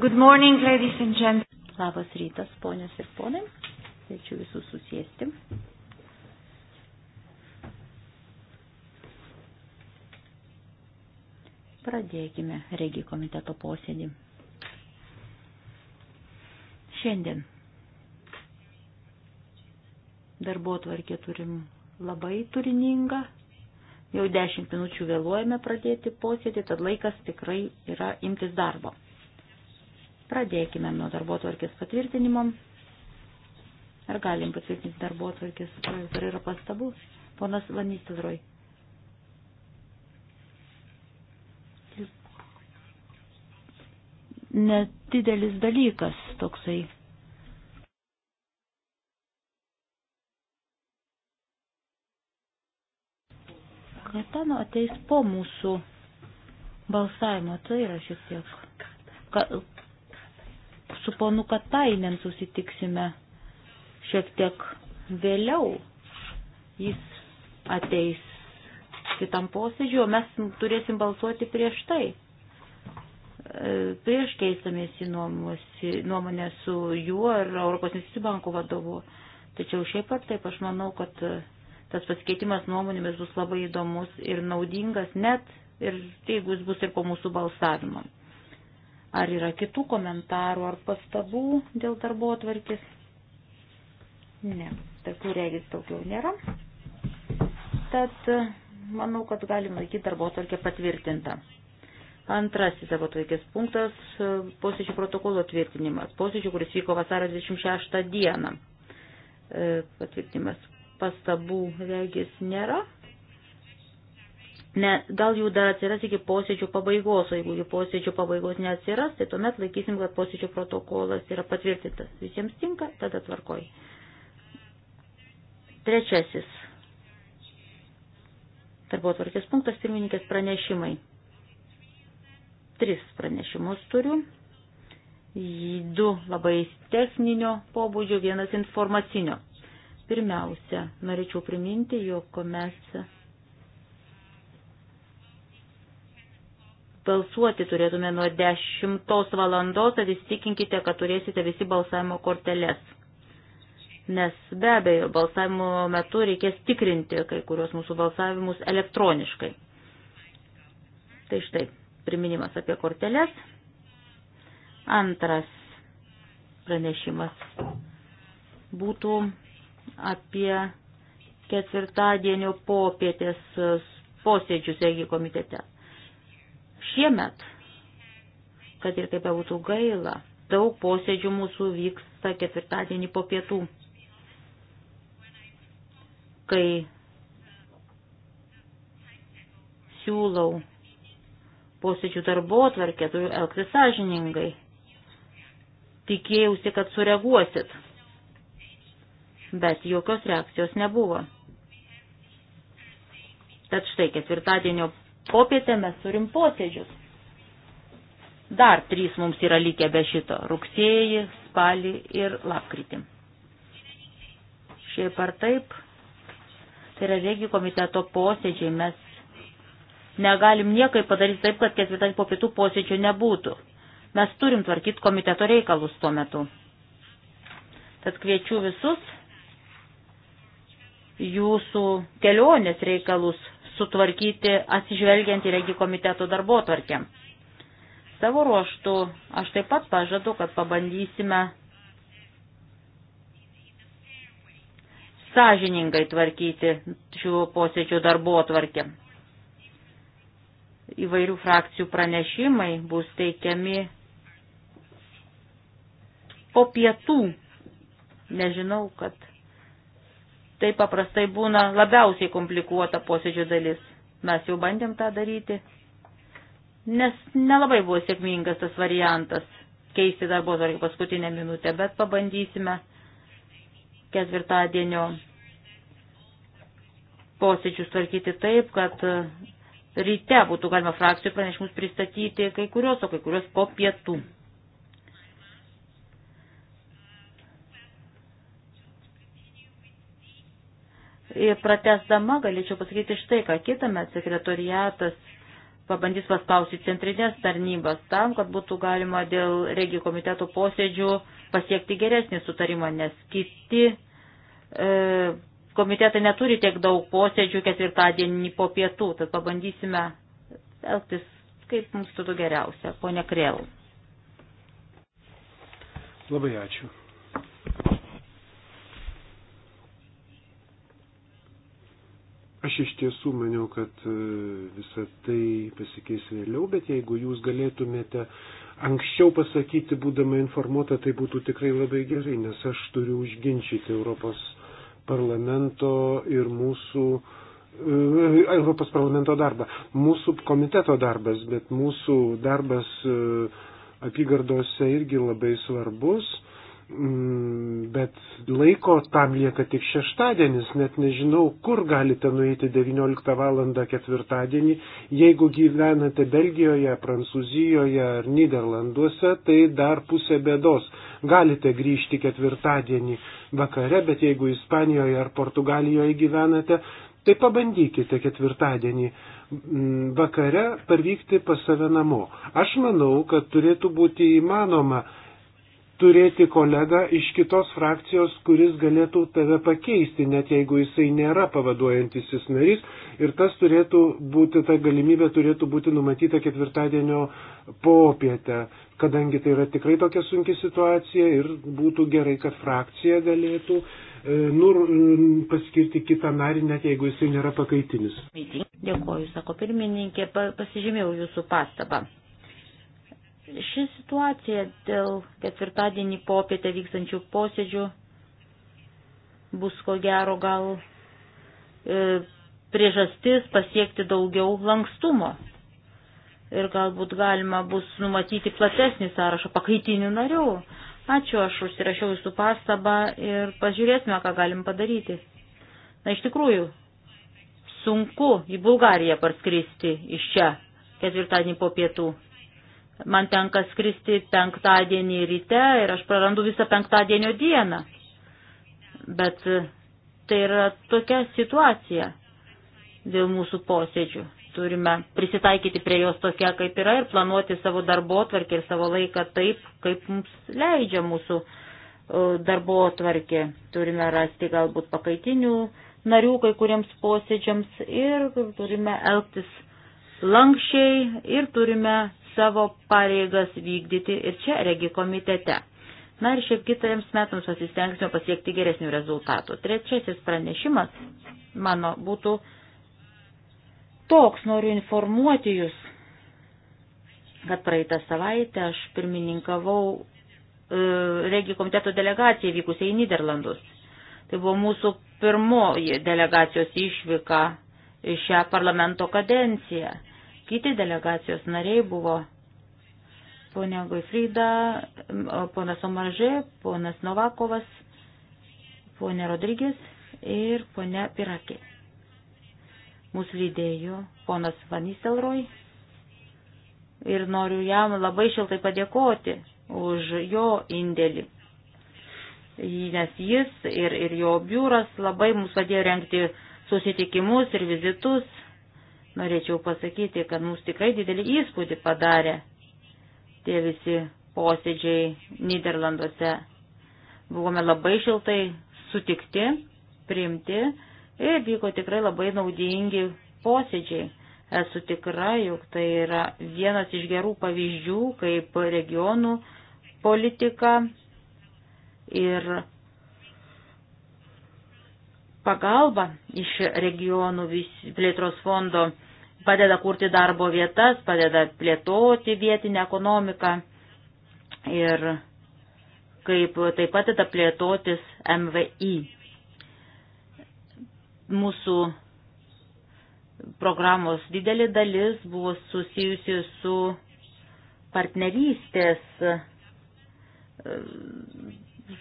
Good morning, ladies and gentlemen. Labas rytas, ponios ir ponai. Kviečiu visus susėsti. Pradėkime regi komiteto posėdį. Šiandien darbo tvarkė turim labai turiningą. Jau dešimt minučių vėluojame pradėti posėdį, tad laikas tikrai yra imtis darbo. Pradėkime nuo darbo tvarkės patvirtinimo. Ar galim patvirtinti darbo tvarkės? Ar yra pastabų? Ponas Vanystis Roj. Nedidelis dalykas toksai. Kaitano ateis po mūsų balsavimo, tai yra šiek tiek. Ka, su ponu Katainen susitiksime šiek tiek vėliau. Jis ateis kitam posėdžiu, o mes turėsim balsuoti prieš tai. E, prieš keistamėsi nuomonę su juo ir Europos investicijų banko vadovu. Tačiau šiaip ar taip aš manau, kad e, tas pasikeitimas nuomonėmis bus labai įdomus ir naudingas net ir jeigu jis bus ir po mūsų balsavimam. Ar yra kitų komentarų ar pastabų dėl darbo atvarkės? Ne, tokių regis daugiau nėra. Tad manau, kad galima laikyti darbo atvarkę patvirtintą. Antrasis darbo atvarkės punktas - posėdžių protokolo tvirtinimas. Posėdžių, kuris vyko vasario 26 dieną. E, patvirtinimas pastabų regis nėra ne, gal jų dar atsiras iki posėdžių pabaigos, o jeigu jų posėdžių pabaigos neatsiras, tai tuomet laikysim, kad posėdžių protokolas yra patvirtintas. Visiems tinka, tada tvarkoj. Trečiasis. Darbo tvarkės punktas pirmininkės pranešimai. Tris pranešimus turiu. Du labai techninio pobūdžio, vienas informacinio. Pirmiausia, norėčiau priminti, jog mes Balsuoti turėtume nuo 10 valandos, tad įstikinkite, kad turėsite visi balsavimo korteles. Nes be abejo, balsavimo metu reikės tikrinti kai kurios mūsų balsavimus elektroniškai. Tai štai, priminimas apie korteles. Antras pranešimas būtų apie ketvirtadienio popietės posėdžius Egi komitete. Šiemet, kad ir kaip būtų gaila, daug posėdžių mūsų vyksta ketvirtadienį po pietų, kai siūlau posėdžių darbo atvarkę, turiu elgtis sąžiningai. Tikėjausi, kad sureaguosit, bet jokios reakcijos nebuvo. Tad štai ketvirtadienio Popietę mes turim posėdžius. Dar trys mums yra likę be šito - rugsėjį, spalį ir lapkritį. Šiaip ar taip, tai yra regi komiteto posėdžiai, mes negalim niekaip padaryti taip, kad ketvirtadienį po pietų posėdžių nebūtų. Mes turim tvarkyti komiteto reikalus tuo metu. Tad kviečiu visus jūsų kelionės reikalus sutvarkyti atsižvelgiant į regi komiteto darbo tvarkę. Savo ruoštų aš taip pat pažadu, kad pabandysime sąžiningai tvarkyti šių posėdžių darbo tvarkę. Įvairių frakcijų pranešimai bus teikiami po pietų. Nežinau, kad Tai paprastai būna labiausiai komplikuota posėdžio dalis. Mes jau bandėm tą daryti, nes nelabai buvo sėkmingas tas variantas keisti darbo tvarkį paskutinę minutę, bet pabandysime ketvirtadienio posėdžius tvarkyti taip, kad ryte būtų galima frakcijų pranešimus pristatyti kai kurios, o kai kurios po pietų. Ir pratesdama galėčiau pasakyti štai, ką kitame sekretoriatas pabandys paspausti centrinės tarnybas tam, kad būtų galima dėl regijų komiteto posėdžių pasiekti geresnį sutarimą, nes kiti e, komitetai neturi tiek daug posėdžių ketvirtadienį po pietų, tad pabandysime elgtis kaip mums būtų geriausia. Pone Krėl. Labai ačiū. Aš iš tiesų maniau, kad e, visa tai pasikeis vėliau, bet jeigu jūs galėtumėte anksčiau pasakyti, būdama informuota, tai būtų tikrai labai gerai, nes aš turiu užginčyti Europos parlamento ir mūsų. E, Europos parlamento darbą. Mūsų komiteto darbas, bet mūsų darbas e, apygardose irgi labai svarbus. Mm, bet laiko tam lieka tik šeštadienis, net nežinau, kur galite nueiti 19 val. ketvirtadienį. Jeigu gyvenate Belgijoje, Prancūzijoje ar Niderlanduose, tai dar pusė bėdos. Galite grįžti ketvirtadienį vakare, bet jeigu Ispanijoje ar Portugalijoje gyvenate, tai pabandykite ketvirtadienį mm, vakare parvykti pas save namo. Aš manau, kad turėtų būti įmanoma turėti kolegą iš kitos frakcijos, kuris galėtų tave pakeisti, net jeigu jisai nėra pavaduojantis jis narys. Ir tas turėtų būti, ta galimybė turėtų būti numatyta ketvirtadienio popietę, kadangi tai yra tikrai tokia sunki situacija ir būtų gerai, kad frakcija galėtų e, nur, paskirti kitą narį, net jeigu jisai nėra pakaitinis. Dėkuoju, sako pirmininkė, pasižymėjau jūsų pastabą. Ši situacija dėl ketvirtadienį popietę vykstančių posėdžių bus ko gero gal e, priežastis pasiekti daugiau lankstumo. Ir galbūt galima bus numatyti platesnį sąrašą pakaitinių narių. Ačiū, aš užsirašiau jūsų pastabą ir pažiūrėsime, ką galim padaryti. Na, iš tikrųjų, sunku į Bulgariją parskristi iš čia ketvirtadienį po pietų. Man tenka skristi penktadienį ryte ir aš prarandu visą penktadienio dieną. Bet e, tai yra tokia situacija dėl mūsų posėdžių. Turime prisitaikyti prie jos tokia, kaip yra ir planuoti savo darbo tvarkį ir savo laiką taip, kaip mums leidžia mūsų e, darbo tvarkė. Turime rasti galbūt pakaitinių narių kai kuriems posėdžiams ir turime elgtis lankščiai ir turime savo pareigas vykdyti ir čia regi komitete. Na ir šiaip kitiems metams pasistengsime pasiekti geresnių rezultatų. Trečiasis pranešimas mano būtų toks, noriu informuoti jūs, kad praeitą savaitę aš pirmininkavau e, regi komiteto delegacijai vykusiai į Niderlandus. Tai buvo mūsų pirmoji delegacijos išvyka šią parlamento kadenciją. Kiti delegacijos nariai buvo ponia Goifrida, ponas Omaržė, ponas Novakovas, ponia Rodrygės ir ponia Pirakė. Mūsų lydėjo ponas Vaniselroj ir noriu jam labai šiltai padėkoti už jo indėlį, nes jis ir, ir jo biuras labai mums padėjo renkti susitikimus ir vizitus norėčiau pasakyti, kad mums tikrai didelį įspūdį padarė tie visi posėdžiai Niderlanduose. Buvome labai šiltai sutikti, priimti ir vyko tikrai labai naudingi posėdžiai. Esu tikra, jog tai yra vienas iš gerų pavyzdžių, kaip regionų politika ir pagalba iš regionų plėtros fondo padeda kurti darbo vietas, padeda plėtoti vietinę ekonomiką ir kaip taip padeda plėtotis MVI. Mūsų programos didelė dalis buvo susijusi su partnerystės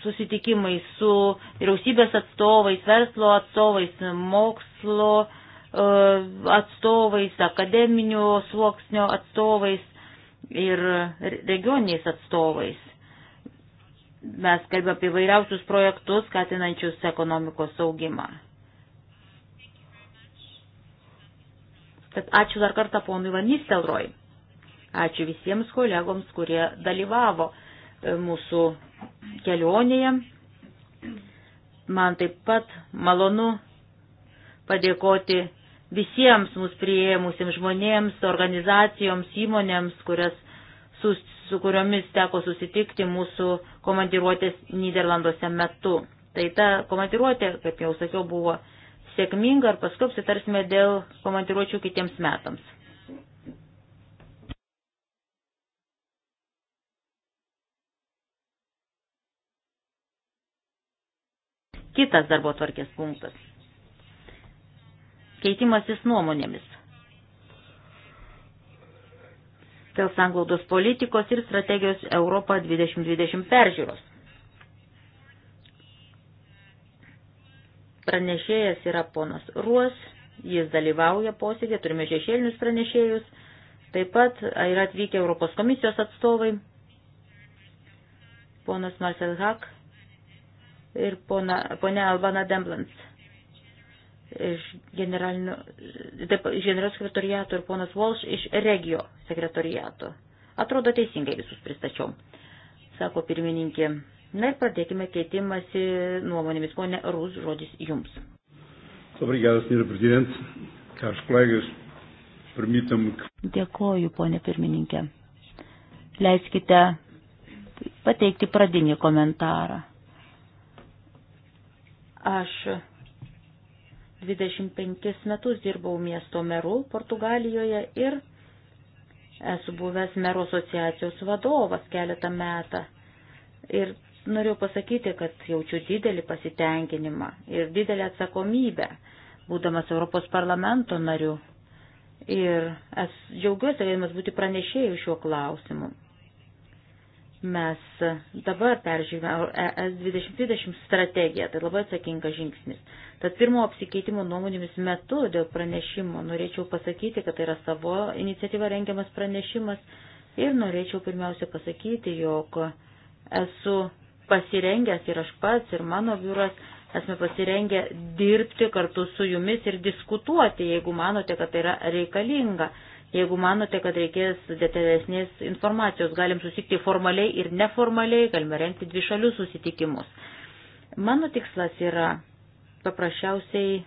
susitikimai su vyriausybės atstovais, verslo atstovais, mokslo, E, atstovais, akademinio sluoksnio atstovais ir regioniais atstovais. Mes kalbame apie vairiausius projektus, skatinančius ekonomikos saugimą. Tad ačiū dar kartą ponui Vanistelroj. Ačiū visiems kolegoms, kurie dalyvavo e, mūsų kelionėje. Man taip pat malonu padėkoti visiems mūsų prieimusiems žmonėms, organizacijoms, įmonėms, kurias, su, su kuriomis teko susitikti mūsų komandiruotės Niderlanduose metu. Tai ta komandiruotė, kaip jau sakiau, buvo sėkminga ir paskui apsitarsime dėl komandiruočių kitiems metams. Kitas darbo tvarkės punktas keitimasis nuomonėmis dėl sanglaudos politikos ir strategijos Europą 2020 peržiūros. Pranešėjas yra ponas Ruos, jis dalyvauja posėdė, turime šešėlinius pranešėjus, taip pat yra atvykę Europos komisijos atstovai, ponas Marcel Hak ir pona, ponia Albana Demblans iš generalinio sekretoriato ir ponas Walsh iš regio sekretoriato. Atrodo teisingai visus pristačiau, sako pirmininkė. Na ir pradėkime keitimąsi nuomonėmis. Pone Rūs, žodis jums. Obrigado, senhor presidente. Caros colegas, permitam que... Dėkoju, ponė pirmininkė. Leiskite pateikti pradinį komentarą. Aš 25 metus dirbau miesto meru Portugalijoje ir esu buvęs mero asociacijos vadovas keletą metą. Ir noriu pasakyti, kad jaučiu didelį pasitenkinimą ir didelę atsakomybę, būdamas Europos parlamento nariu. Ir aš džiaugiuosi, galėdamas būti pranešėjų šiuo klausimu mes dabar peržiūrime ES 2020 strategiją, tai labai atsakingas žingsnis. Tad pirmo apsikeitimo nuomonėmis metu dėl pranešimo norėčiau pasakyti, kad tai yra savo iniciatyva rengiamas pranešimas ir norėčiau pirmiausia pasakyti, jog esu pasirengęs ir aš pats ir mano biuras esame pasirengę dirbti kartu su jumis ir diskutuoti, jeigu manote, kad tai yra reikalinga Jeigu manote, kad reikės detalesnės informacijos, galim susitikti formaliai ir neformaliai, galime renkti dvi šalių susitikimus. Mano tikslas yra paprasčiausiai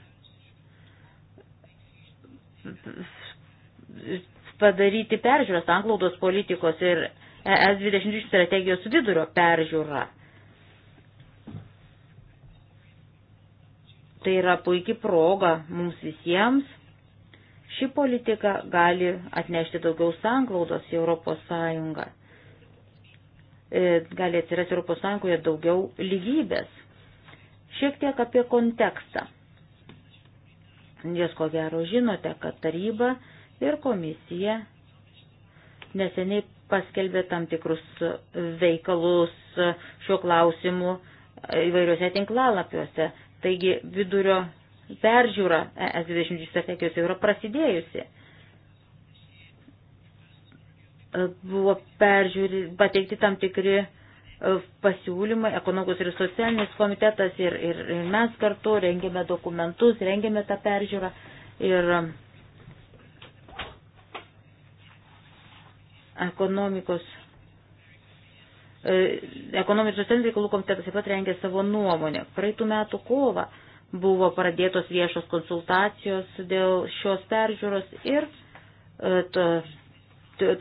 padaryti peržiūras anglaudos politikos ir ES 20 strategijos vidurio peržiūrą. Tai yra puikia proga mums visiems Ši politika gali atnešti daugiau sanglaudos į Europos Sąjungą. E, gali atsirasti Europos Sąjungoje daugiau lygybės. Šiek tiek apie kontekstą. Jūs ko gero žinote, kad taryba ir komisija neseniai paskelbė tam tikrus veikalus šiuo klausimu įvairiuose tinklalapiuose. Taigi vidurio peržiūra ES 20 strategijos jau yra prasidėjusi. E, buvo peržiūri, pateikti tam tikri e, pasiūlymai, ekonomikos ir socialinis komitetas ir, ir, ir mes kartu rengėme dokumentus, rengėme tą peržiūrą ir e, ekonomikos ekonomikos ir socialinių reikalų komitetas taip pat rengė savo nuomonę. Praeitų metų kovą buvo pradėtos viešos konsultacijos dėl šios peržiūros ir e, to,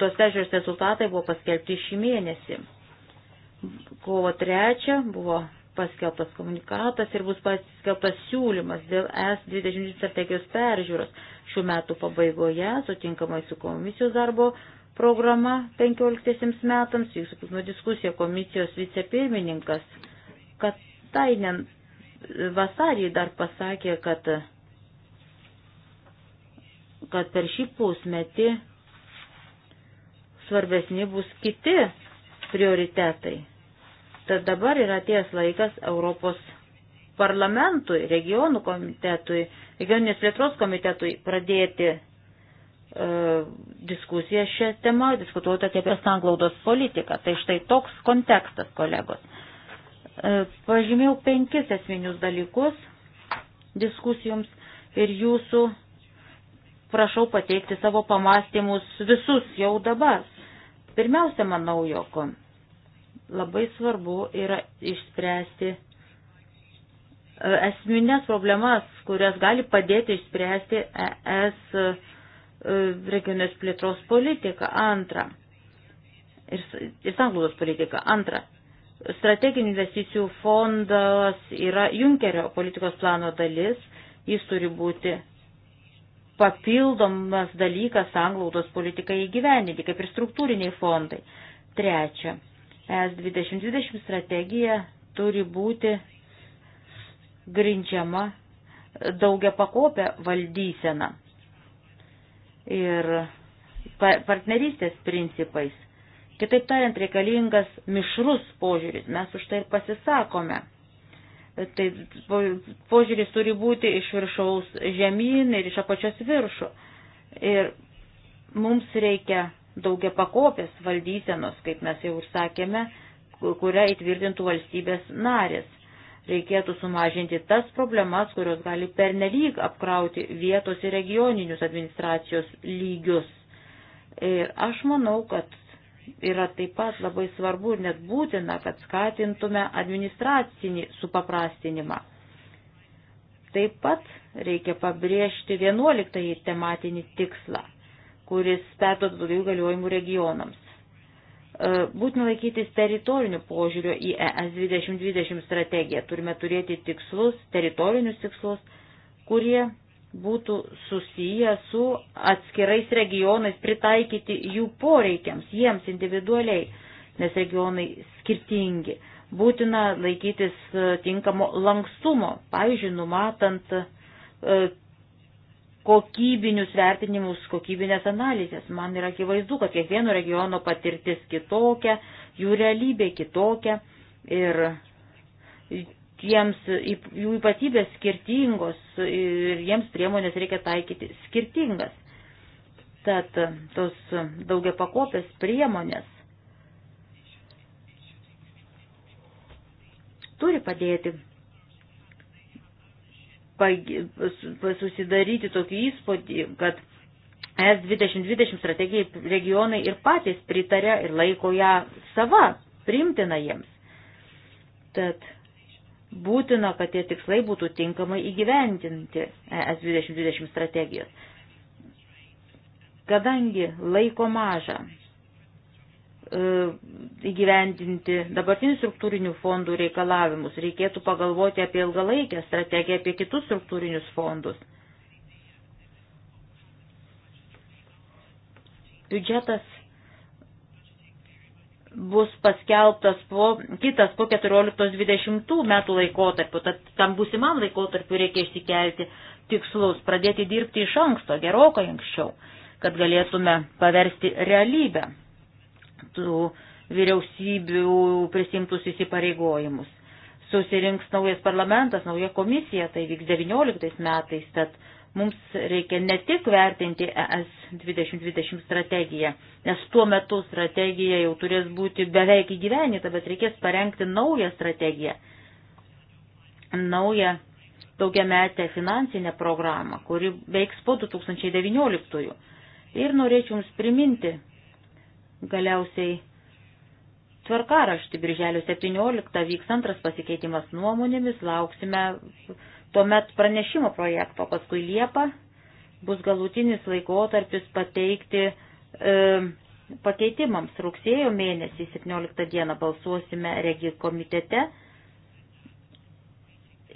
tos peržiūros rezultatai buvo paskelbti šį mėnesį. Kovo 3 buvo paskelbtas komunikatas ir bus paskelbtas siūlymas dėl S20 strategijos peržiūros šių metų pabaigoje, sutinkamai su komisijos darbo programa 15 metams, jūsų nuo diskusija komisijos vicepirmininkas Katainen vasarį dar pasakė, kad, kad per šį pusmetį svarbesni bus kiti prioritetai. Tad dabar yra ties laikas Europos parlamentui, regionų komitetui, regioninės plėtros komitetui pradėti e, diskusiją šią temą, diskutuoti apie sanglaudos politiką. Tai štai toks kontekstas, kolegos. E, pažymėjau penkis esminius dalykus diskusijoms ir jūsų prašau pateikti savo pamastymus visus jau dabar. Pirmiausia, manau, jog labai svarbu yra išspręsti e, esminės problemas, kurias gali padėti išspręsti ES e, regionės plėtros politika. Antra. Ir, ir sanglūdos politika. Antra. Strateginių investicijų fondas yra Junkerio politikos plano dalis, jis turi būti papildomas dalykas anglaudos politikai įgyvendinti, kaip ir struktūriniai fondai. Trečia, ES 2020 strategija turi būti grindžiama daugia pakopę valdyseną ir partnerystės principais. Kitaip tariant, reikalingas mišrus požiūris, mes už tai ir pasisakome. Tai požiūris turi būti iš viršaus žemyn ir iš apačios viršų. Ir mums reikia daugia pakopės valdysenos, kaip mes jau užsakėme, kurią įtvirtintų valstybės narės. Reikėtų sumažinti tas problemas, kurios gali pernelyg apkrauti vietos ir regioninius administracijos lygius. Ir aš manau, kad yra taip pat labai svarbu ir net būtina, kad skatintume administracinį supaprastinimą. Taip pat reikia pabrėžti 11 tematinį tikslą, kuris perduoda daugiau galiojimų regionams. E, būtina laikytis teritorinių požiūrio į ES 2020 strategiją. Turime turėti tikslus, teritorinius tikslus, kurie būtų susiję su atskirais regionais, pritaikyti jų poreikiams, jiems individualiai, nes regionai skirtingi. Būtina laikytis e, tinkamo lankstumo, pavyzdžiui, numatant e, kokybinius vertinimus, kokybinės analizės. Man yra akivaizdu, kad kiekvieno regiono patirtis kitokia, jų realybė kitokia ir jiems jų ypatybės skirtingos ir jiems priemonės reikia taikyti skirtingas. Tad tos daugia pakopės priemonės turi padėti susidaryti tokį įspūdį, kad ES 2020 strategijai regionai ir patys pritarė ir laiko ją sava, primtina jiems. Tad būtina, kad tie tikslai būtų tinkamai įgyvendinti ES 2020 strategijos. Kadangi laiko maža e, įgyvendinti dabartinių struktūrinių fondų reikalavimus, reikėtų pagalvoti apie ilgalaikę strategiją, apie kitus struktūrinius fondus. Biudžetas bus paskelbtas po, kitas po 14-20 metų laikotarpiu, tad tam būsimam laikotarpiu reikia išsikelti tikslus, pradėti dirbti iš anksto, gerokai anksčiau, kad galėtume paversti realybę tų vyriausybių prisimtus įsipareigojimus. Susirinks naujas parlamentas, nauja komisija, tai vyks 19 metais, tad Mums reikia ne tik vertinti ES 2020 strategiją, nes tuo metu strategija jau turės būti beveik įgyvenita, bet reikės parengti naują strategiją, naują daugiametę finansinę programą, kuri veiks po 2019. -ųjų. Ir norėčiau Jums priminti galiausiai tvarkaraštį. Birželio 17 vyks antras pasikeitimas nuomonėmis, lauksime Tuomet pranešimo projekto, paskui Liepa bus galutinis laikotarpis pateikti e, pakeitimams. Rugsėjo mėnesį 17 dieną balsuosime regijų komitete.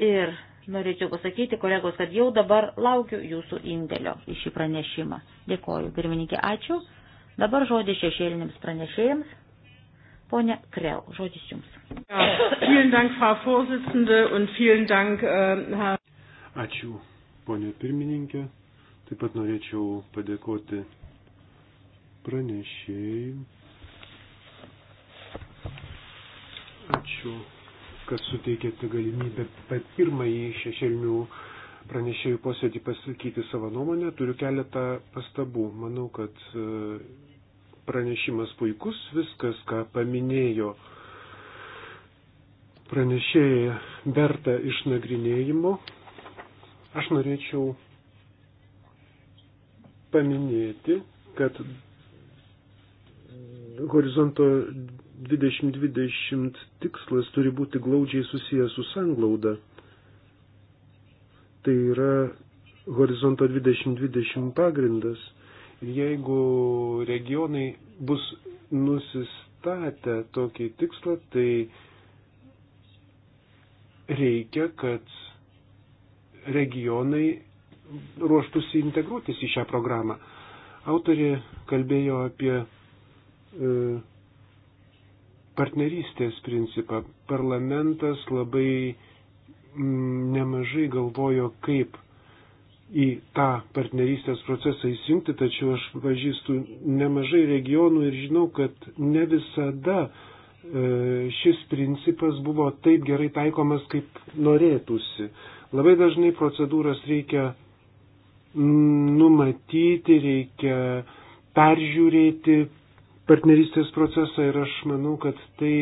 Ir norėčiau pasakyti, kolegos, kad jau dabar laukiu jūsų indėlio į šį pranešimą. Dėkoju, pirmininkė, ačiū. Dabar žodį šešėlinims pranešėjams. Pone Kreu, žodis Jums. Äh, Ačiū, ponė pirmininkė. Taip pat norėčiau padėkoti pranešėjai. Ačiū, kad suteikėte galimybę pat pirmąjį šešėlinių pranešėjų posėdį pasakyti savo nuomonę. Turiu keletą pastabų. Manau, kad pranešimas puikus, viskas, ką paminėjo pranešėja, verta išnagrinėjimo. Aš norėčiau paminėti, kad horizonto 2020 tikslas turi būti glaudžiai susijęs su sanglauda. Tai yra horizonto 2020 pagrindas – Jeigu regionai bus nusistatę tokį tikslą, tai reikia, kad regionai ruoštųsi integruotis į šią programą. Autorė kalbėjo apie e, partnerystės principą. Parlamentas labai mm, nemažai galvojo, kaip į tą partnerystės procesą įsijungti, tačiau aš pažįstu nemažai regionų ir žinau, kad ne visada e, šis principas buvo taip gerai taikomas, kaip norėtųsi. Labai dažnai procedūras reikia numatyti, reikia peržiūrėti partnerystės procesą ir aš manau, kad tai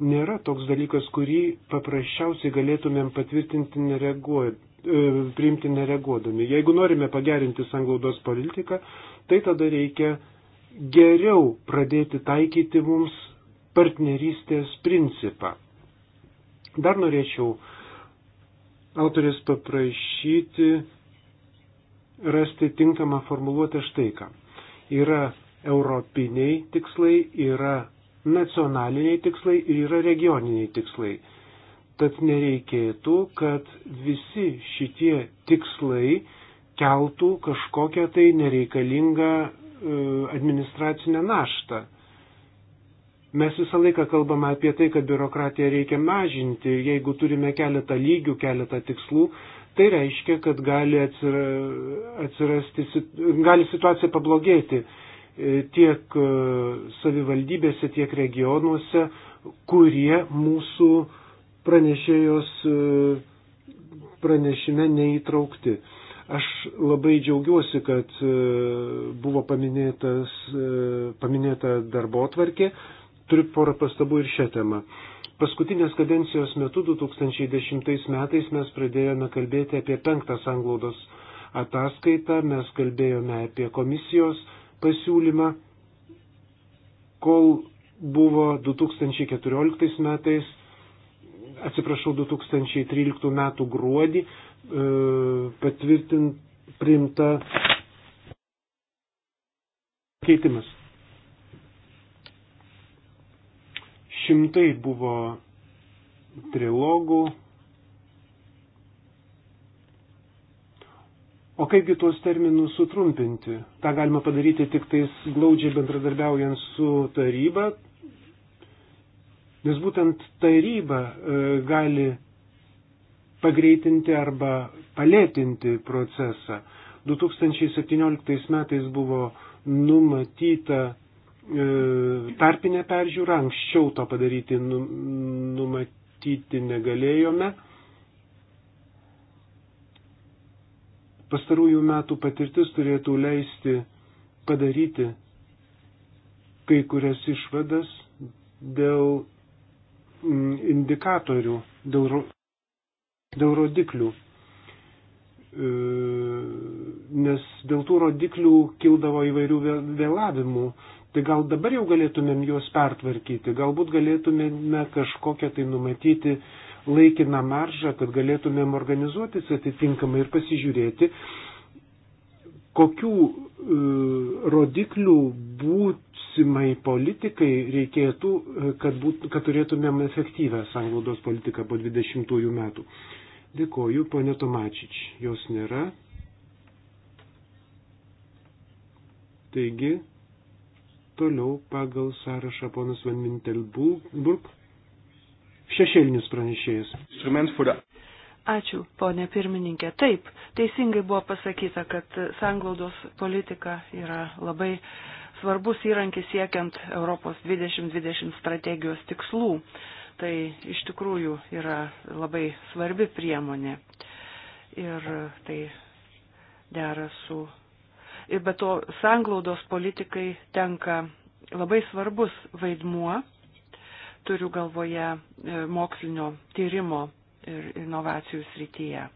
nėra toks dalykas, kurį paprasčiausiai galėtumėm patvirtinti nereaguojant E, priimti nereaguodami. Jeigu norime pagerinti sanglaudos politiką, tai tada reikia geriau pradėti taikyti mums partnerystės principą. Dar norėčiau autorės paprašyti rasti tinkamą formuluotę štai ką. Yra europiniai tikslai, yra nacionaliniai tikslai ir yra regioniniai tikslai. Tad nereikėtų, kad visi šitie tikslai keltų kažkokią tai nereikalingą e, administracinę naštą. Mes visą laiką kalbame apie tai, kad biurokratiją reikia mažinti. Jeigu turime keletą lygių, keletą tikslų, tai reiškia, kad gali, atsira, atsirasti, gali situacija pablogėti e, tiek e, savivaldybėse, tiek regionuose, kurie mūsų pranešėjos e, pranešime neįtraukti. Aš labai džiaugiuosi, kad e, buvo e, paminėta darbo atvarkė. Turiu porą pastabų ir šią temą. Paskutinės kadencijos metu 2010 metais mes pradėjome kalbėti apie penktą sanglaudos ataskaitą, mes kalbėjome apie komisijos pasiūlymą, kol buvo 2014 metais atsiprašau, 2013 metų gruodį e, patvirtint priimta keitimas. Šimtai buvo trilogų. O kaipgi tuos terminus sutrumpinti? Ta galima padaryti tik tais glaudžiai bendradarbiaujant su taryba, Nes būtent taryba e, gali pagreitinti arba palėtinti procesą. 2017 metais buvo numatyta e, tarpinė peržiūra, anksčiau to padaryti nu, numatyti negalėjome. Pastarųjų metų patirtis turėtų leisti padaryti kai kurias išvadas dėl Mm, indikatorių, dėl, ro, dėl rodiklių. E, nes dėl tų rodiklių kildavo įvairių vėlavimų. Tai gal dabar jau galėtumėm juos pertvarkyti, galbūt galėtumėme kažkokią tai numatyti laikiną maržą, kad galėtumėm organizuotis atitinkamai ir pasižiūrėti, kokių e, rodiklių būsimai politikai reikėtų, e, kad, būt, kad turėtumėm efektyvę sąnaudos politiką po 20 metų. Dėkoju, ponė Tomačič, jos nėra. Taigi, toliau pagal sąrašą ponas Van Mintelburg, šešėlinis pranešėjas. Ačiū, ponė pirmininkė. Taip, teisingai buvo pasakyta, kad sanglaudos politika yra labai svarbus įrankis siekiant Europos 2020 strategijos tikslų. Tai iš tikrųjų yra labai svarbi priemonė. Ir tai dera su. Ir be to, sanglaudos politikai tenka labai svarbus vaidmuo, turiu galvoje e, mokslinio tyrimo ir inovacijų srityje.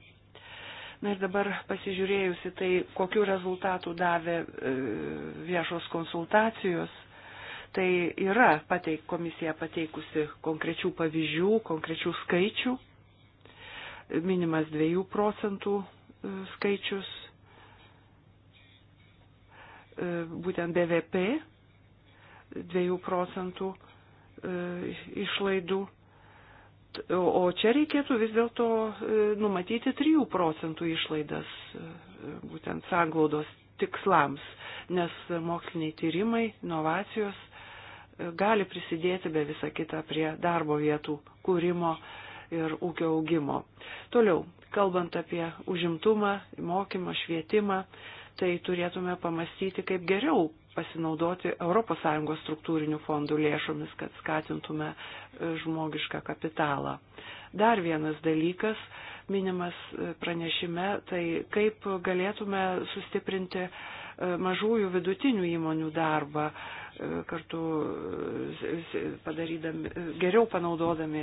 Na ir dabar pasižiūrėjusi tai, kokiu rezultatu davė e, viešos konsultacijos, tai yra pateik, komisija pateikusi konkrečių pavyzdžių, konkrečių skaičių, minimas 2 procentų e, skaičius, e, būtent BVP 2 procentų išlaidų O čia reikėtų vis dėlto e, numatyti 3 procentų išlaidas e, e, būtent sanglaudos tikslams, nes moksliniai tyrimai, inovacijos gali prisidėti be visą kitą prie darbo vietų kūrimo ir ūkio augimo. Toliau, kalbant apie užimtumą, mokymą, švietimą, tai turėtume pamastyti, kaip geriau pasinaudoti ES struktūrinių fondų lėšomis, kad skatintume e, žmogišką kapitalą. Dar vienas dalykas minimas e, pranešime, tai kaip galėtume sustiprinti e, mažųjų vidutinių įmonių darbą, E, kartu e, e, padarydami, geriau panaudodami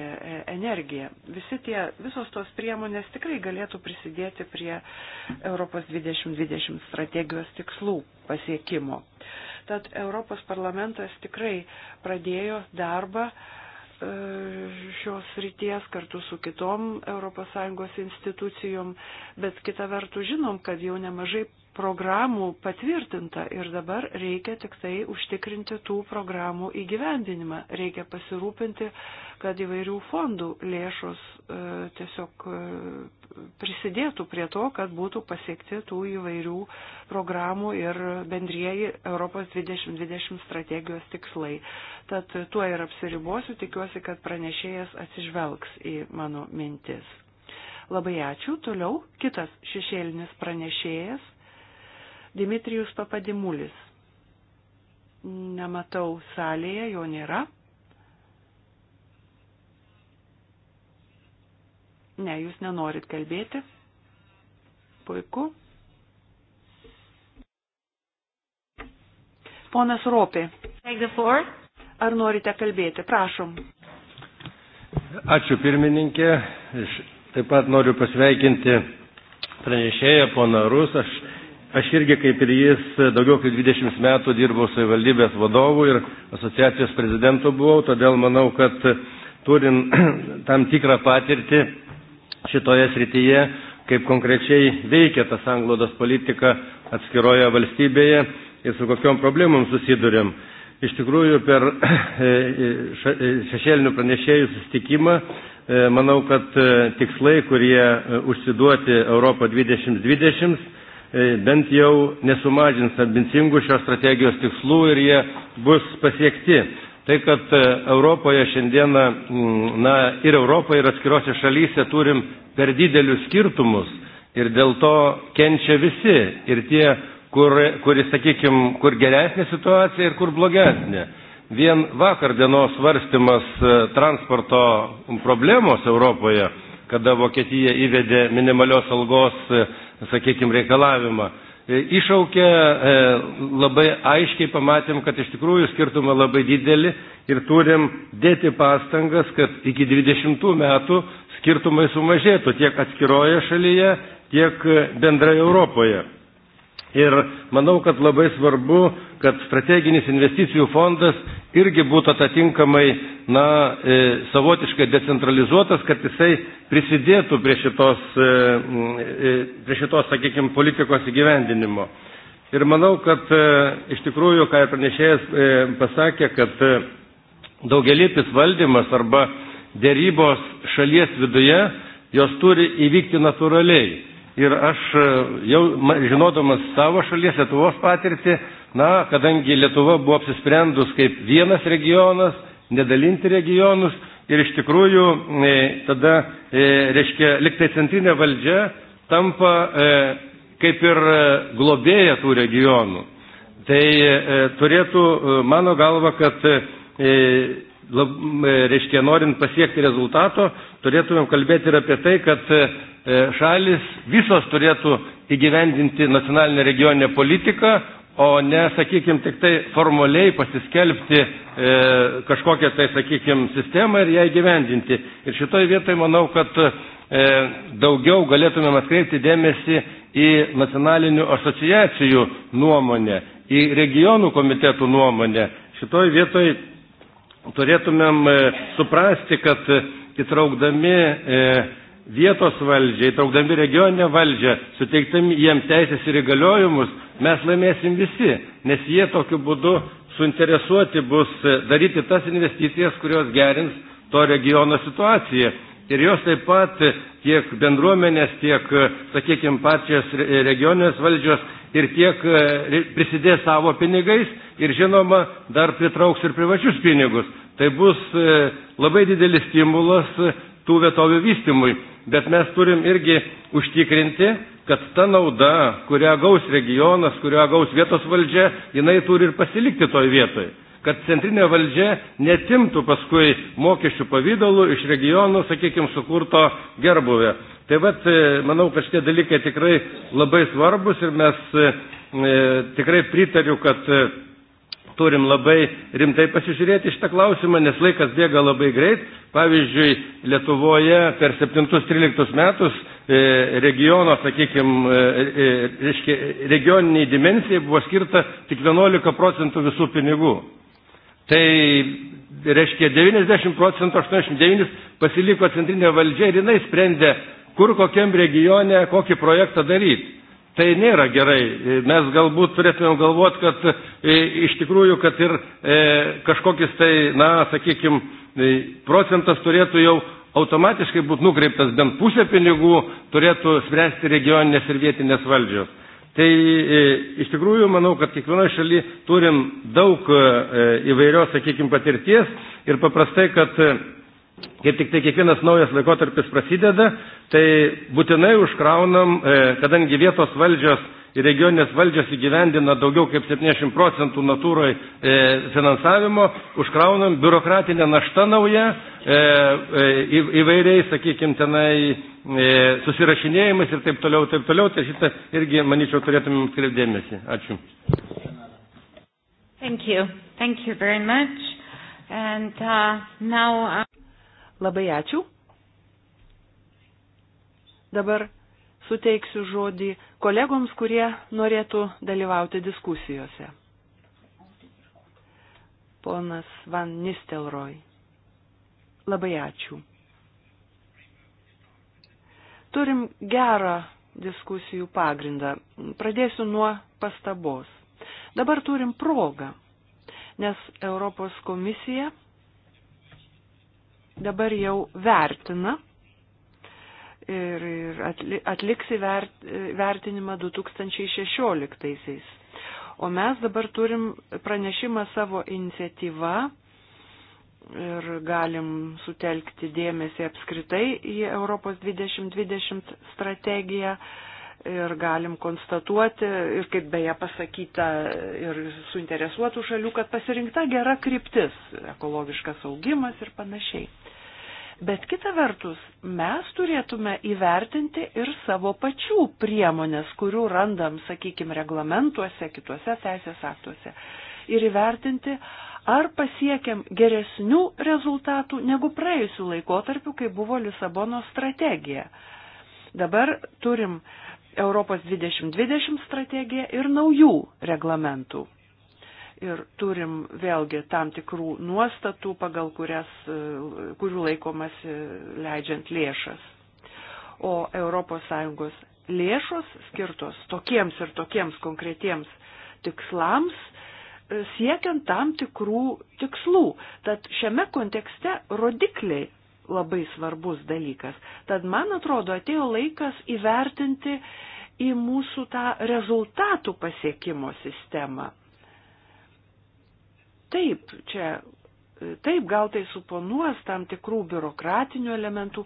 energiją. Visi tie, visos tos priemonės tikrai galėtų prisidėti prie Europos 2020 strategijos tikslų pasiekimo. Tad Europos parlamentas tikrai pradėjo darbą šios ryties kartu su kitom ES institucijom, bet kita vertus žinom, kad jau nemažai programų patvirtinta ir dabar reikia tik tai užtikrinti tų programų įgyvendinimą. Reikia pasirūpinti, kad įvairių fondų lėšos e, tiesiog e, prisidėtų prie to, kad būtų pasiekti tų įvairių programų ir bendrieji Europos 2020 strategijos tikslai. Tad tuo ir apsiribosiu, tikiuosi, kad pranešėjas atsižvelgs į mano mintis. Labai ačiū. Toliau kitas šešėlinis pranešėjas Dimitrijus Papadimulis. Nematau salėje, jo nėra. Ne, jūs nenorit kalbėti. Puiku. Ponas Ropė. Ar norite kalbėti? Prašom. Ačiū pirmininkė. Aš taip pat noriu pasveikinti pranešėją, poną Rus. Aš Aš irgi, kaip ir jis, daugiau kaip 20 metų dirbau savivaldybės vadovų ir asociacijos prezidentų buvau, todėl manau, kad turim tam tikrą patirtį šitoje srityje, kaip konkrečiai veikia ta sanglaudos politika atskiroje valstybėje ir su kokiom problemom susidurėm. Iš tikrųjų, per šešėlinių pranešėjų sustikimą e, manau, kad e, tikslai, kurie e, užsiduoti Europo 2020, E, bent jau nesumažins ambicingų šios strategijos tikslų ir jie bus pasiekti. Tai, kad e, Europoje šiandieną, mm, na ir Europoje, ir atskirose šalyse turim per didelius skirtumus ir dėl to kenčia visi ir tie, kur, kuris, sakykime, kur geresnė situacija ir kur blogesnė. Vien vakar dienos svarstymas e, transporto problemos Europoje, kada Vokietija įvedė minimalios algos sakykime, reikalavimą. E, išaukė e, labai aiškiai pamatėm, kad iš tikrųjų skirtumą labai didelį ir turim dėti pastangas, kad iki 20 metų skirtumai sumažėtų tiek atskiroje šalyje, tiek e, bendrai Europoje. Ir manau, kad labai svarbu, kad strateginis investicijų fondas irgi būtų atatinkamai na, e, savotiškai decentralizuotas, kad jisai prisidėtų prie šitos, e, e prie šitos sakykime, politikos įgyvendinimo. Ir manau, kad e, iš tikrųjų, ką ir pranešėjas e, pasakė, kad e, daugelėpis valdymas arba dėrybos šalies viduje, jos turi įvykti natūraliai ir aš e, jau žinodamas savo šalies Lietuvos patirtį, na, kadangi Lietuva buvo apsisprendus kaip vienas regionas, nedalinti regionus ir iš tikrųjų e, tada, e, reiškia, liktai centrinė valdžia tampa e, kaip ir e, globėja tų regionų. Tai e, turėtų, e, mano galva, kad e, lab, reiškia, norint pasiekti rezultato, turėtumėm kalbėti ir apie tai, kad E, šalis visos turėtų įgyvendinti nacionalinę regioninę politiką, o ne, sakykime, tik tai formaliai pasiskelbti e, kažkokią tai, sakykime, sistemą ir ją įgyvendinti. Ir šitoj vietoj manau, kad e, daugiau galėtumėm atkreipti dėmesį į nacionalinių asociacijų nuomonę, į regionų komitetų nuomonę. Šitoj vietoj turėtumėm e, suprasti, kad e, įtraukdami e, vietos valdžiai, traukdami regioninę valdžią, suteiktami jiem teisės ir įgaliojimus, mes laimėsim visi, nes jie tokiu būdu suinteresuoti bus e, daryti tas investicijas, kurios gerins to regiono situaciją. Ir jos taip pat e, tiek bendruomenės, tiek, e, sakykime, pačios regioninės valdžios ir tiek prisidės savo pinigais ir, žinoma, dar pritrauks ir privačius pinigus. Tai bus labai didelis stimulas tų vietovių vystimui, bet mes turim irgi užtikrinti, kad ta nauda, kurią gaus regionas, kurią gaus vietos valdžia, jinai turi ir pasilikti toj vietoj kad centrinė valdžia netimtų paskui mokesčių pavydalų iš regionų, sakykime, sukurto gerbuvę. Tai vat, e, manau, kad šitie dalykai tikrai labai svarbus ir mes e, e tikrai pritariu, kad e, turim labai rimtai pasižiūrėti šitą klausimą, nes laikas bėga labai greit. Pavyzdžiui, Lietuvoje per 7-13 metus e, regiono, sakykime, e, reiškia, regioniniai dimensijai buvo skirta tik 11 procentų visų pinigų. Tai reiškia 90 procentų, 89 pasiliko centrinė valdžia ir jinai sprendė, kur kokiam regione kokį projektą daryti. Tai nėra gerai. Mes galbūt turėtumėm galvoti, kad e, iš tikrųjų, kad ir e, kažkokis tai, na, sakykime, procentas turėtų jau automatiškai būti nukreiptas, bent pusė pinigų turėtų spręsti regioninės ir vietinės valdžios. Tai e, iš tikrųjų manau, kad kiekvienoje šalyje turim daug įvairios, sakykime, patirties ir paprastai, kad kaip tik tai kiekvienas naujas laikotarpis prasideda, tai būtinai užkraunam, e, kadangi vietos valdžios ir regioninės valdžios įgyvendina daugiau kaip 70 procentų natūrai e, finansavimo, užkraunam biurokratinę naštą naują, e, įvairiai, sakykime, tenai susirašinėjimais ir taip toliau, taip toliau, tai šitą irgi, manyčiau, turėtumėm skripdėmėsi. Ačiū. Thank you. Thank you very much. And uh, now... Uh... Labai ačiū. Dabar suteiksiu žodį kolegoms, kurie norėtų dalyvauti diskusijose. Ponas Van Nistelroj. Labai ačiū. Turim gerą diskusijų pagrindą. Pradėsiu nuo pastabos. Dabar turim progą, nes Europos komisija dabar jau vertina ir, ir atliks įvertinimą 2016-aisiais. O mes dabar turim pranešimą savo iniciatyvą ir galim sutelkti dėmesį apskritai į Europos 2020 strategiją ir galim konstatuoti, ir kaip beje pasakyta ir suinteresuotų šalių, kad pasirinkta gera kryptis - ekologiškas augimas ir panašiai. Bet kita vertus, mes turėtume įvertinti ir savo pačių priemonės, kurių randam, sakykime, reglamentuose, kituose teisės aktuose. Ir įvertinti, ar pasiekėm geresnių rezultatų negu praėjusių laikotarpių, kai buvo Lisabono strategija. Dabar turim uh, Europos 2020 strategiją ir naujų reglamentų. Ir turim vėlgi tam tikrų nuostatų, pagal kurias, e, kurių laikomas leidžiant lėšas. O ES lėšos skirtos tokiems ir tokiems konkretiems tikslams, e, siekiant tam tikrų tikslų. Tad šiame kontekste rodikliai labai svarbus dalykas. Tad man atrodo, atėjo laikas įvertinti į mūsų tą rezultatų pasiekimo sistemą. Taip, čia, taip gal tai suponuos tam tikrų biurokratinių elementų,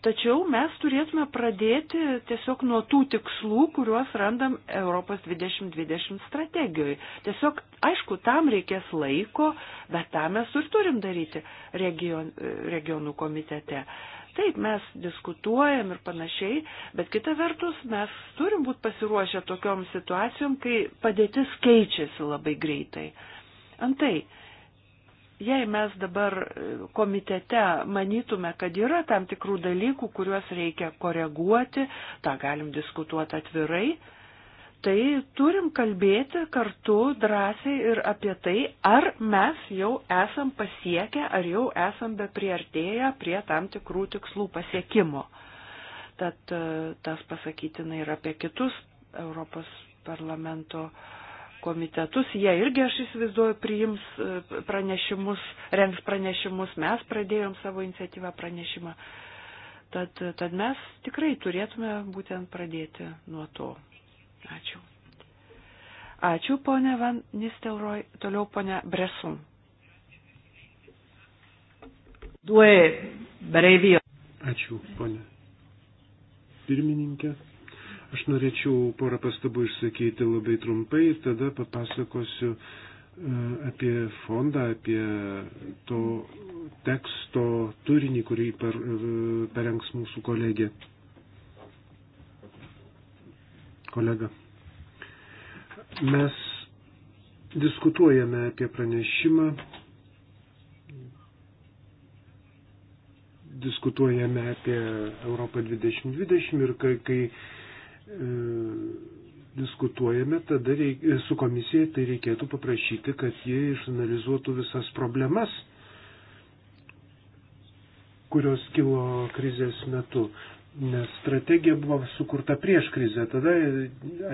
Tačiau mes turėtume pradėti tiesiog nuo tų tikslų, kuriuos randam Europos 2020 strategijoje. Tiesiog, aišku, tam reikės laiko, bet tą mes ir turim daryti region, regionų komitete. Taip, mes diskutuojam ir panašiai, bet kita vertus mes turim būti pasiruošę tokiom situacijom, kai padėtis keičiasi labai greitai. Antai, jei mes dabar e, komitete manytume, kad yra tam tikrų dalykų, kuriuos reikia koreguoti, tą galim diskutuoti atvirai, tai turim kalbėti kartu drąsiai ir apie tai, ar mes jau esam pasiekę, ar jau esam be priartėję prie tam tikrų tikslų pasiekimo. Tad e, tas pasakytina ir apie kitus Europos parlamento uh, komitetus, jie irgi, aš įsivaizduoju, priims e, pranešimus, rengs pranešimus, mes pradėjom savo iniciatyvą pranešimą. Tad, tad mes tikrai turėtume būtent pradėti nuo to. Ačiū. Ačiū, ponė Van Nistelroj. Toliau, ponė Bresun. Due brevio. Ačiū, ponė. Pirmininkė. Aš norėčiau porą pastabų išsakyti labai trumpai ir tada papasakosiu e, apie fondą, apie to teksto turinį, kurį e, parengs mūsų kolegė. Kolega. Mes diskutuojame apie pranešimą, diskutuojame apie Europą 2020 ir kai, kai E, diskutuojame, tada reik, e, su komisija tai reikėtų paprašyti, kad jie išanalizuotų visas problemas, kurios kilo krizės metu. Nes strategija buvo sukurta prieš krizę, tada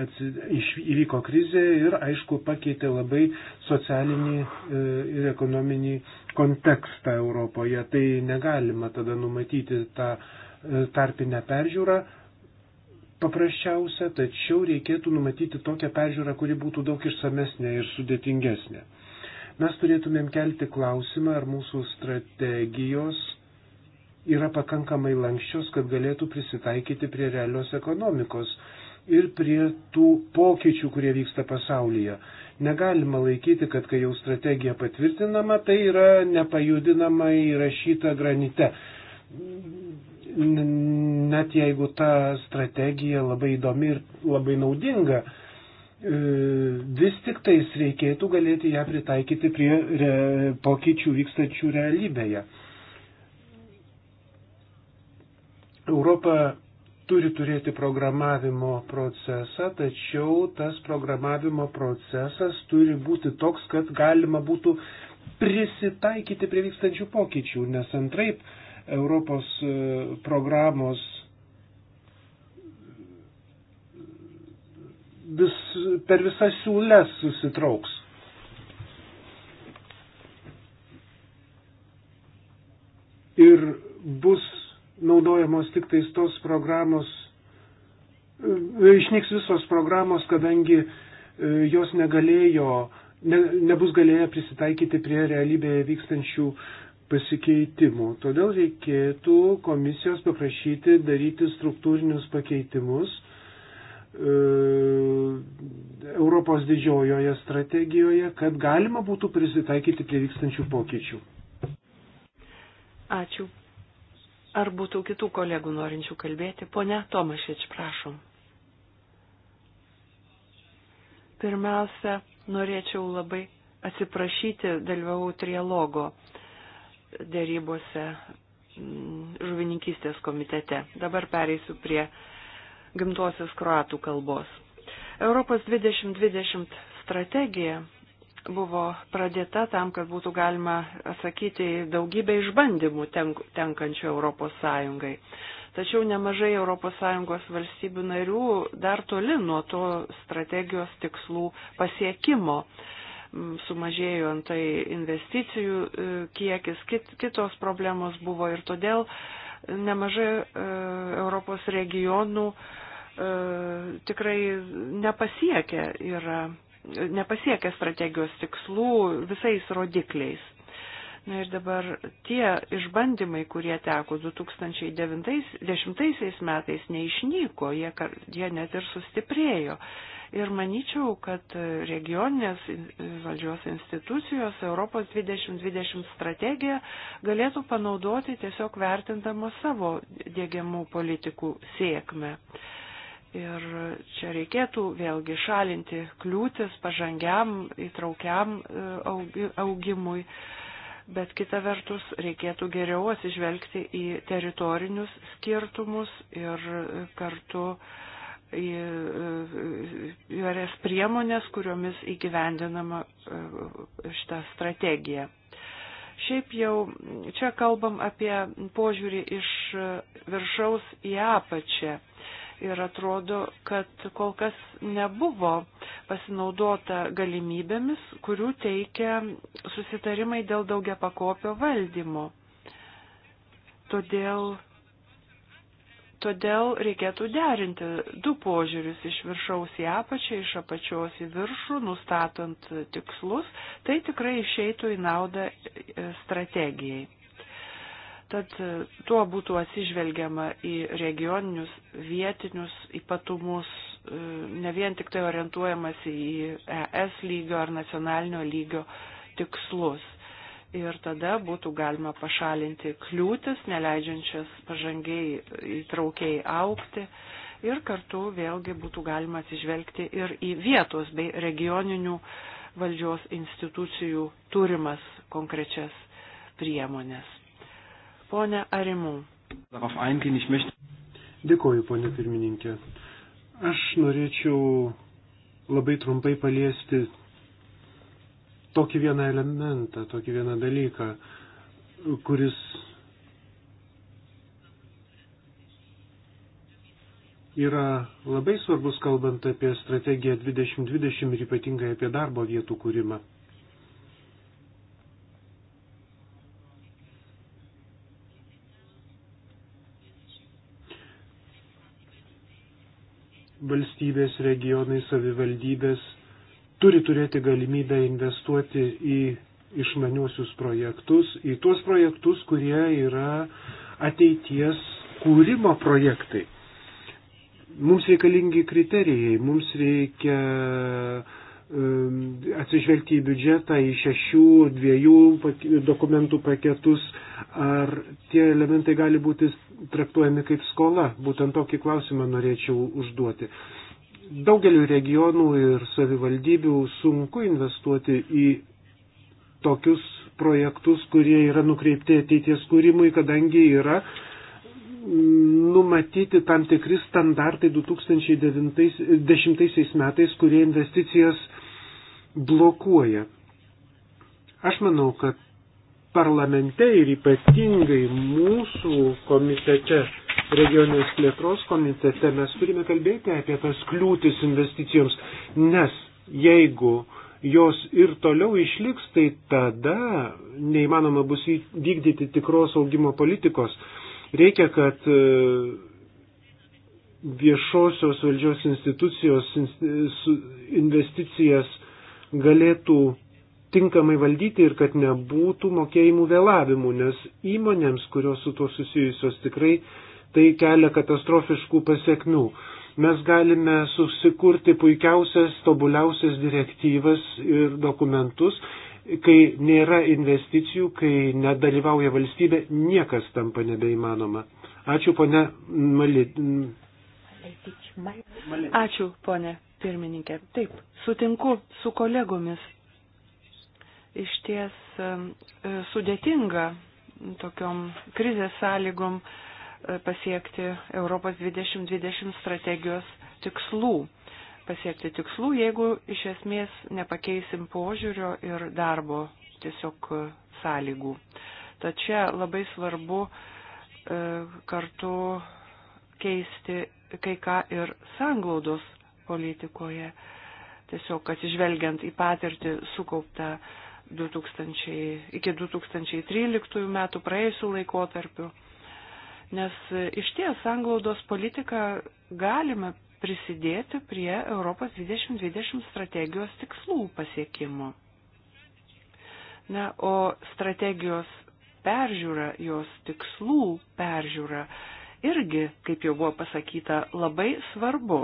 atsi, iš, įvyko krizė ir aišku pakeitė labai socialinį e, ir ekonominį kontekstą Europoje. Tai negalima tada numatyti tą tarpinę peržiūrą, paprasčiausia, tačiau reikėtų numatyti tokią peržiūrą, kuri būtų daug išsamesnė ir sudėtingesnė. Mes turėtumėm kelti klausimą, ar mūsų strategijos yra pakankamai lankščios, kad galėtų prisitaikyti prie realios ekonomikos ir prie tų pokyčių, kurie vyksta pasaulyje. Negalima laikyti, kad kai jau strategija patvirtinama, tai yra nepajudinama įrašyta granite net jeigu ta strategija labai įdomi ir labai naudinga, e, vis tik tais reikėtų galėti ją pritaikyti prie re, pokyčių vykstančių realybėje. Europa turi turėti programavimo procesą, tačiau tas programavimo procesas turi būti toks, kad galima būtų prisitaikyti prie vykstančių pokyčių, nes antraip uh, Europos e, programos vis, per visas siūles susitrauks. Ir bus naudojamos tik tais tos programos, e, išnyks visos programos, kadangi e, jos negalėjo, ne, nebus galėję prisitaikyti prie realybėje vykstančių pasikeitimų. Todėl reikėtų komisijos paprašyti daryti struktūrinius pakeitimus e, Europos didžiojoje strategijoje, kad galima būtų prisitaikyti prie vykstančių pokyčių. Ačiū. Ar būtų kitų kolegų norinčių kalbėti? Pone Tomašič, prašom. Pirmiausia, norėčiau labai atsiprašyti, dalyvau trialogo dėrybose mm, žuvininkystės komitete. Dabar pereisiu prie gimtuosios kroatų kalbos. Europos 2020 strategija buvo pradėta tam, kad būtų galima atsakyti daugybę išbandymų tenkančių Europos Sąjungai. Tačiau nemažai ES valstybių narių dar toli nuo to strategijos tikslų pasiekimo sumažėjo antai investicijų e, kiekis, kit, kitos problemos buvo ir todėl nemažai e, Europos regionų e, tikrai nepasiekia yra nepasiekia strategijos tikslų visais rodikliais. Na ir dabar tie išbandymai, kurie teko 2010 metais, neišnyko, jie, jie net ir sustiprėjo. Ir manyčiau, kad regioninės valdžios institucijos Europos 2020 strategiją galėtų panaudoti tiesiog vertindama savo dėgiamų politikų sėkmę. Ir čia reikėtų vėlgi šalinti kliūtis pažangiam, įtraukiam e, augimui, bet kita vertus reikėtų geriau atsižvelgti į teritorinius skirtumus ir kartu uh, įvairias priemonės, kuriomis įgyvendinama e, šitą strategiją. Šiaip jau čia kalbam apie požiūrį iš viršaus į apačią. Ir atrodo, kad kol kas nebuvo pasinaudota galimybėmis, kurių teikia susitarimai dėl daugia pakopio valdymo. Todėl Todėl reikėtų derinti du požiūrius iš viršaus į apačią, iš apačios į viršų, nustatant tikslus, tai tikrai išeitų į naudą e, strategijai. Tad e, tuo būtų atsižvelgiama į regioninius, vietinius ypatumus, e, ne vien tik tai orientuojamas į ES lygio ar nacionalinio lygio tikslus ir tada būtų galima pašalinti kliūtis, neleidžiančias pažangiai įtraukiai aukti ir kartu vėlgi būtų galima atsižvelgti ir į vietos bei regioninių valdžios institucijų turimas konkrečias priemonės. Pone Arimu. Dėkoju, ponė pirmininkė. Aš norėčiau labai trumpai paliesti tokį vieną elementą, tokį vieną dalyką, kuris yra labai svarbus, kalbant apie strategiją 2020 ir ypatingai apie darbo vietų kūrimą. Valstybės, regionai, savivaldybės turi turėti galimybę investuoti į išmaniuosius projektus, į tuos projektus, kurie yra ateities kūrimo projektai. Mums reikalingi kriterijai, mums reikia um, atsižvelgti į biudžetą, į šešių, dviejų dokumentų paketus, ar tie elementai gali būti traktuojami kaip skola. Būtent tokį klausimą norėčiau užduoti daugeliu regionų ir savivaldybių sunku investuoti į tokius projektus, kurie yra nukreipti ateities kūrimui, kadangi yra numatyti tam tikri standartai 2010 metais, kurie investicijas blokuoja. Aš manau, kad parlamente ir ypatingai mūsų komitete regioninės plėtros komitete mes turime kalbėti apie tas kliūtis investicijoms, nes jeigu jos ir toliau išliks, tai tada neįmanoma bus vykdyti tikros augimo politikos. Reikia, kad e, viešosios valdžios institucijos investicijas galėtų tinkamai valdyti ir kad nebūtų mokėjimų vėlavimų, nes įmonėms, kurios su tuo susijusios, tikrai tai kelia katastrofiškų pasiekmių. Mes galime susikurti puikiausias, tobuliausias direktyvas ir dokumentus, kai nėra investicijų, kai nedalyvauja valstybė, niekas tampa nebeįmanoma. Ačiū, ponė Malit. Ačiū, ponė pirmininkė. Taip, sutinku su kolegomis. Iš ties e, sudėtinga tokiom krizės sąlygom uh, pasiekti Europos 2020 strategijos tikslų. Pasiekti tikslų, jeigu iš esmės nepakeisim požiūrio ir darbo tiesiog sąlygų. Tad čia labai svarbu e, kartu keisti kai ką ir sanglaudos politikoje, tiesiog atsižvelgiant į patirtį sukauptą 2000, iki 2013 metų praėjusių laikotarpių nes e, iš ties anglaudos politiką galime prisidėti prie Europos 2020 strategijos tikslų pasiekimų. Na, o strategijos peržiūra, jos tikslų peržiūra irgi, kaip jau buvo pasakyta, labai svarbu.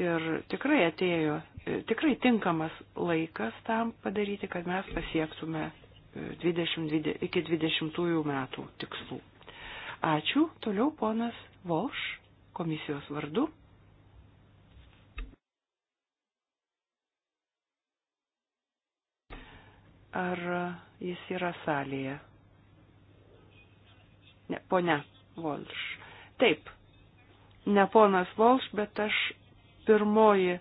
Ir tikrai atėjo, e, tikrai tinkamas laikas tam padaryti, kad mes pasiektume 20, e, iki 20 metų tikslų. Ačiū. Toliau ponas Volš komisijos vardu. Ar jis yra salėje? Ne, ponia Volš. Taip, ne ponas Volš, bet aš pirmoji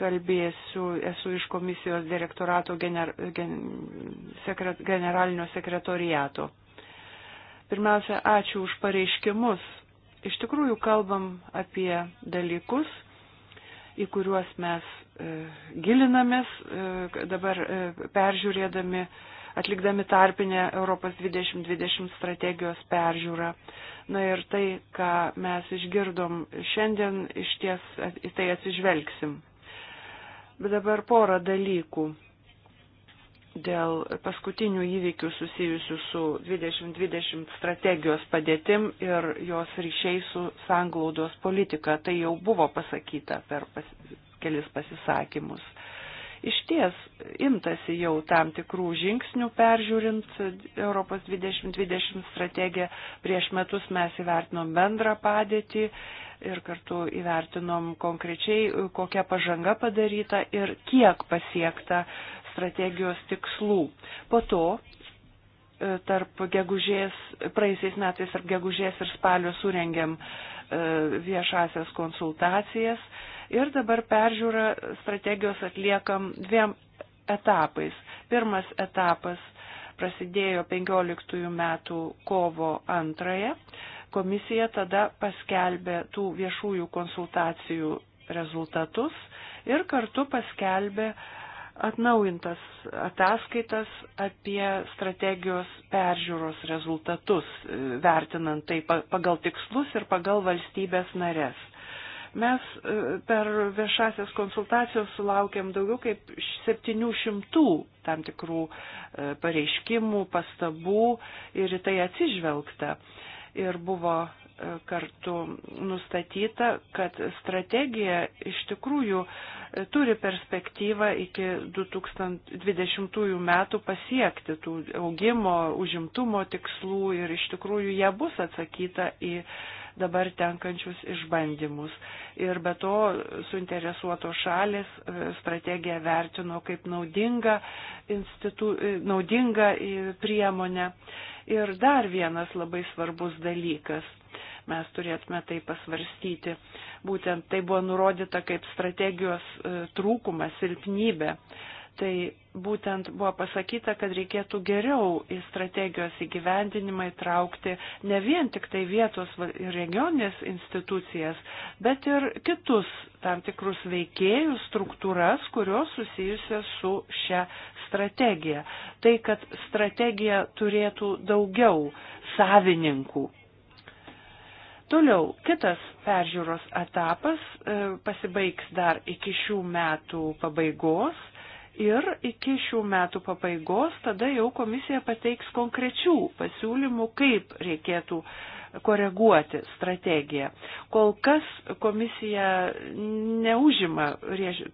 kalbėsiu, esu iš komisijos direktorato gener, gen, sekret, generalinio sekretoriato. Pirmiausia, ačiū už pareiškimus. Iš tikrųjų kalbam apie dalykus, į kuriuos mes e, gilinamės e, dabar e, peržiūrėdami, atlikdami tarpinę Europos 2020 strategijos peržiūrą. Na ir tai, ką mes išgirdom šiandien, iš ties į tai atsižvelgsim. Bet dabar porą dalykų dėl paskutinių įvykių susijusių su 2020 strategijos padėtim ir jos ryšiai su sanglaudos politika. Tai jau buvo pasakyta per pas, kelis pasisakymus. Iš ties imtasi jau tam tikrų žingsnių peržiūrint Europos 2020 strategiją. Prieš metus mes įvertinom bendrą padėtį ir kartu įvertinom konkrečiai, kokia pažanga padaryta ir kiek pasiekta strategijos tikslų. Po to e, tarp gegužės, praeisiais metais tarp gegužės ir spalio surengėm e, viešasias konsultacijas ir dabar peržiūrą strategijos atliekam dviem etapais. Pirmas etapas prasidėjo 15 metų kovo antrąją. Komisija tada paskelbė tų viešųjų konsultacijų rezultatus ir kartu paskelbė atnaujintas ataskaitas apie strategijos peržiūros rezultatus, e, vertinant tai pagal tikslus ir pagal valstybės narės. Mes e, per viešasias konsultacijas sulaukėm daugiau kaip 700 tam tikrų e, pareiškimų, pastabų ir į tai atsižvelgta. Ir buvo E, kartu nustatyta, kad strategija iš tikrųjų e, turi perspektyvą iki 2020 metų pasiekti tų augimo, užimtumo tikslų ir iš tikrųjų jie bus atsakyta į dabar tenkančius išbandymus. Ir be to suinteresuotos šalis e, strategiją vertino kaip naudingą, institu, e, naudingą e, priemonę. Ir dar vienas labai svarbus dalykas mes turėtume tai pasvarstyti. Būtent tai buvo nurodyta kaip strategijos trūkumas, silpnybė. Tai būtent buvo pasakyta, kad reikėtų geriau į strategijos įgyvendinimą įtraukti ne vien tik tai vietos ir regioninės institucijas, bet ir kitus tam tikrus veikėjus, struktūras, kurios susijusios su šia strategija. Tai, kad strategija turėtų daugiau savininkų. Toliau, kitas peržiūros etapas e, pasibaigs dar iki šių metų pabaigos ir iki šių metų pabaigos tada jau komisija pateiks konkrečių pasiūlymų, kaip reikėtų koreguoti strategiją. Kol kas komisija neužima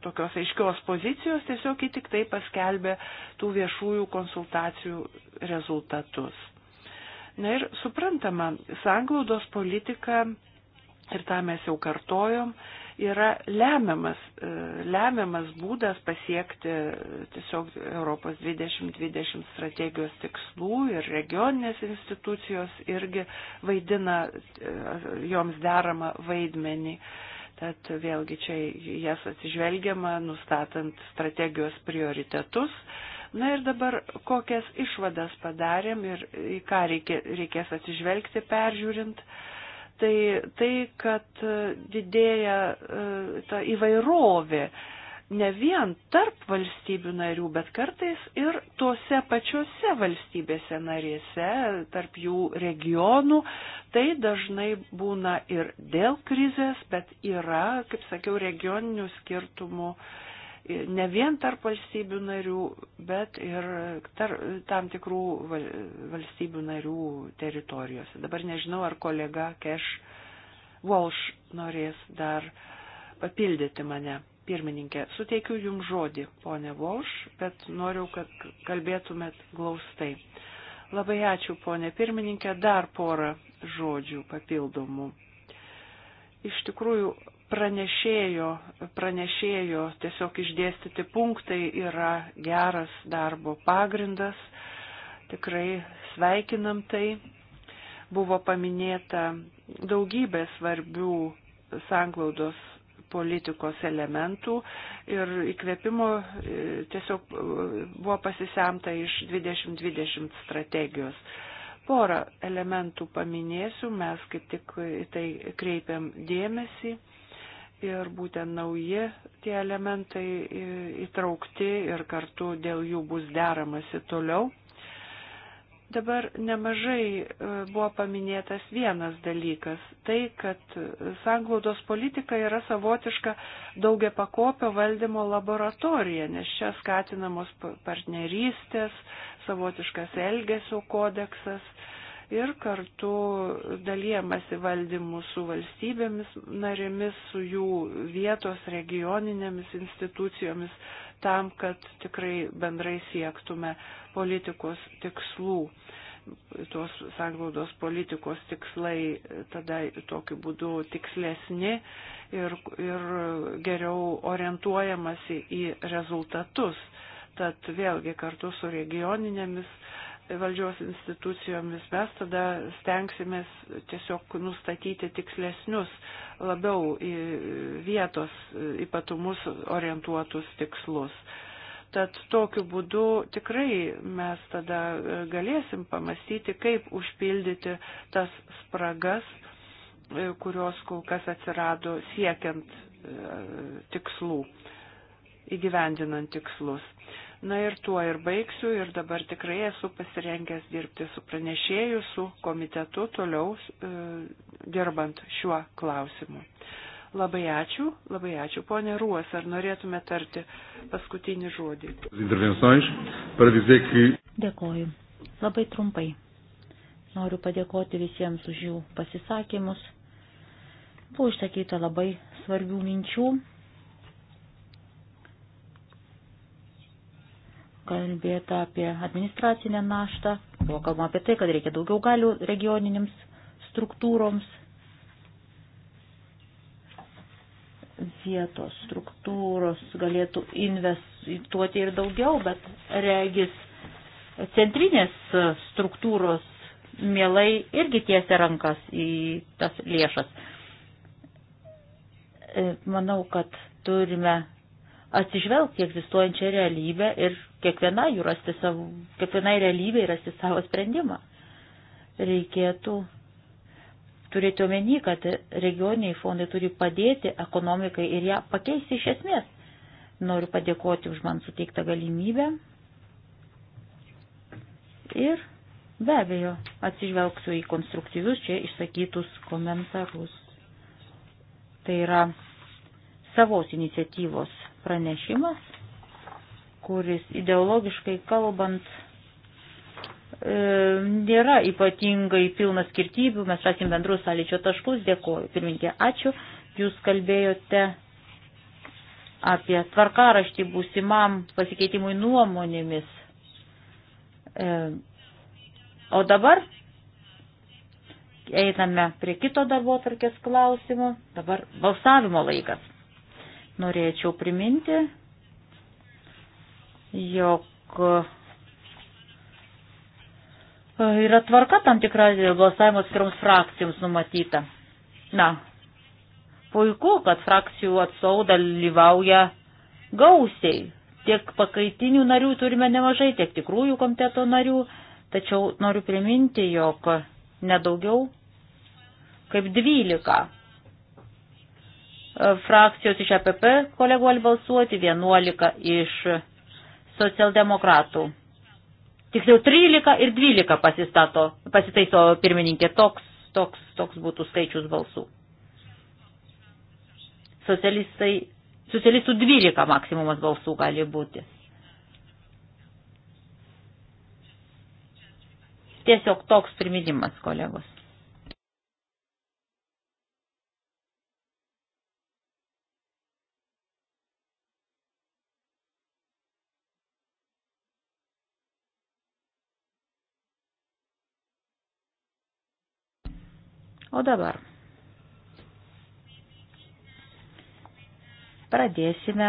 tokios aiškios pozicijos, tiesiog ji tik tai paskelbė tų viešųjų konsultacijų rezultatus. Na ir suprantama, sanglaudos politika, ir tą mes jau kartojom, yra lemiamas, e, lemiamas būdas pasiekti tiesiog Europos 2020 strategijos tikslų ir regioninės institucijos irgi vaidina e, joms deramą vaidmenį. Tad vėlgi čia jas atsižvelgiama, nustatant strategijos prioritetus. Na ir dabar kokias išvadas padarėm ir į ką reikės atsižvelgti peržiūrint uh, tai tai, kad didėja e, ta įvairovė ne vien tarp valstybių narių, bet kartais ir tuose pačiuose valstybėse narėse, tarp jų regionų. Tai dažnai būna ir dėl krizės, bet yra, kaip sakiau, regioninių skirtumų uh, ne vien tarp valstybių narių, bet ir tar, tam tikrų val, valstybių narių teritorijose. Dabar nežinau, ar kolega Keš Walsh norės dar papildyti mane. Pirmininkė, suteikiu Jums žodį, ponė Walsh, bet noriu, kad kalbėtumėt glaustai. Labai ačiū, ponė pirmininkė, dar porą žodžių papildomų. Iš tikrųjų, pranešėjo, pranešėjo tiesiog išdėstyti punktai yra geras darbo pagrindas. Tikrai sveikinam tai. Buvo paminėta daugybė svarbių sanglaudos politikos elementų ir įkvėpimo e, tiesiog e, buvo pasisemta iš 2020 strategijos. Porą elementų paminėsiu, mes kaip tik į tai kreipiam dėmesį ir būtent nauji tie elementai įtraukti ir kartu dėl jų bus deramasi toliau. Dabar nemažai e, buvo paminėtas vienas dalykas - tai, kad sanglaudos politika yra savotiška daugia pakopio valdymo laboratorija, nes čia skatinamos partnerystės, savotiškas elgesio kodeksas ir kartu dalyjamasi valdymu su valstybėmis narėmis, su jų vietos regioninėmis institucijomis, tam, kad tikrai bendrai siektume politikos tikslų. Tos sanglaudos politikos tikslai tada tokiu būdu tikslesni ir, ir geriau orientuojamasi į rezultatus. Tad vėlgi kartu su regioninėmis uh, valdžios institucijomis, mes tada stengsimės tiesiog nustatyti tikslesnius, labiau į vietos ypatumus orientuotus tikslus. Tad tokiu būdu tikrai mes tada galėsim pamastyti, kaip užpildyti tas spragas, kurios kol kas atsirado siekiant e, tikslų, įgyvendinant tikslus. Na ir tuo ir baigsiu ir dabar tikrai esu pasirengęs dirbti su pranešėju, su komitetu toliau e, dirbant šiuo klausimu. Labai ačiū, labai ačiū. Pone Ruos, ar norėtume tarti paskutinį žodį? Dėkoju. Labai trumpai. Noriu padėkoti visiems už jų pasisakymus. Buvo išsakyta labai svarbių minčių kalbėta apie administracinę naštą, buvo kalbama apie tai, kad reikia daugiau galių regioninėms struktūroms, vietos struktūros galėtų investuoti ir daugiau, bet regis centrinės struktūros mielai irgi tiesia rankas į tas lėšas. E, manau, kad turime atsižvelgti egzistuojančią realybę ir kiekviena jų rasti savo, kiekvienai realybėje rasti savo sprendimą. Reikėtų turėti omeny, kad regioniniai fondai turi padėti ekonomikai ir ją pakeisti iš esmės. Noriu padėkoti už man suteiktą galimybę. Ir be abejo, atsižvelgsiu į konstruktyvius čia išsakytus komentarus. Tai yra savos iniciatyvos pranešimas, kuris ideologiškai kalbant e, nėra ypatingai pilnas skirtybių, mes rasim bendrus sąlyčio taškus, dėkoju. Pirminkė, ačiū, jūs kalbėjote apie tvarkaraštį būsimam pasikeitimui nuomonėmis. E, o dabar einame prie kito darbo tarkės klausimo, dabar balsavimo laikas. Norėčiau priminti, jog yra tvarka tam tikra balsavimo skiriams frakcijoms numatyta. Na, puiku, kad frakcijų atstovų dalyvauja gausiai. Tiek pakaitinių narių turime nemažai, tiek tikrųjų komiteto narių, tačiau noriu priminti, jog nedaugiau kaip 12 frakcijos iš APP kolegų balsuoti, 11 iš socialdemokratų. Tiksliau 13 ir 12 pasistato, pasitaiso pirmininkė, toks, toks, toks būtų skaičius balsų. Socialistai, socialistų 12 maksimumas balsų gali būti. Tiesiog toks priminimas, kolegos. O dabar pradėsime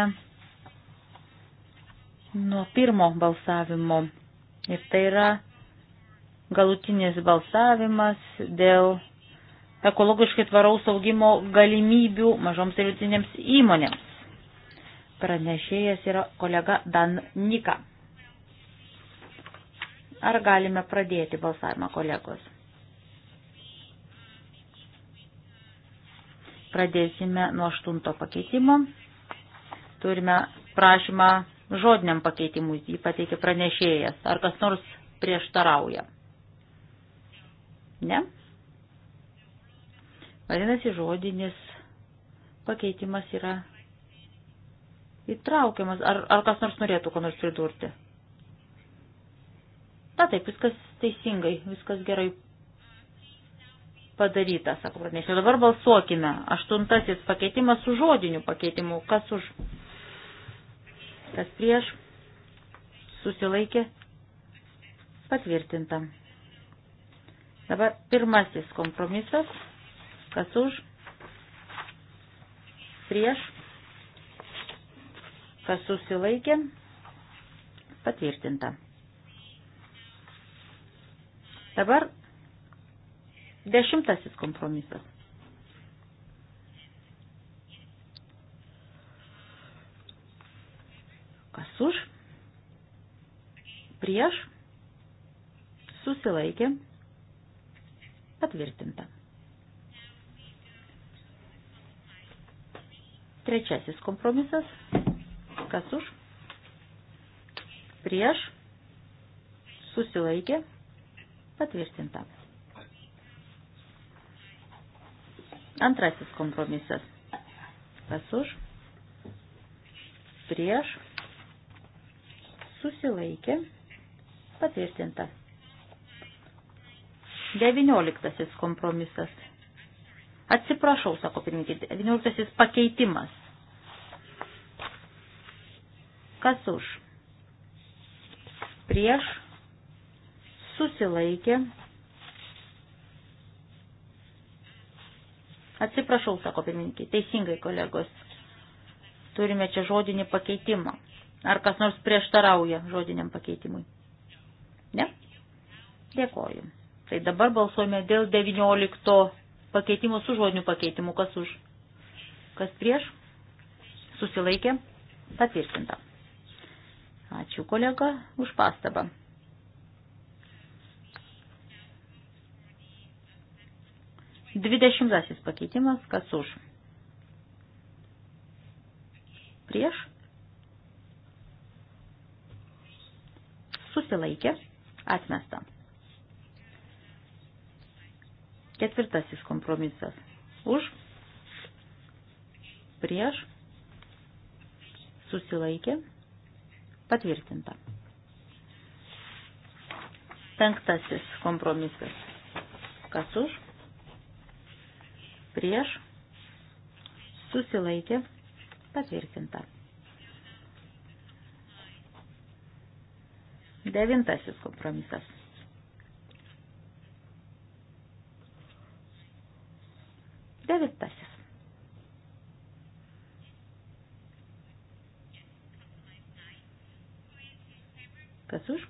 nuo pirmo balsavimo. Ir tai yra galutinis balsavimas dėl ekologiškai tvaraus augimo galimybių mažoms ir vidutinėms įmonėms. Pranešėjas yra kolega Dan Nika. Ar galime pradėti balsavimą, kolegos? Pradėsime nuo aštunto pakeitimo. Turime prašymą žodiniam pakeitimui, jį pateikė pranešėjas. Ar kas nors prieštarauja? Ne? Vadinasi, žodinis pakeitimas yra įtraukiamas. Ar, ar kas nors norėtų ko nors pridurti? Na taip, viskas teisingai, viskas gerai padaryta, sako pranešė. Dabar balsuokime. Aštuntasis pakeitimas su žodiniu pakeitimu. Kas už? Kas prieš? Susilaikė? Patvirtinta. Dabar pirmasis kompromisas. Kas už? Prieš? Kas susilaikė? Patvirtinta. Dabar Dešimtasis kompromisas. Kas už? Prieš? Susilaikė? Patvirtinta. Trečiasis kompromisas. Kas už? Prieš? Susilaikė? Patvirtinta. Antrasis kompromisas. Kas už? Prieš. Susilaikė. Patvirtinta. Devynioliktasis kompromisas. Atsiprašau, sako pirmininkė, devynioliktasis pakeitimas. Kas už? Prieš. Susilaikė Atsiprašau, sako pirmininkė, teisingai kolegos, turime čia žodinį pakeitimą. Ar kas nors prieštarauja žodiniam pakeitimui? Ne? Dėkoju. Tai dabar balsuojame dėl 19 pakeitimo su žodiniu pakeitimu. Kas už? Kas prieš? Susilaikė? Patvirtinta. Ačiū kolega už pastabą. Dvidešimtasis pakeitimas, kas už? Prieš? Susilaikė, atmesta. Ketvirtasis kompromisas. Už? Prieš? Susilaikė, patvirtinta. Penktasis kompromisas. Kas už? prieš, susilaikė, patvirtinta. Devintasis kompromisas. Devintasis. Kas už?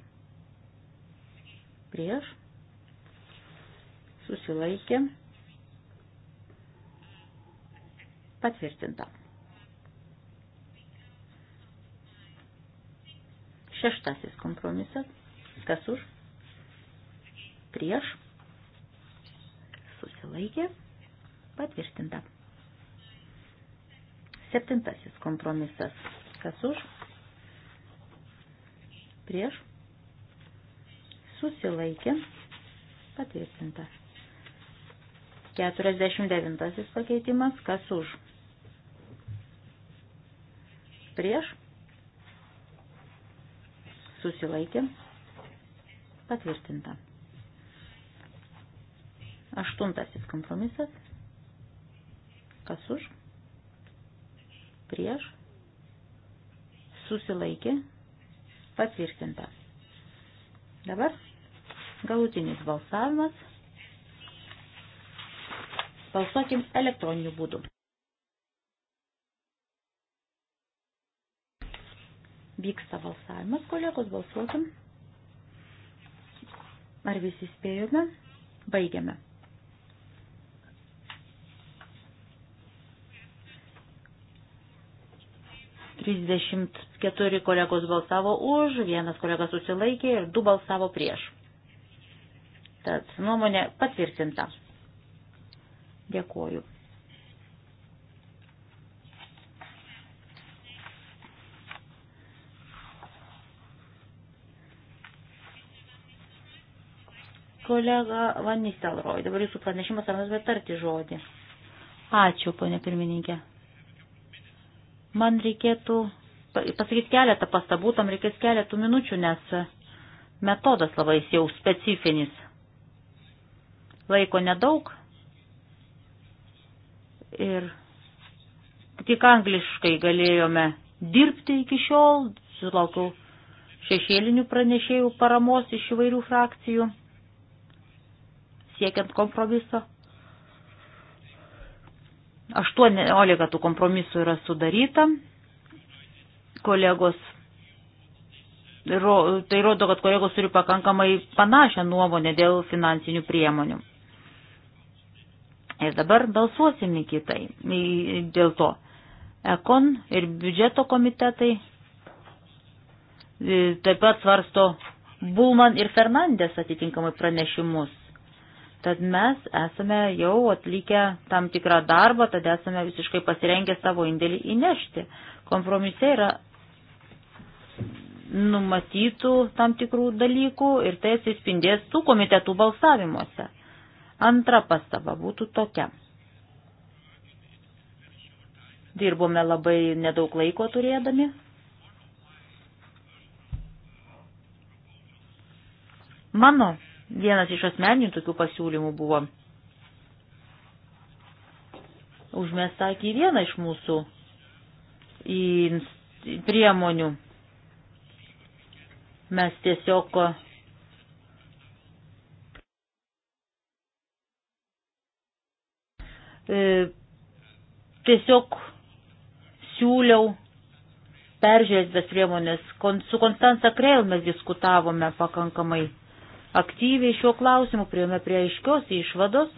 Prieš. Susilaikė. Patvirtinta. Šeštasis kompromisas. Kas už? Prieš. Susilaikė. Patvirtinta. Septintasis kompromisas. Kas už? Prieš. Susilaikė. Patvirtinta. 49 pakeitimas. Kas už? prieš, susilaikė, patvirtinta. Aštuntasis kompromisas, kas už, prieš, susilaikė, patvirtinta. Dabar galutinis balsavimas. Balsuokim elektroniniu būdu. Vyksta balsavimas, kolegos, balsuokim. Ar visi spėjome? Baigiame. Trisdešimt keturi kolegos balsavo už, vienas kolegas susilaikė ir du balsavo prieš. Tad nuomonė patvirtinta. Dėkuoju. Kolega Vanistelroj, dabar jūsų pranešimas, ar mes betarti žodį. Ačiū, ponė pirmininkė. Man reikėtų pasakyti keletą pastabų, tam reikės keletų minučių, nes metodas labai jau specifinis. Laiko nedaug ir tik angliškai galėjome dirbti iki šiol, sulaukiau šešėlinių pranešėjų paramos iš įvairių frakcijų siekiant kompromiso. 18 tų kompromisų yra sudaryta. Kolegos, tai rodo, kad kolegos turi pakankamai panašią nuomonę dėl finansinių priemonių. Ir dabar balsuosime kitai dėl to. Ekon ir biudžeto komitetai taip pat svarsto Bulman ir Fernandės atitinkamai pranešimus. Tad mes esame jau atlikę tam tikrą darbą, tad esame visiškai pasirengę savo indėlį įnešti. Kompromise yra numatytų tam tikrų dalykų ir tai atsispindės tų komitetų balsavimuose. Antra pastaba būtų tokia. Dirbome labai nedaug laiko turėdami. Mano Vienas iš asmeninių tokių pasiūlymų buvo užmestą akį vieną iš mūsų į priemonių. Mes tiesiog e, tiesiog siūliau peržiūrėti tas priemonės. Su Konstanca Kreil mes diskutavome pakankamai aktyviai šiuo klausimu, priėmė prie aiškios išvados,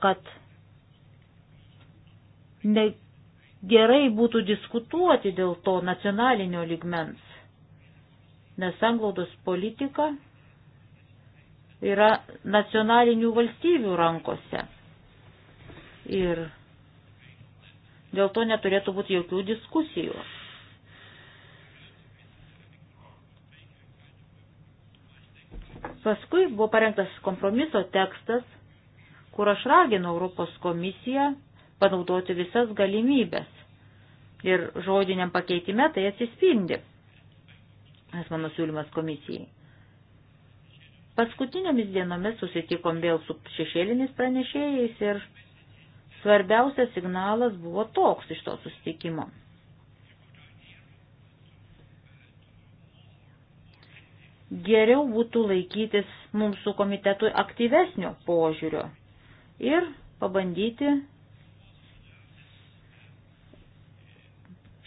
kad ne, gerai būtų diskutuoti dėl to nacionalinio ligmens, nes anglaudos politika yra nacionalinių valstybių rankose. Ir dėl to neturėtų būti jokių diskusijų. Paskui buvo parengtas kompromiso tekstas, kur aš raginu Europos komisiją panaudoti visas galimybės. Ir žodiniam pakeitime tai atsispindi, nes mano siūlymas komisijai. Paskutinėmis dienomis susitikom vėl su šešėliniais pranešėjais ir svarbiausias signalas buvo toks iš to susitikimo. geriau būtų laikytis mums su komitetu aktyvesnio požiūrio ir pabandyti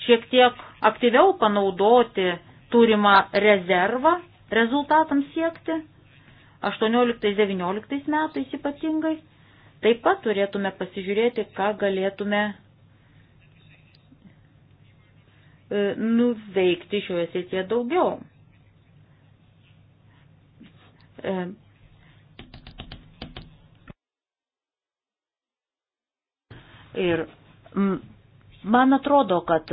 šiek tiek aktyviau panaudoti turimą rezervą rezultatams siekti, 18-19 metais ypatingai. Taip pat turėtume pasižiūrėti, ką galėtume e, nuveikti šioje srityje daugiau. Ir man atrodo, kad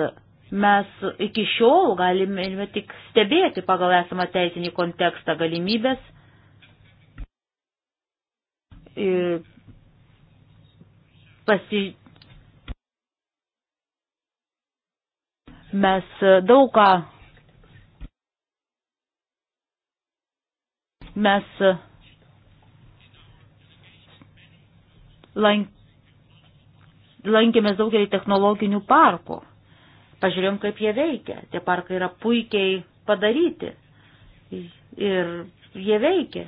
mes iki šiol galime tik stebėti pagal esamą teisinį kontekstą galimybės pasi... Mes daug ką Mes lankėmės daugelį technologinių parkų. Pažiūrėjom, kaip jie veikia. Tie parkai yra puikiai padaryti. Ir jie veikia.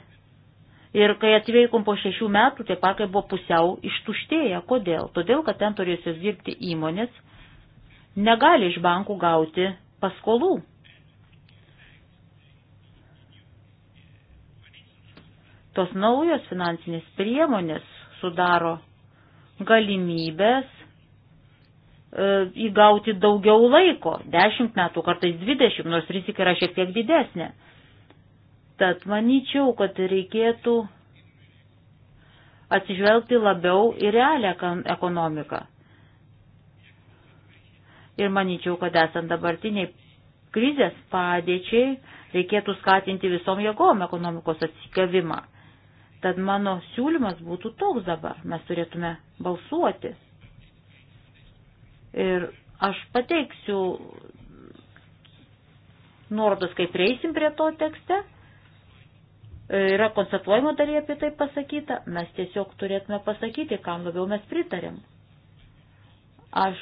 Ir kai atveikom po šešių metų, tie parkai buvo pusiau ištuštėję. Kodėl? Todėl, kad ten turėjusios dirbti įmonės negali iš bankų gauti paskolų. Tos naujos finansinės priemonės sudaro galimybės e, įgauti daugiau laiko, 10 metų, kartais 20, nors rizika yra šiek tiek didesnė. Tad manyčiau, kad reikėtų atsižvelgti labiau į realią ekonomiką. Ir manyčiau, kad esant dabartiniai krizės padėčiai, reikėtų skatinti visom jėgom ekonomikos atsigavimą. Tad mano siūlymas būtų toks dabar. Mes turėtume balsuoti. Ir aš pateiksiu nuorodas, kaip reisim prie to tekste. Yra konstatuojimo dalyje apie tai pasakyta. Mes tiesiog turėtume pasakyti, kam labiau mes pritarėm. Aš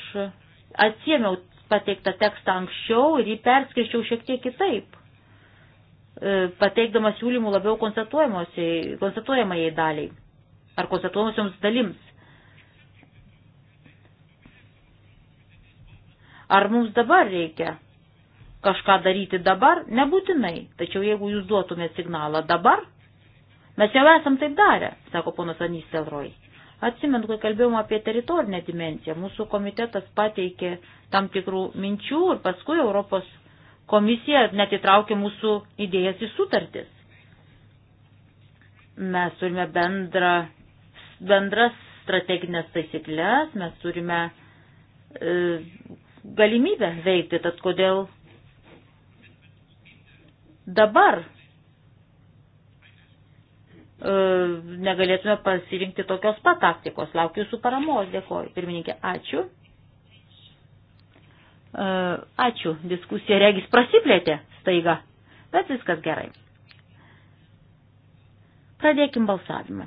atsiemiau pateiktą tekstą anksčiau ir jį perskaičiau šiek tiek kitaip. E, pateikdamas siūlymų labiau konstatuojamai daliai ar konstatuojamosioms dalims. Ar mums dabar reikia kažką daryti dabar? Nebūtinai. Tačiau jeigu jūs duotumėt signalą dabar, mes jau esam taip darę, sako ponas Anys Telroj. Atsimint, kai kalbėjom apie teritorinę dimenciją, mūsų komitetas pateikė tam tikrų minčių ir paskui Europos Komisija net įtraukė mūsų idėjas į sutartis. Mes turime bendrą, bendras strateginės taisyklės, mes turime e, galimybę veikti, tad kodėl dabar e, negalėtume pasirinkti tokios pat taktikos. Laukiu jūsų paramos, dėkoju. Pirmininkė, ačiū. E, ačiū, diskusija regis prasiplėtė staiga, bet viskas gerai. Pradėkim balsavimą.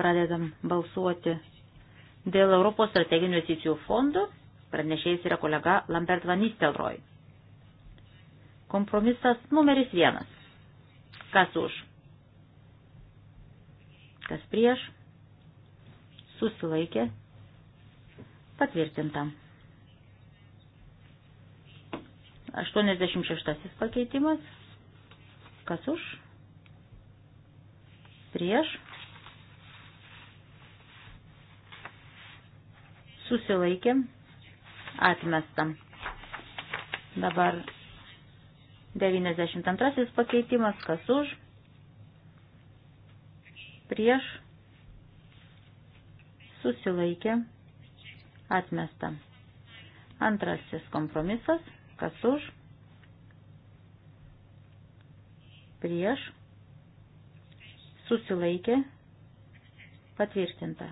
Pradedam balsuoti dėl Europos strateginių investicijų fondų. Pranešėjas yra kolega Lambert Van Nistelrooy. Kompromisas numeris vienas. Kas už? Kas prieš? Susilaikė Patvirtinta. 86 pakeitimas. Kas už? Prieš. Susilaikė. Atmesta. Dabar 92 pakeitimas. Kas už? Prieš. Susilaikė atmesta. Antrasis kompromisas, kas už, prieš, susilaikė, patvirtinta.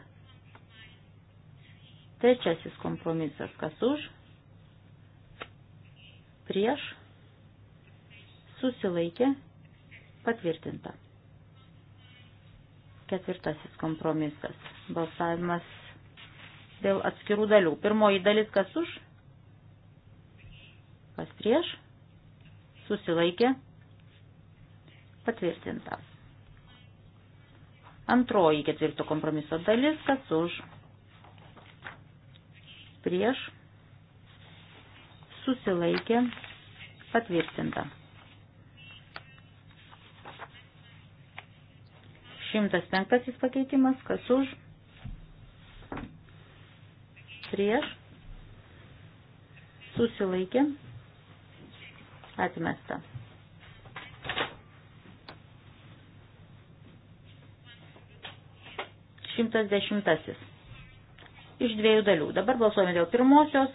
Trečiasis kompromisas, kas už, prieš, susilaikė, patvirtinta. Ketvirtasis kompromisas, balsavimas dėl atskirų dalių. Pirmoji dalis kas už, kas prieš, susilaikė, patvirtinta. Antroji ketvirto kompromiso dalis kas už, prieš, susilaikė, patvirtinta. 105 pakeitimas, kas už, prieš, susilaikė, atmesta. Šimtas dešimtasis. Iš dviejų dalių. Dabar balsuojame dėl pirmosios.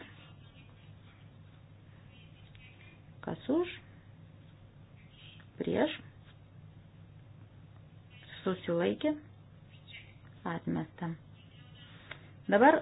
Kas už? Prieš. Susilaikė. Atmesta. Dabar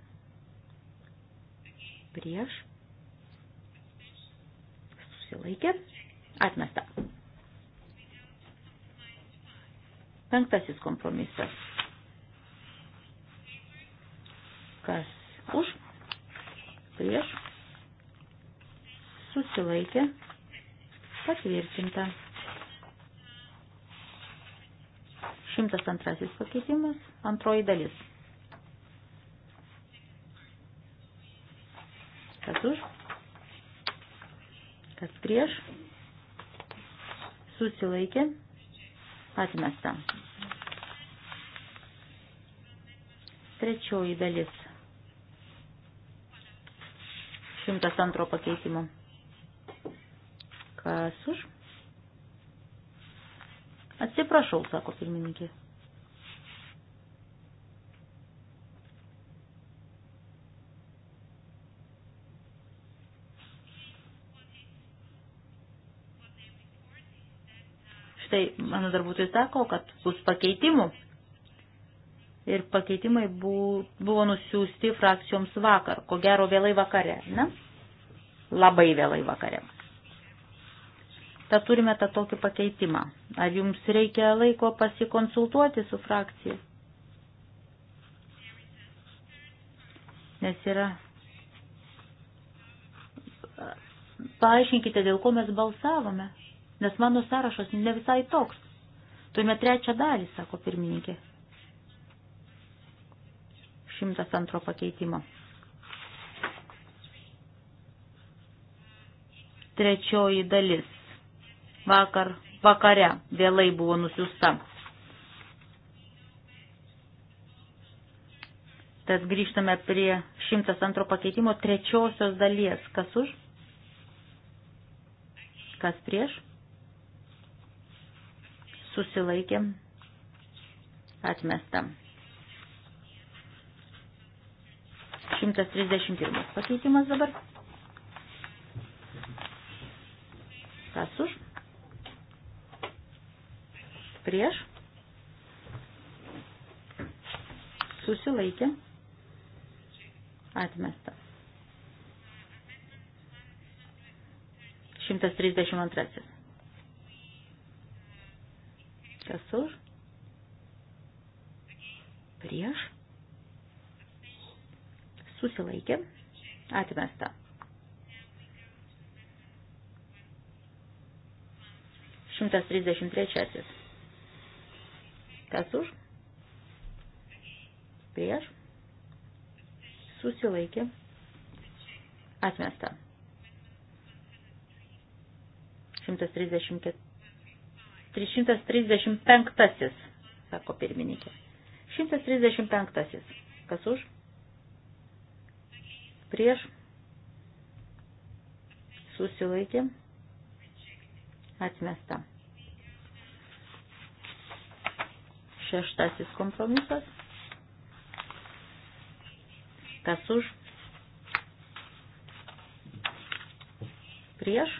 prieš, susilaikė, atmesta. Penktasis kompromisas. Kas už, prieš, susilaikė, patvirtinta. 102 pakeitimas, antroji dalis. už, kas prieš, susilaikė, atmesta. Trečioji dalis. 102 pakeitimo. Kas už? Atsiprašau, sako pirmininkė. tai mano darbuotojai sako, kad bus pakeitimų. Ir pakeitimai buvo nusiųsti frakcijoms vakar, ko gero vėlai vakare, ne? Labai vėlai vakare. Tad turime tą tokį pakeitimą. Ar jums reikia laiko pasikonsultuoti su frakcija? Nes yra paaiškinkite, dėl ko mes balsavome nes mano sąrašas ne visai toks. Turime trečią dalį, sako pirmininkė. 102 pakeitimo. Trečioji dalis. Vakar, vakare, vėlai buvo nusiusta. Tad grįžtame prie 102 pakeitimo trečiosios dalies. Kas už? Kas prieš? susilaikė, atmesta. 131 pakeitimas dabar. Kas už? Prieš. Susilaikė. Atmesta. 132. Kas už? Prieš. Susilaikė. Atmesta. Šimtas trisdešimt trečiasis. Kas už? Prieš. Susilaikė. Atmesta. 134 335, sako pirmininkė. 135. Kas už? Prieš? Susilaikė? Atmesta. Šeštasis kompromisas. Kas už? Prieš?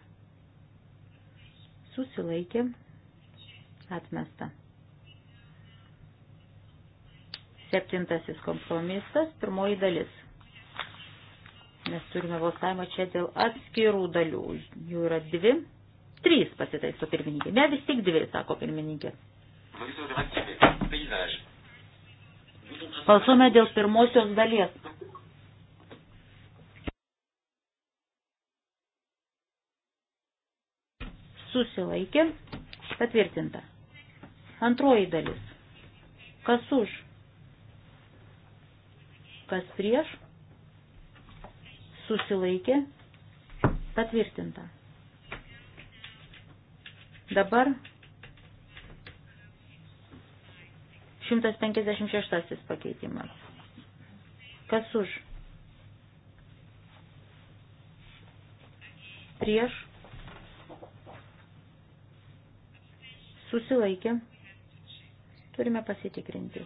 susilaikė, atmesta. Septintasis kompromisas, pirmoji dalis. Mes turime balsavimą čia dėl atskirų dalių. Jų yra dvi, trys pasitaiso pirmininkė. Ne vis tik dvi, sako pirmininkė. Balsuome dėl pirmosios dalies. susilaikė, patvirtinta. Antroji dalis. Kas už? Kas prieš? Susilaikė, patvirtinta. Dabar 156 pakeitimas. Kas už? Prieš susilaikė, turime pasitikrinti.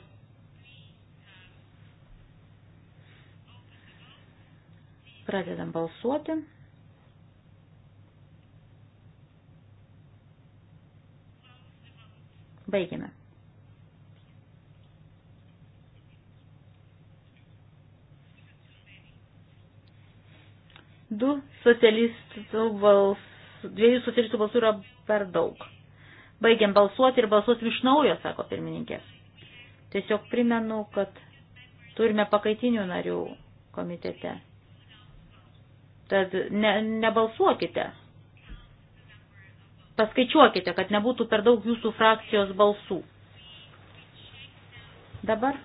Pradedam balsuoti. Baigiame. Du socialistų balsų, dviejų socialistų balsų yra per daug. Baigiam balsuoti ir balsuosim iš naujo, sako pirmininkė. Tiesiog primenu, kad turime pakaitinių narių komitete. Tad ne, nebalsuokite. Paskaičiuokite, kad nebūtų per daug jūsų frakcijos balsų. Dabar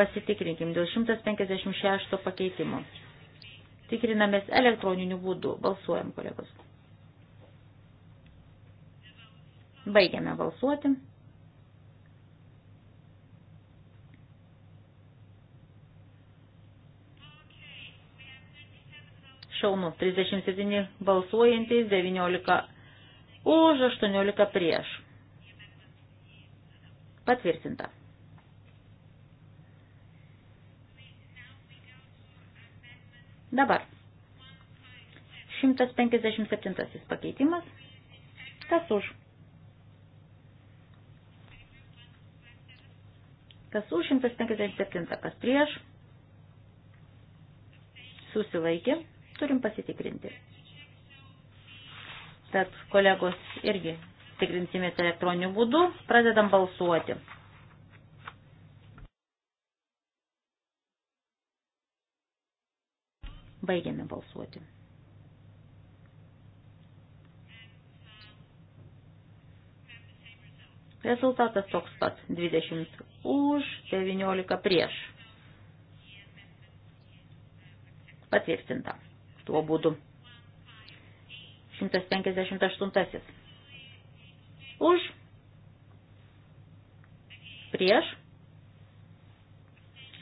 pasitikrinkim dėl 156 pakeitimo. Tikrinamės elektroniniu būdu. Balsuojam, kolegos. Baigiame balsuoti. Šaunu, 37 balsuojantys, 19 už, 18 prieš. Patvirtinta. Dabar. 157 pakeitimas. Kas už? Kas už 157, kas prieš. Susilaikė. Turim pasitikrinti. Tad kolegos irgi tikrinsimės elektroniniu būdu. Pradedam balsuoti. Baigiame balsuoti. Rezultatas toks pat - 20 už, 19 prieš. Patvirtinta. Tuo būdu. 158. Už. Prieš.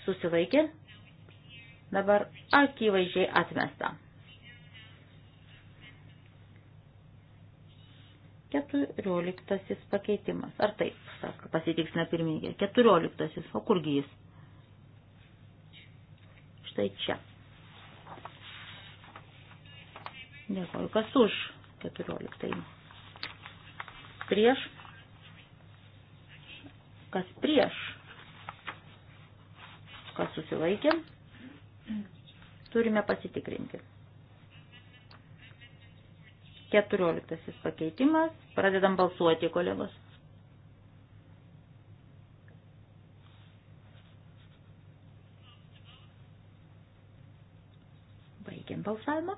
Susilaikė. Dabar akivaizdžiai atmesta. Keturioliktasis pakeitimas. Ar taip, sako, pasitiksime pirmininkė. Keturioliktasis, o kurgi jis? Štai čia. Dėkoju, kas už keturioliktai. Prieš. Kas prieš? Kas susilaikė? Turime pasitikrinti. Keturioliktasis pakeitimas. Pradedam balsuoti, kolegos. Baigiam balsavimą.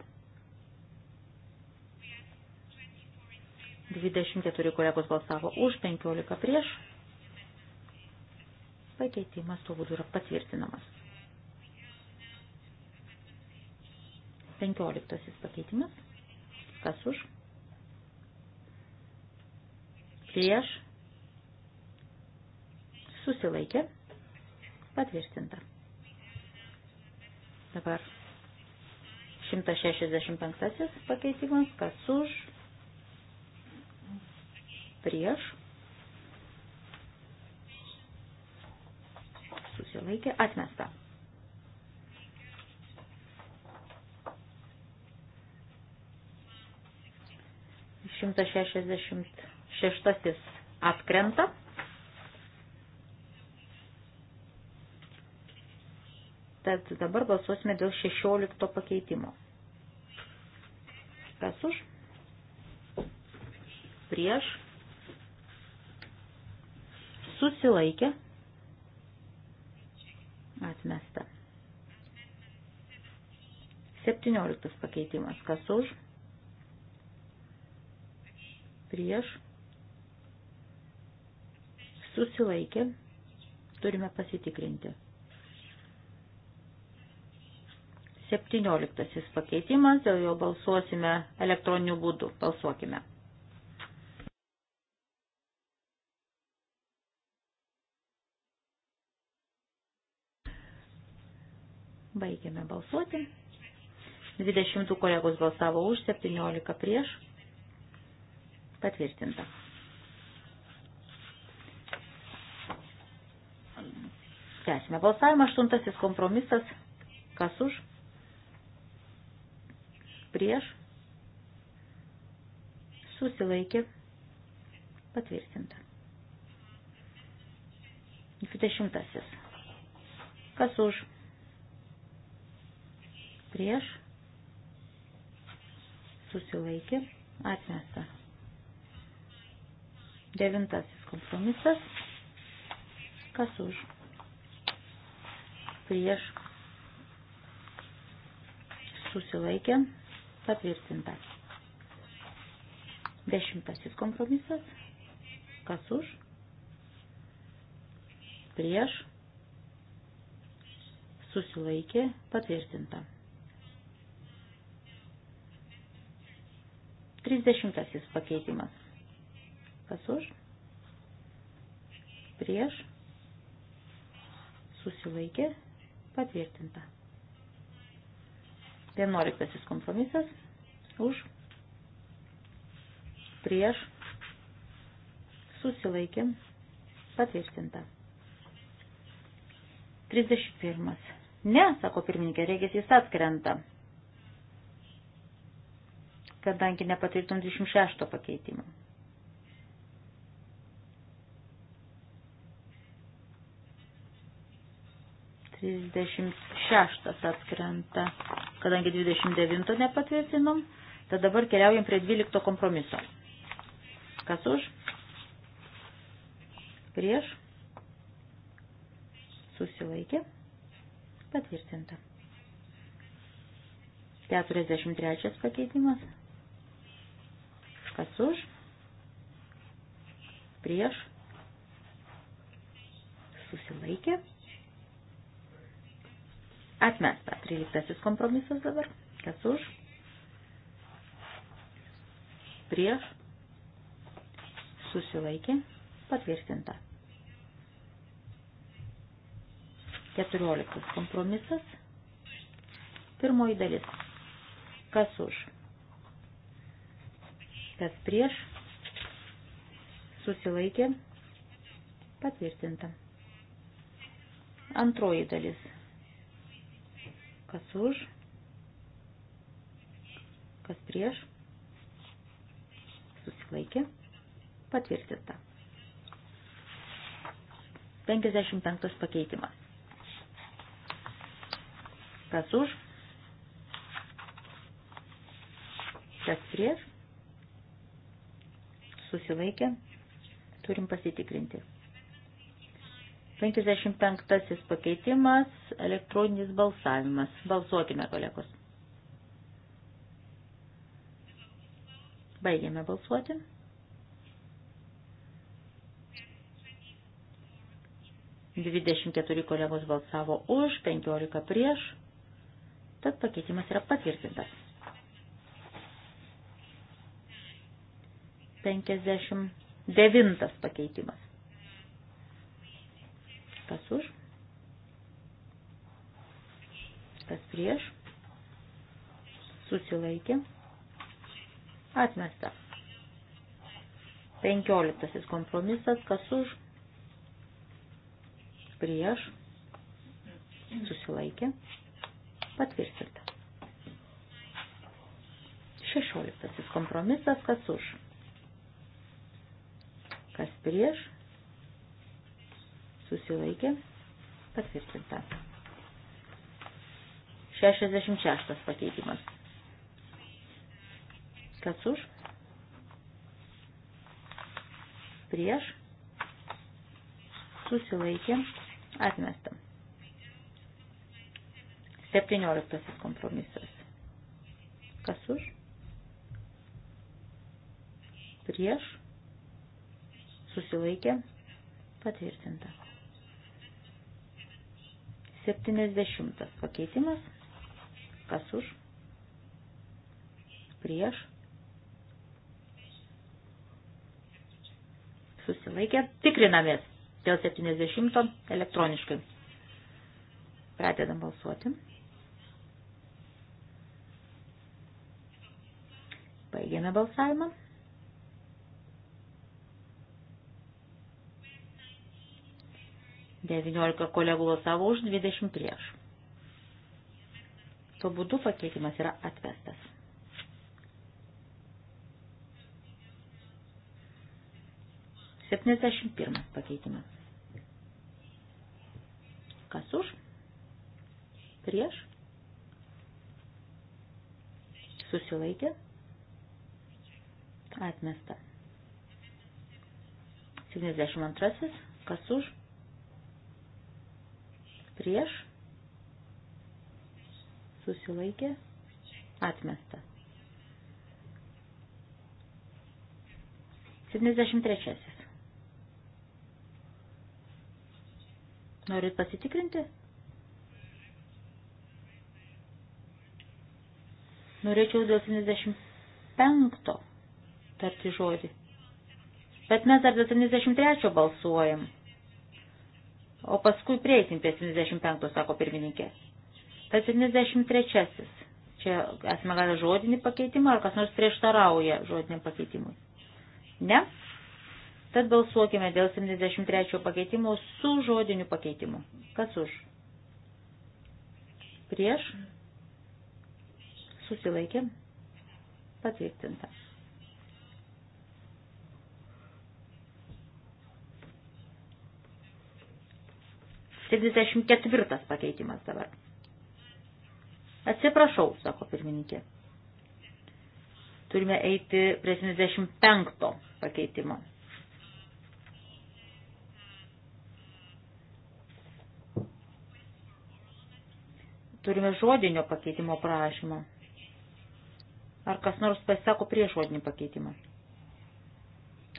24 kolegos balsavo už, 15 prieš. Pakeitimas tuo būdu yra patvirtinamas. 15 pakeitimas. Kas už? Prieš. Susilaikė. Patvirtinta. Dabar 165 pakeitimas. Kas už? Prieš. Susilaikė. Atmesta. 166 atkrenta. Tad dabar balsuosime dėl 16 pakeitimo. Kas už? Prieš. Susilaikė. Atmesta. 17 pakeitimas. Kas už? prieš, susilaikė, turime pasitikrinti. 17 pakeitimas, dėl jo balsuosime elektroniniu būdu. Balsuokime. Baigėme balsuoti. 20 kolegos balsavo už, 17 prieš. Patvirtinta. Tęsime balsavimą. Aštuntasis kompromisas. Kas už? Prieš. Susilaikė. Patvirtinta. Dvidešimtasis. Kas už? Prieš. Susilaikė. Atmesta. Devintasis kompromisas. Kas už? Prieš susilaikė patvirtinta. Dešimtasis kompromisas. Kas už? Prieš susilaikė patvirtinta. Trisdešimtasis pakeitimas. Kas už? Prieš. Susilaikė. Patvirtinta. Vienuoliktasis kompromisas. Už. Prieš. Susilaikė. Patvirtinta. 31. Ne, sako pirmininkė, reikės jis atkrenta kadangi nepatirtum 26 pakeitimo. 36 atkrenta, kadangi 29 nepatvirtinom, tad dabar keliaujam prie 12 kompromiso. Kas už? Prieš? Susilaikė? Patvirtinta. 43 pakeitimas. Kas už? Prieš? Susilaikė? Atmesta. 13 kompromisas dabar. Kas už? Prieš. Susilaikė. Patvirtinta. 14 kompromisas. Pirmoji dalis. Kas už? Kas prieš? Susilaikė. Patvirtinta. Antroji dalis Kas už? Kas prieš? Susilaikė. Patvirtinta. 55 pakeitimas. Kas už? Kas prieš? Susilaikė. Turim pasitikrinti. 55 pakeitimas, elektroninis balsavimas. Balsuokime, kolegos. Baigėme balsuoti. Dvidešimt keturi kolegos balsavo už, penkiolika prieš, tad pakeitimas yra patvirtintas. Penkiasdešimt devintas pakeitimas. Kas už? Kas prieš? Susilaikė. Atmesta. Penkioliktasis kompromisas. Kas už? Prieš. Susilaikė. Patvirtinta. Šešioliktasis kompromisas. Kas už? Kas prieš? susilaikė, patvirtinta. 66 pakeitimas. Kas už? Prieš. Susilaikė. Atmesta. 17 kompromisas. Kas už? Prieš. Susilaikė. Patvirtinta. 70 pakeitimas. Kas už? Prieš. Susilaikė. Tikrinamės dėl 70 elektroniškai. Pradedam balsuoti. Baigėme balsavimą. 19 kolegų balsavo už, 20 prieš. Tuo būdu pakeitimas yra atvestas. Septyniasdešimt pirmas pakeitimas. Kas už? Prieš? Susilaikė? Atmesta. 72. Kas už? prieš, susilaikė, atmesta. 73. Norit pasitikrinti? Norėčiau dėl 75 tarti žodį. Bet mes dar dėl 73 balsuojam. O paskui prieisim prie 75, sako pirmininkė. Tad 73. Čia esame gavę žodinį pakeitimą, ar kas nors prieštarauja žodiniam pakeitimui. Ne? Tad balsuokime dėl 73 pakeitimo su žodiniu pakeitimu. Kas už? Prieš? Susilaikė? Patvirtinta. 74 pakeitimas dabar. Atsiprašau, sako pirmininkė. Turime eiti prie 75 pakeitimo. Turime žodinio pakeitimo prašymą. Ar kas nors pasako prieš žodinį pakeitimą?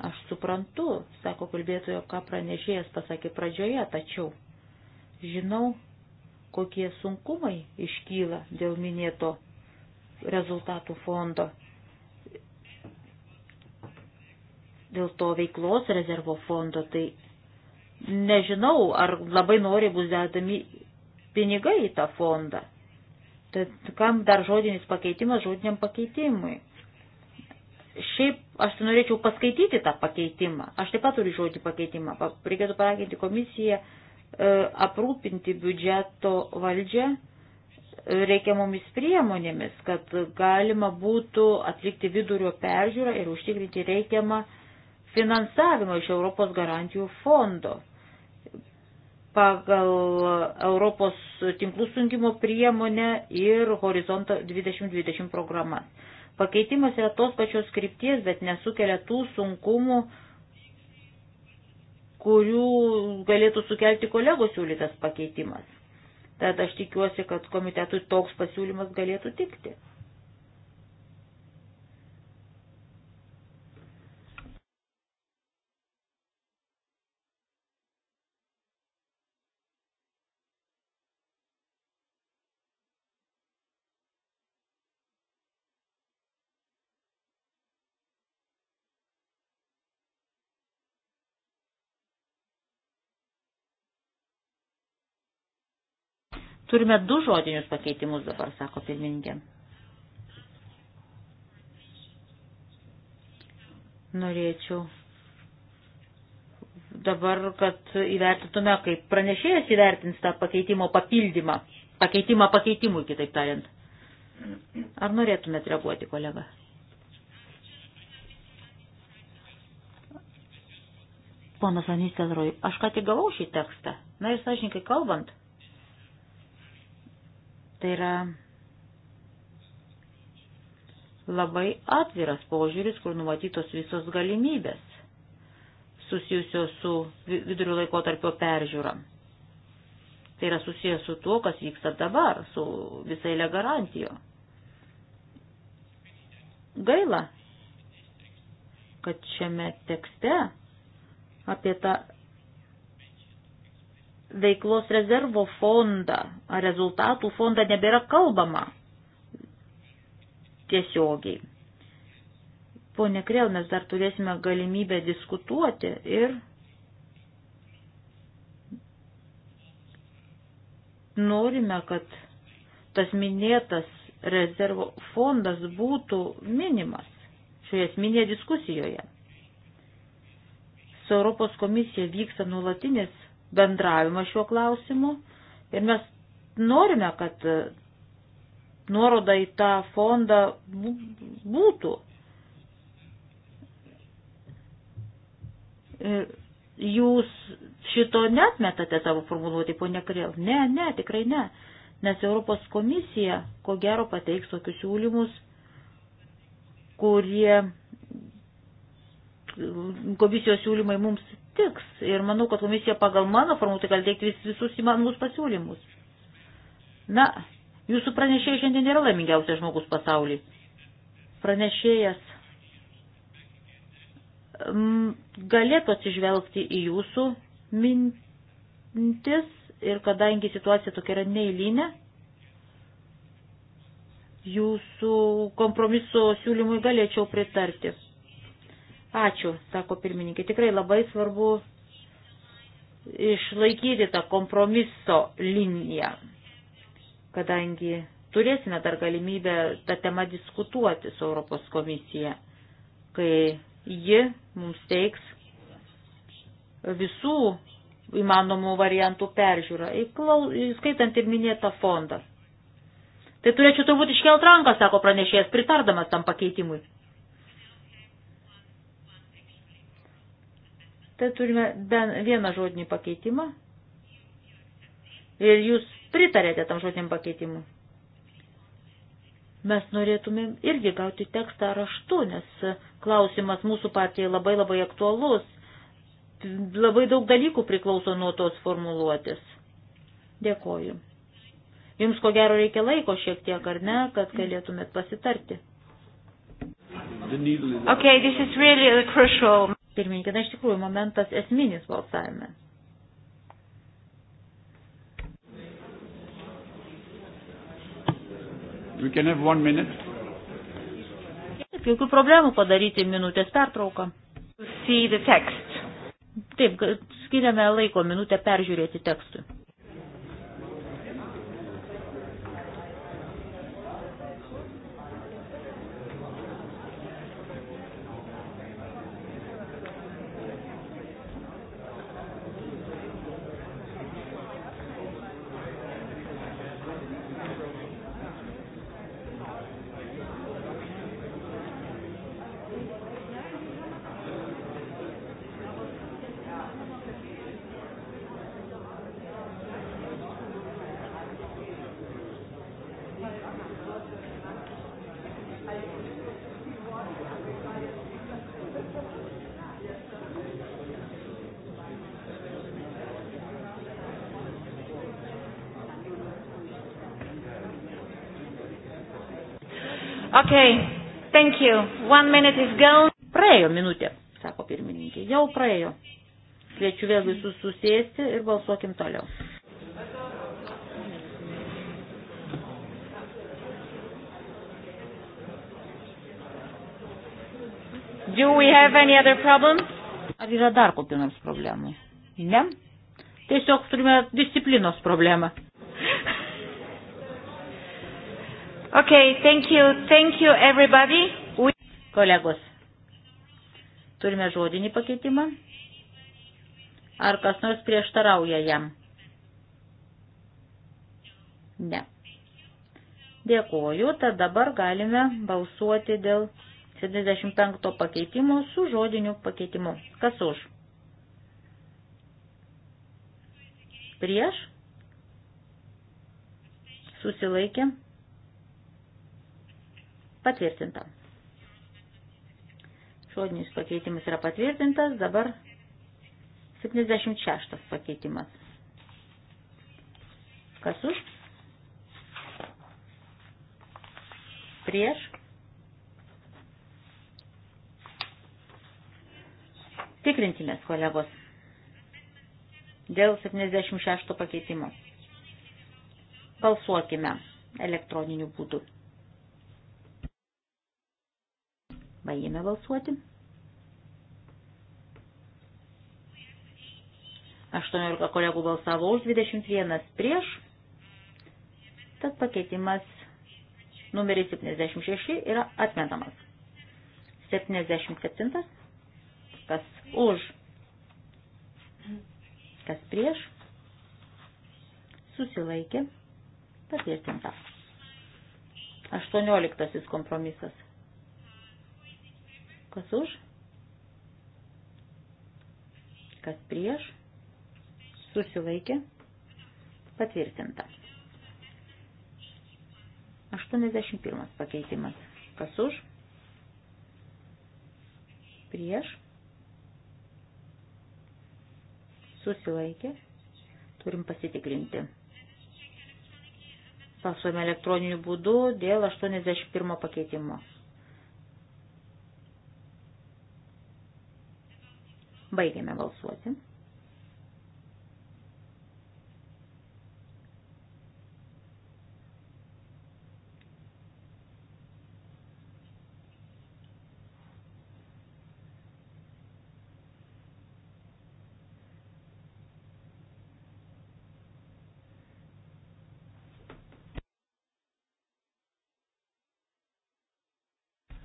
Aš suprantu, sako kalbėtojo, ką pranešėjas pasakė pradžioje, tačiau Žinau, kokie sunkumai iškyla dėl minėto rezultatų fondo. Dėl to veiklos rezervo fondo, tai nežinau, ar labai nori bus dedami pinigai į tą fondą. Tad kam dar žodinis pakeitimas žodiniam pakeitimui? Šiaip aš norėčiau paskaityti tą pakeitimą. Aš taip pat turiu žodį pakeitimą. Reikėtų paraginti komisiją E, aprūpinti biudžeto valdžią e, reikiamomis priemonėmis, kad galima būtų atlikti vidurio peržiūrą ir užtikrinti reikiamą finansavimą iš Europos garantijų fondo. Pagal Europos tinklų sunkimo priemonę ir Horizonto 2020 programas. Pakeitimas yra tos pačios krypties, bet nesukelia tų sunkumų, kurių galėtų sukelti kolegos siūlytas pakeitimas. Tad aš tikiuosi, kad komitetui toks pasiūlymas galėtų tikti. Turime du žodinius pakeitimus dabar, sako pirmininkė. Norėčiau dabar, kad įvertintume, kaip pranešėjas įvertins tą pakeitimo papildymą, pakeitimą pakeitimui, kitaip tariant. Ar norėtumėt reaguoti, kolega? Ponas Anistelroj, aš ką tik gavau šį tekstą. Na ir sąžininkai kalbant, Tai yra labai atviras požiūris, kur numatytos visos galimybės susijusios su vidurio laikotarpio peržiūra. Tai yra susijęs su tuo, kas vyksta dabar, su visai legarantijo. Gaila, kad šiame tekste apie tą veiklos rezervo fondą, ar rezultatų fondą nebėra kalbama tiesiogiai. Pone Krėl, mes dar turėsime galimybę diskutuoti ir norime, kad tas minėtas rezervo fondas būtų minimas šioje esminėje diskusijoje. Su Europos komisija vyksta nulatinės bendravimą šiuo klausimu ir mes norime, kad e, nuoroda į tą fondą būtų. E, jūs šito net metate savo formuluoti, ponia Krėl. Ne, ne, tikrai ne. Nes Europos komisija, ko gero, pateiks tokius siūlymus, kurie komisijos siūlymai mums tiks. Ir manau, kad komisija pagal mano formulę tai gali teikti vis, visus įmanomus pasiūlymus. Na, jūsų pranešėjas šiandien yra laimingiausias žmogus pasaulyje. Pranešėjas mm, galėtų atsižvelgti į jūsų mintis ir kadangi situacija tokia yra neįlynė, jūsų kompromiso siūlymui galėčiau pritarti. Ačiū, sako pirmininkė. Tikrai labai svarbu išlaikyti tą kompromiso liniją, kadangi turėsime dar galimybę tą temą diskutuoti su Europos komisija, kai ji mums teiks visų įmanomų variantų peržiūrą, skaitant ir minėtą fondą. Tai turėčiau turbūt iškelt ranką, sako pranešėjas, pritardamas tam pakeitimui. Tai turime vieną žodinį pakeitimą. Ir jūs pritarėte tam žodiniam pakeitimui. Mes norėtumėm irgi gauti tekstą raštu, nes klausimas mūsų partijai labai labai aktualus. Labai daug dalykų priklauso nuo tos formuluotės. Dėkoju. Jums ko gero reikia laiko šiek tiek, ar ne, kad galėtumėt pasitarti. Okay, this is really the crucial. Pirmininkė, na iš tikrųjų momentas esminis balsavime. Jokių problemų padaryti minutės pertrauką. Taip, skiriame laiko minutę peržiūrėti tekstui. Okay, thank you. One minute is gone. Praėjo minutė, sako pirmininkė. Jau praėjo. Kviečiu vėl visus susėsti ir balsuokim toliau. Do we have any other problems? Ar yra dar kokių nors problemų? Ne. Tiesiog turime disciplinos problemą. Okay, thank you, thank you everybody. We... Kolegos, turime žodinį pakeitimą. Ar kas nors prieštarauja jam? Ne. Dėkoju, tad dabar galime balsuoti dėl 75 pakeitimo su žodiniu pakeitimu. Kas už? Prieš? Susilaikė? Patvirtinta. Žodinis pakeitimas yra patvirtintas, dabar 76 pakeitimas. Kas už? Prieš. Tikrintimės, kolegos, dėl 76 pakeitimo. Balsuokime elektroniniu būdu. Baigėme balsuoti. 18 kolegų balsavo už, 21 prieš. Tad pakeitimas numeris 76 yra atmetamas. 77. Kas už, kas prieš, susilaikė, patvirtinta. 18 kompromisas. Kas už? Kas prieš? Susilaikė. Patvirtinta. 81 pakeitimas. Kas už? Prieš. Susilaikė. Turim pasitikrinti. Pasuojame elektroniniu būdu dėl 81 pakeitimo. Baigiame balsuoti.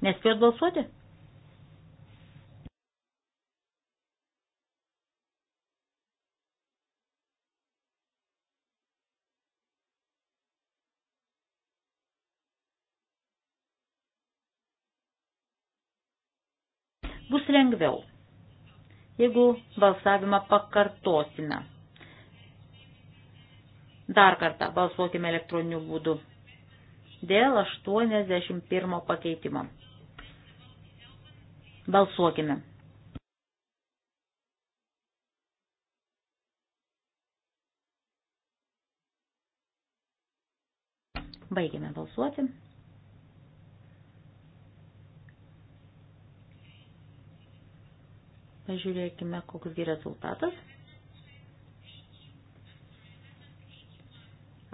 Nespėjot balsuoti? bus lengviau, jeigu balsavimą pakartosime. Dar kartą balsuokime elektroniniu būdu dėl 81 pakeitimo. Balsuokime. Baigėme balsuoti. Pažiūrėkime, koks gi rezultatas.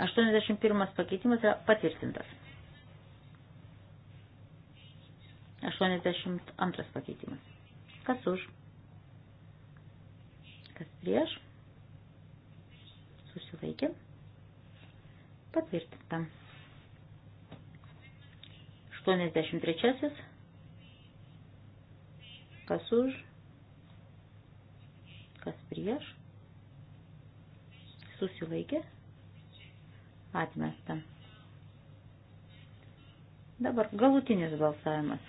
81 pakeitimas yra patvirtintas. 82 pakeitimas. Kas už? Kas prieš? Susilaikė. Patvirtinta. 83. Kas už? kas prieš, susilaikė, atmesta. Dabar galutinis balsavimas.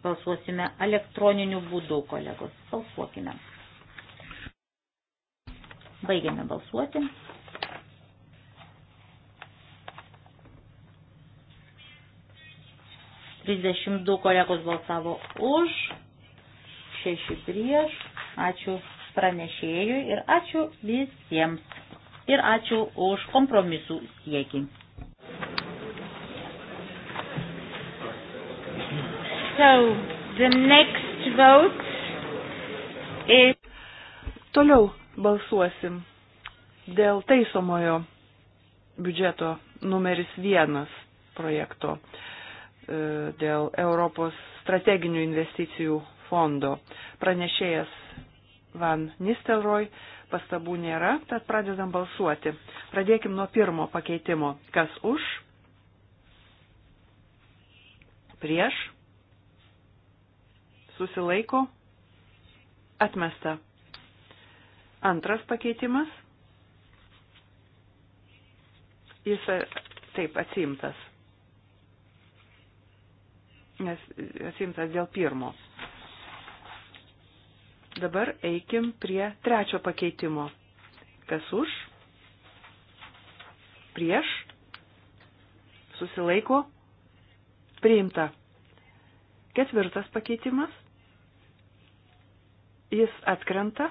Balsuosime elektroniniu būdu, kolegos. Balsuokime. Baigiame balsuoti. Trisdešimt du kolegos balsavo už. 6 prieš. Ačiū pranešėjui ir ačiū visiems. Ir ačiū už kompromisų siekį. So, the next vote is... Toliau balsuosim dėl taisomojo biudžeto numeris vienas projekto e, dėl Europos strateginių investicijų fondo. Pranešėjas Van Nistelroj pastabų nėra, tad pradedam balsuoti. Pradėkim nuo pirmo pakeitimo. Kas už? Prieš? Susilaiko? Atmesta. Antras pakeitimas. Jis e, taip atsimtas. Nes e, atsimtas dėl pirmos. Dabar eikim prie trečio pakeitimo. Kas už? Prieš? Susilaiko? Priimta. Ketvirtas pakeitimas. Jis atkrenta,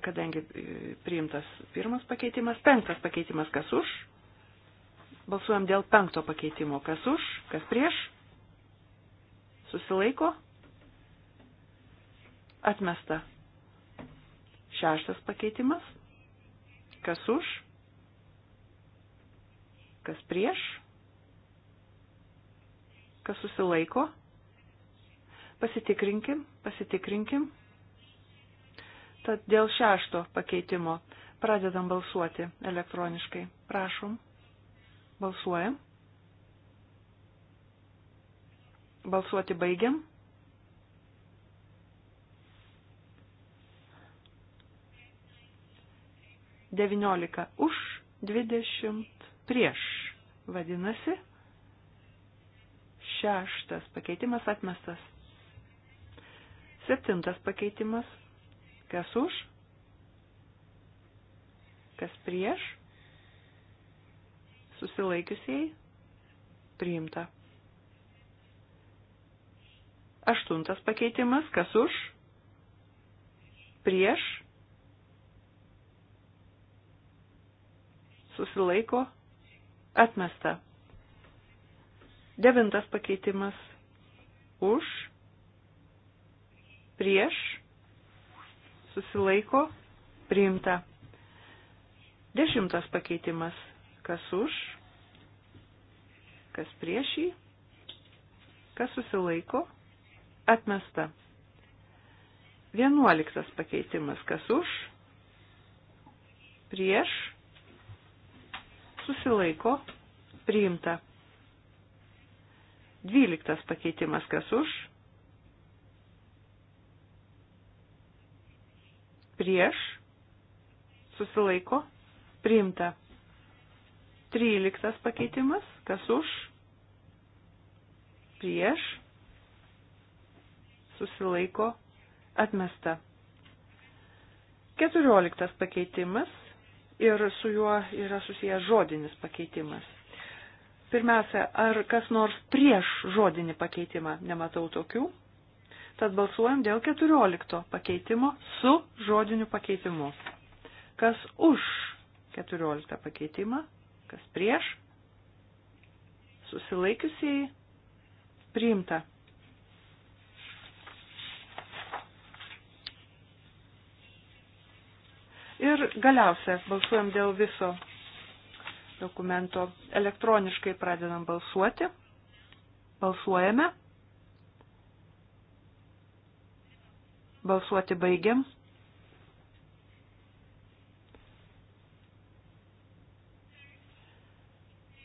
kadangi e, priimtas pirmas pakeitimas. Penktas pakeitimas kas už? Balsuojam dėl penkto pakeitimo. Kas už? Kas prieš? Susilaiko? Atmesta. Šeštas pakeitimas. Kas už? Kas prieš? Kas susilaiko? Pasitikrinkim, pasitikrinkim. Tad dėl šešto pakeitimo pradedam balsuoti elektroniškai. Prašom. Balsuojam. Balsuoti baigiam. 19 už, 20 prieš. Vadinasi, šeštas pakeitimas atmestas. Septintas pakeitimas. Kas už? Kas prieš? Susilaikiusiai? Priimta. Aštuntas pakeitimas. Kas už? Prieš? susilaiko, atmesta. Devintas pakeitimas už, prieš, susilaiko, priimta. Dešimtas pakeitimas kas už, kas prieš jį, kas susilaiko, atmesta. Vienuoliktas pakeitimas kas už, prieš, susilaiko, priimta. Dvyliktas pakeitimas kas už, prieš, susilaiko, priimta. Tryliktas pakeitimas kas už, prieš, susilaiko, atmesta. Keturioliktas pakeitimas ir su juo yra susijęs žodinis pakeitimas. Pirmiausia, ar kas nors prieš žodinį pakeitimą nematau tokių? Tad balsuojam dėl 14 pakeitimo su žodiniu pakeitimu. Kas už 14 pakeitimą, kas prieš, susilaikiusiai priimta. Ir galiausia, balsuojam dėl viso dokumento. Elektroniškai pradedam balsuoti. Balsuojame. Balsuoti baigiam.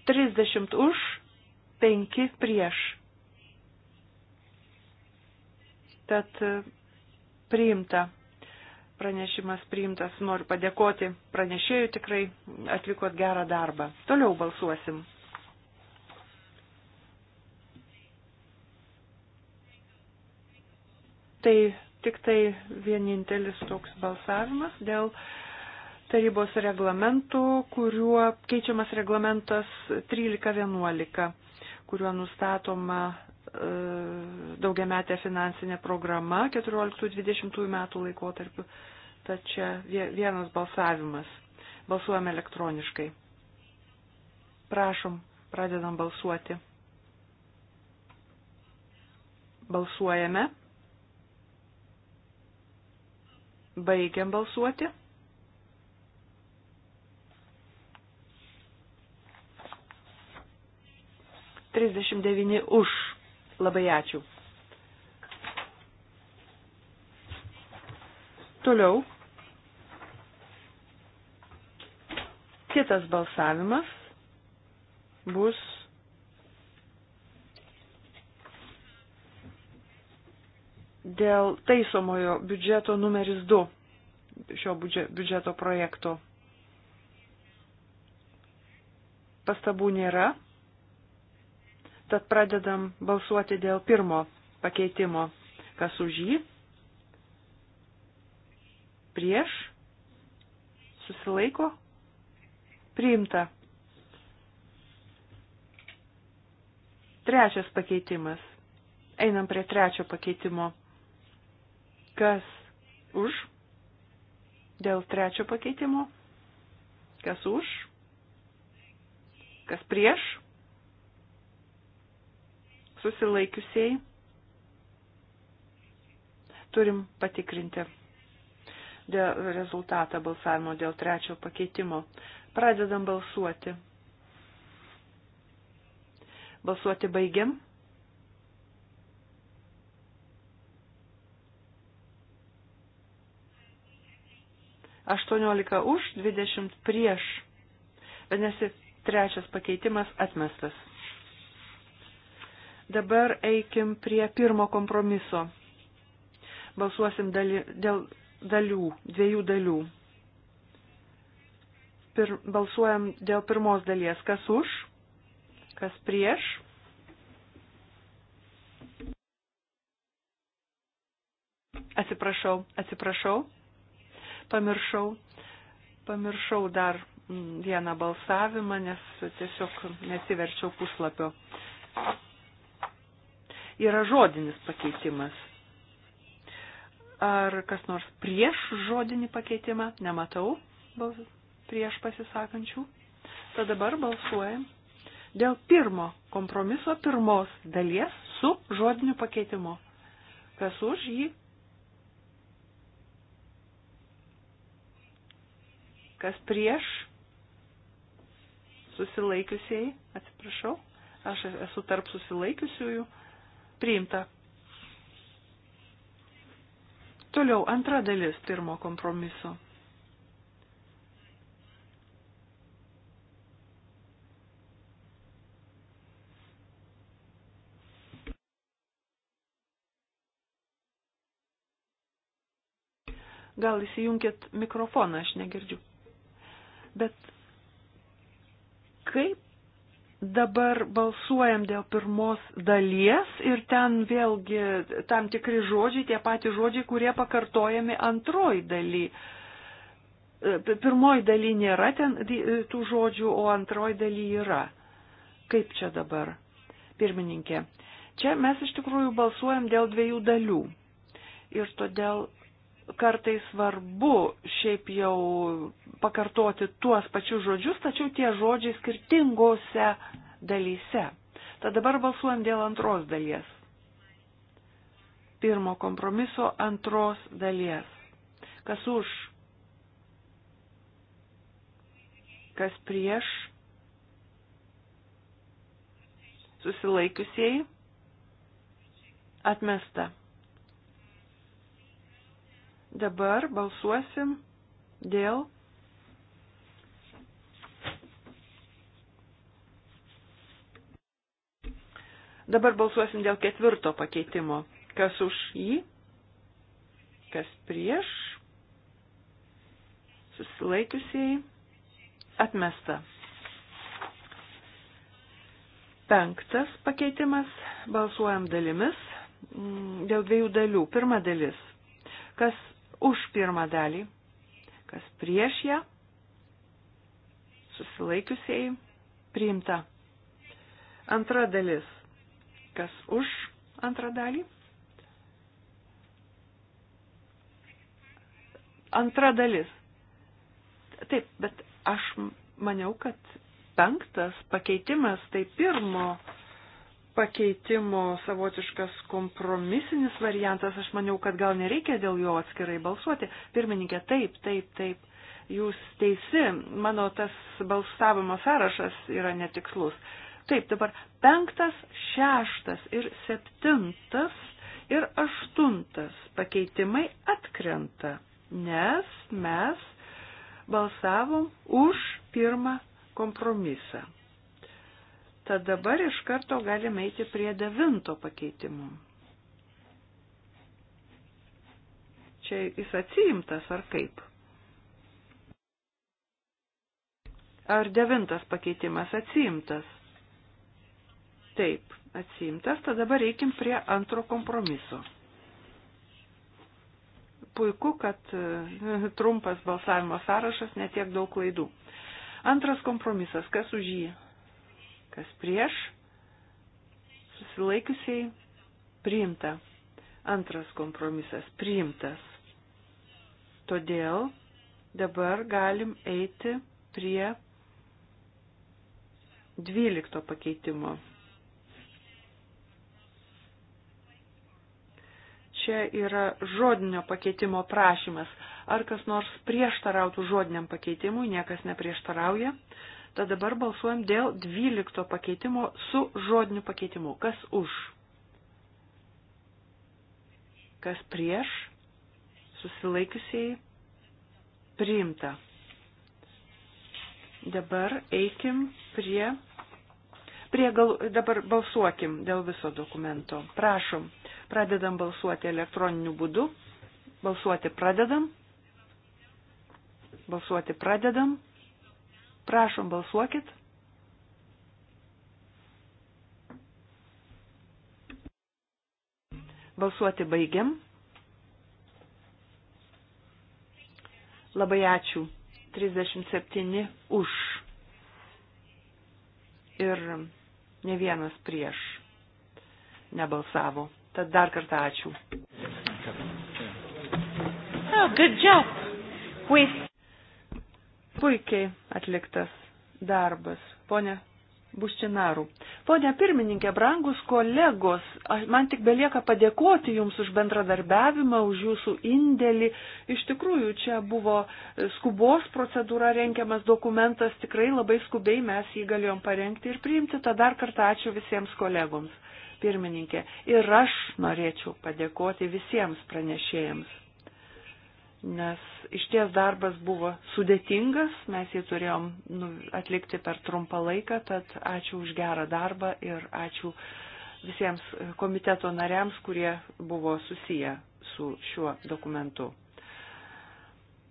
Trisdešimt už, penki prieš. Tad priimta pranešimas priimtas. Noriu padėkoti pranešėjui, tikrai atlikot gerą darbą. Toliau balsuosim. Tai tik tai vienintelis toks balsavimas dėl tarybos reglamentų, kuriuo keičiamas reglamentas 1311, kuriuo nustatoma E, daugiametė finansinė programa 14-20 metų laikotarpiu. Tad čia vienas balsavimas. Balsuojame elektroniškai. Prašom, pradedam balsuoti. Balsuojame. Baigiam balsuoti. Trisdešimt devyni už Labai ačiū. Toliau. Kitas balsavimas bus dėl taisomojo biudžeto numeris 2 šio biudžeto projekto. Pastabų nėra. Tad pradedam balsuoti dėl pirmo pakeitimo. Kas už jį? Prieš? Susilaiko? Priimta. Trečias pakeitimas. Einam prie trečio pakeitimo. Kas už? Dėl trečio pakeitimo? Kas už? Kas prieš? susilaikiusiai turim patikrinti dėl rezultatą balsavimo dėl trečio pakeitimo. Pradedam balsuoti. Balsuoti baigiam. Aštuoniolika už, dvidešimt prieš. Vadinasi, trečias pakeitimas atmestas. Dabar eikim prie pirmo kompromiso. Balsuosim dali, dėl dalių, dviejų dalių. Pir, balsuojam dėl pirmos dalies. Kas už, kas prieš. Atsiprašau, atsiprašau. Pamiršau, pamiršau dar mm, vieną balsavimą, nes tiesiog nesiverčiau puslapio yra žodinis pakeitimas. Ar kas nors prieš žodinį pakeitimą? Nematau prieš pasisakančių. Tad dabar balsuojam dėl pirmo kompromiso, pirmos dalies su žodiniu pakeitimu. Kas už jį? Kas prieš? Susilaikiusiai, atsiprašau, aš esu tarp susilaikiusiųjų. Priimta. Toliau antra dalis pirmo kompromiso. Gal įsijunkit mikrofoną, aš negirdžiu. Bet kaip dabar balsuojam dėl pirmos dalies ir ten vėlgi tam tikri žodžiai, tie patys žodžiai, kurie pakartojami antroji daly. E, pirmoji daly nėra ten e, tų žodžių, o antroji daly yra. Kaip čia dabar, pirmininkė? Čia mes iš tikrųjų balsuojam dėl dviejų dalių. Ir todėl kartais svarbu šiaip jau pakartoti tuos pačius žodžius, tačiau tie žodžiai skirtingose dalyse. Tad dabar balsuojam dėl antros dalies. Pirmo kompromiso antros dalies. Kas už? Kas prieš? Susilaikiusieji? Atmesta. Dabar balsuosim dėl Dabar balsuosim dėl ketvirto pakeitimo. Kas už jį? Kas prieš? Susilaikiusiai? Atmesta. Penktas pakeitimas. Balsuojam dalimis. Mm, dėl dviejų dalių. Pirma dalis. Kas už pirmą dalį? Kas prieš ją? Susilaikiusiai? Priimta. Antra dalis Kas už antrą dalį? Antra dalis. Taip, bet aš maniau, kad penktas pakeitimas tai pirmo pakeitimo savotiškas kompromisinis variantas, aš maniau, kad gal nereikia dėl jo atskirai balsuoti. Pirmininkė, taip, taip, taip. Jūs teisi, mano tas balsavimo sąrašas yra netikslus. Taip, dabar penktas, šeštas ir septintas ir aštuntas pakeitimai atkrenta, nes mes balsavom už pirmą kompromisą. Tad dabar iš karto galime eiti prie devinto pakeitimų. Čia jis atsiimtas ar kaip? Ar devintas pakeitimas atsiimtas? Taip, atsiimtas, tad dabar reikim prie antro kompromiso. Puiku, kad e, trumpas balsavimo sąrašas netiek daug klaidų. Antras kompromisas, kas už jį, kas prieš, susilaikiusiai priimta. Antras kompromisas priimtas. Todėl dabar galim eiti prie 12 pakeitimo. Čia yra žodinio pakeitimo prašymas. Ar kas nors prieštarautų žodiniam pakeitimui, niekas neprieštarauja. Tad dabar balsuojam dėl 12 pakeitimo su žodiniu pakeitimu. Kas už? Kas prieš? Susilaikiusiai? Priimta. Dabar eikim prie prie gal, dabar balsuokim dėl viso dokumento. Prašom, pradedam balsuoti elektroniniu būdu. Balsuoti pradedam. Balsuoti pradedam. Prašom, balsuokit. Balsuoti baigiam. Labai ačiū. 37 už. Ir ne vienas prieš nebalsavo. Tad dar kartą ačiū. Oh, good job. With... Puikiai atliktas darbas, ponė Buščinarų. Pone pirmininkė, brangus kolegos, man tik belieka padėkoti Jums už bendradarbiavimą, už Jūsų indėlį. Iš tikrųjų, čia buvo e, skubos procedūra renkiamas dokumentas, tikrai labai skubiai mes jį galėjom parengti ir priimti, tad dar kartą ačiū visiems kolegoms. Pirmininkė, ir aš norėčiau padėkoti visiems pranešėjams nes išties darbas buvo sudėtingas, mes jį turėjom nu, atlikti per trumpą laiką, tad ačiū už gerą darbą ir ačiū visiems komiteto nariams, kurie buvo susiję su šiuo dokumentu.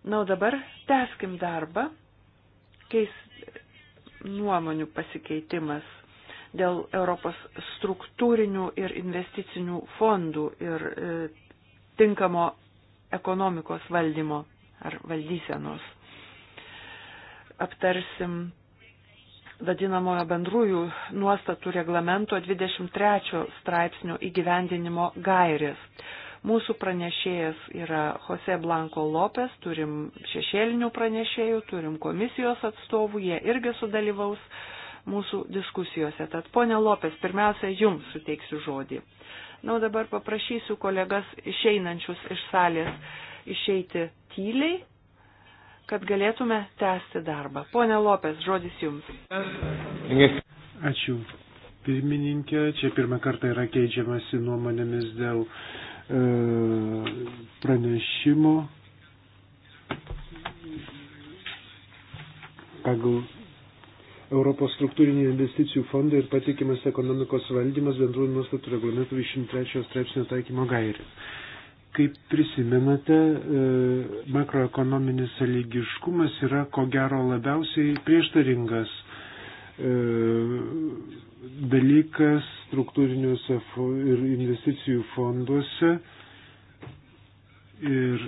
Na, o dabar teskim darbą, keis nuomonių pasikeitimas dėl Europos struktūrinių ir investicinių fondų ir e, tinkamo ekonomikos valdymo ar valdysenos. Aptarsim vadinamojo bendrųjų nuostatų reglamento 23 straipsnio įgyvendinimo gairės. Mūsų pranešėjas yra Jose Blanko Lopes, turim šešėlinių pranešėjų, turim komisijos atstovų, jie irgi sudalyvaus mūsų diskusijose. Tad, ponė Lopes, pirmiausia, jums suteiksiu žodį. Na, o dabar paprašysiu kolegas išeinančius iš salės išeiti tyliai, kad galėtume tęsti darbą. Pone Lopes, žodis jums. Ačiū. Pirmininkė, čia pirmą kartą yra keičiamasi nuomonėmis dėl e, pranešimo pagal Europos struktūriniai investicijų fondai ir patikimas ekonomikos valdymas bendrųjų nuostatų reglamento 23 straipsnio taikymo gairės. Kaip prisimenate, e, makroekonominis sąlygiškumas yra ko gero labiausiai prieštaringas e, dalykas struktūriniuose ir investicijų fonduose. Ir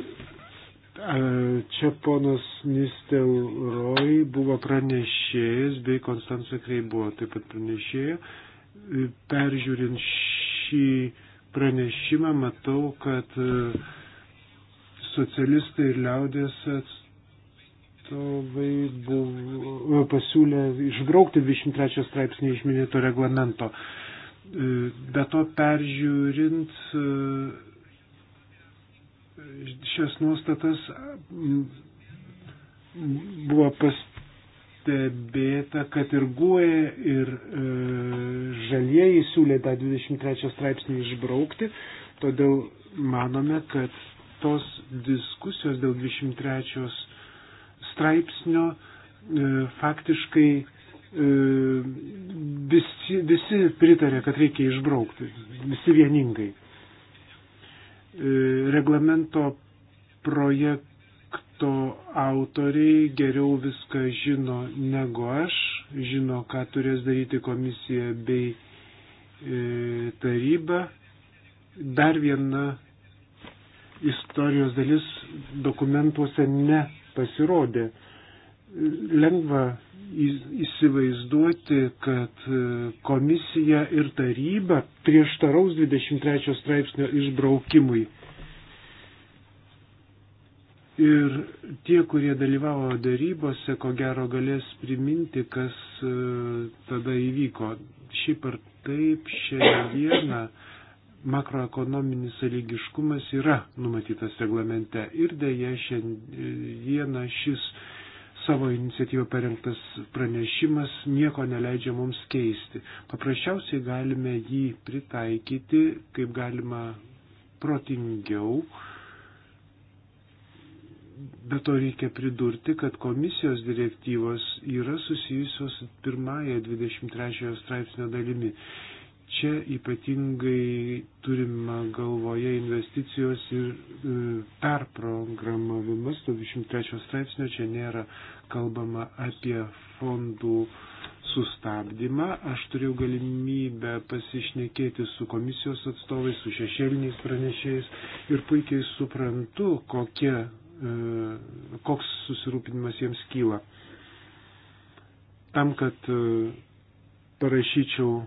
Čia ponas Nistelroj buvo pranešėjas, bei Konstantas Krei buvo taip pat pranešėja. E, peržiūrint šį pranešimą matau, kad e, socialistai ir liaudės atstovai buvo, e, pasiūlė išbraukti 23 straipsnį iš minėto reglamento. Be to peržiūrint šias nuostatas buvo pastebėta, kad ir guoja, ir e, žalieji siūlė tą 23 straipsnį išbraukti, todėl manome, kad tos diskusijos dėl 23 straipsnio e, faktiškai e, visi, visi pritarė, kad reikia išbraukti, visi vieningai. E, reglamento projekto autoriai geriau viską žino negu aš, žino, ką turės daryti komisija bei e, taryba. Dar viena istorijos dalis dokumentuose nepasirodė. Lengva įsivaizduoti, kad e, komisija ir taryba prieštaraus 23 straipsnio išbraukimui. Ir tie, kurie dalyvavo darybose, ko gero galės priminti, kas e, tada įvyko. Šiaip ar taip šiandieną makroekonominis sąlygiškumas yra numatytas reglamente ir dėja šiandieną šis savo iniciatyvą parengtas pranešimas nieko neleidžia mums keisti. Paprasčiausiai galime jį pritaikyti kaip galima protingiau. Bet to reikia pridurti, kad komisijos direktyvos yra susijusios su pirmąją 23 straipsnio dalimi. Čia ypatingai turime galvoje investicijos ir e, perprogramavimas. 23 straipsnio čia nėra kalbama apie fondų sustabdymą. Aš turėjau galimybę pasišnekėti su komisijos atstovais, su šešėliniais pranešėjais ir puikiai suprantu, kokie, koks susirūpinimas jiems kyla. Tam, kad e, parašyčiau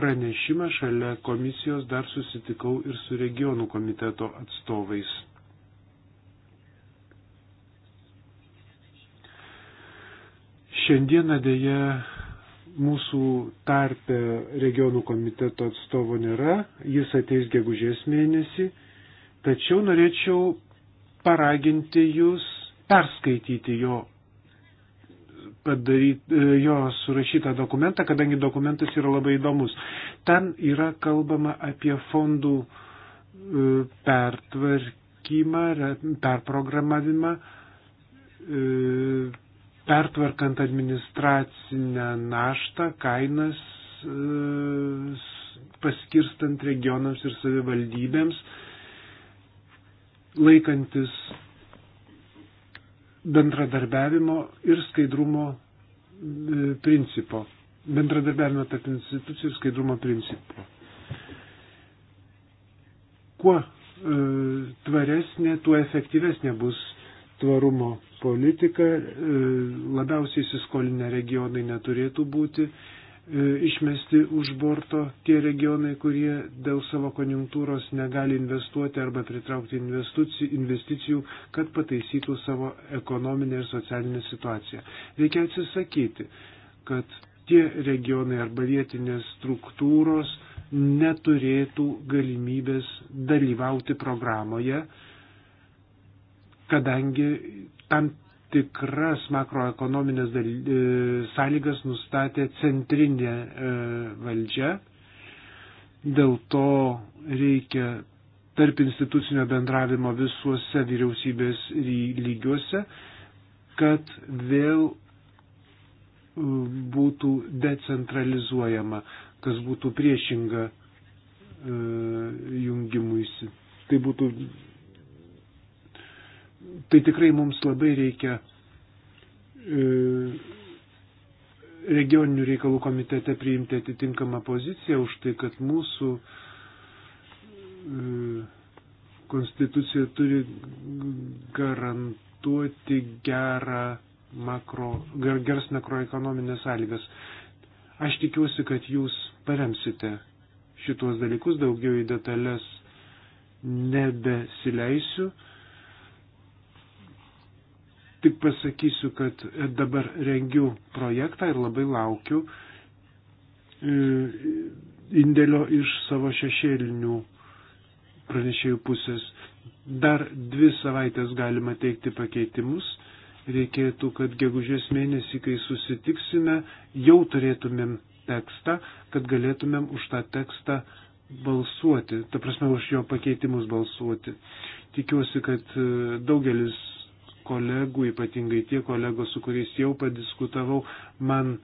pranešimą šalia komisijos dar susitikau ir su regionų komiteto atstovais. Šiandieną dėja mūsų tarpe regionų komiteto atstovo nėra, jis ateis gegužės mėnesį, tačiau norėčiau paraginti jūs perskaityti jo padaryt, e, jo surašytą dokumentą, kadangi dokumentas yra labai įdomus. Ten yra kalbama apie fondų e, pertvarkymą, perprogramavimą, e, pertvarkant administracinę naštą, kainas, paskirstant regionams ir savivaldybėms, laikantis bendradarbiavimo ir skaidrumo e, principo. Bendradarbiavimo tarp institucijų ir skaidrumo principo. Kuo e, tvaresnė, tuo efektyvesnė bus tvarumo politika. E, labiausiai įsiskolinę regionai neturėtų būti. E, E, išmesti už borto tie regionai, kurie dėl savo konjunktūros negali investuoti arba pritraukti investicijų, kad pataisytų savo ekonominę ir socialinę situaciją. Reikia atsisakyti, kad tie regionai arba vietinės struktūros neturėtų galimybės dalyvauti programoje, kadangi tam tikras makroekonominės e, sąlygas nustatė centrinė e, valdžia. Dėl to reikia tarp institucinio bendravimo visuose vyriausybės lygiuose, kad vėl e, būtų decentralizuojama, kas būtų priešinga jungimuisi. Tai būtų tai tikrai mums labai reikia e, regioninių reikalų komitete priimti atitinkamą poziciją už tai, kad mūsų e, konstitucija turi garantuoti gerą makro, ger, geras makroekonominės sąlygas. Aš tikiuosi, kad jūs paremsite šituos dalykus, daugiau į detalės nebesileisiu. Tik pasakysiu, kad dabar rengiu projektą ir labai laukiu e, indėlio iš savo šešėlinių pranešėjų pusės. Dar dvi savaitės galima teikti pakeitimus. Reikėtų, kad gegužės mėnesį, kai susitiksime, jau turėtumėm tekstą, kad galėtumėm už tą tekstą balsuoti, ta prasme už jo pakeitimus balsuoti. Tikiuosi, kad e, daugelis kolegų, ypatingai tie kolegos, su kuriais jau padiskutavau, man e,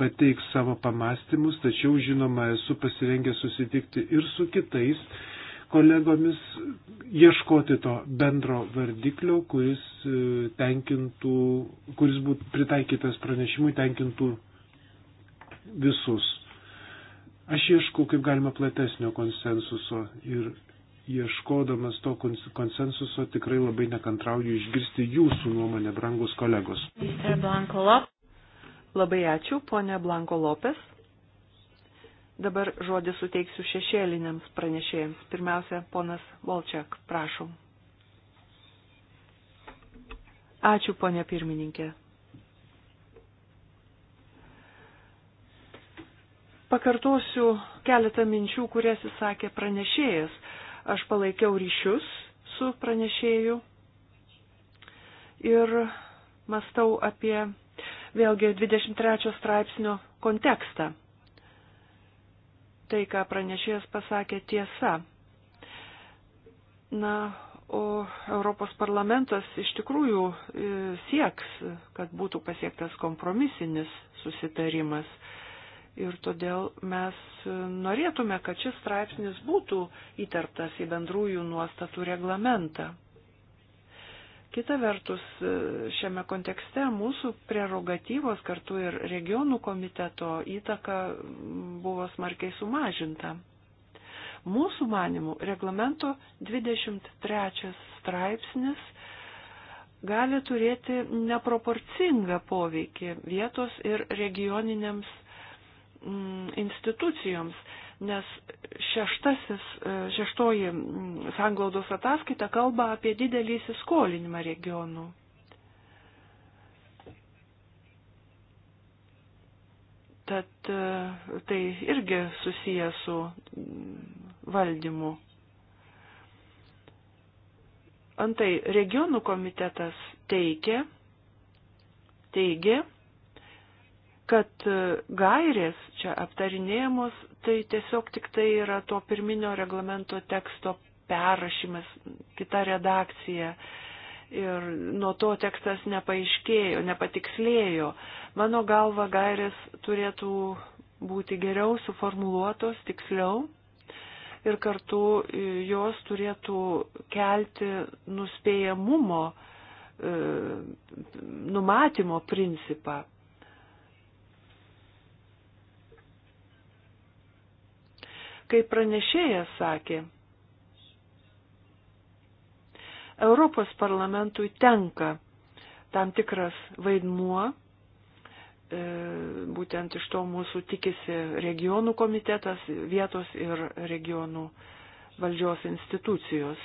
pateiks savo pamastymus, tačiau žinoma esu pasirengęs susitikti ir su kitais kolegomis, ieškoti to bendro vardiklio, kuris, e, tenkintų, kuris būtų pritaikytas pranešimui, tenkintų visus. Aš iešku kaip galima platesnio konsensuso ir ieškodamas to konsensuso, tikrai labai nekantrauju išgirsti jūsų nuomonę, brangus kolegos. Labai ačiū, ponė Blanko Lopes. Dabar žodį suteiksiu šešėliniams pranešėjams. Pirmiausia, ponas Volčiak, prašom. Ačiū, ponė pirmininkė. Pakartosiu keletą minčių, kurias įsakė pranešėjas Aš palaikiau ryšius su pranešėju ir mastau apie vėlgi 23 straipsnio kontekstą. Tai, ką pranešėjas pasakė, tiesa. Na, o Europos parlamentas iš tikrųjų e, sieks, kad būtų pasiektas kompromisinis susitarimas. Ir todėl mes norėtume, kad šis straipsnis būtų įtartas į bendrųjų nuostatų reglamentą. Kita vertus, šiame kontekste mūsų prerogatyvos kartu ir regionų komiteto įtaka buvo smarkiai sumažinta. Mūsų manimų reglamento 23 straipsnis gali turėti neproporcingą poveikį vietos ir regioniniams Mm, institucijoms, nes šeštasis, e, šeštoji mm, sanglaudos ataskaita kalba apie didelį įsiskolinimą regionų. Tad e, tai irgi susiję su mm, valdymu. Antai regionų komitetas teikia, teigia, teigia kad e, gairės čia aptarinėjamos, tai tiesiog tik tai yra to pirminio reglamento teksto perrašymas, kita redakcija. Ir nuo to tekstas nepaaiškėjo, nepatikslėjo. Mano galva gairės turėtų būti geriau suformuluotos, tiksliau. Ir kartu e, jos turėtų kelti nuspėjamumo, e, numatymo principą Kaip pranešėjas sakė, Europos parlamentui tenka tam tikras vaidmuo, e, būtent iš to mūsų tikisi regionų komitetas, vietos ir regionų valdžios institucijos.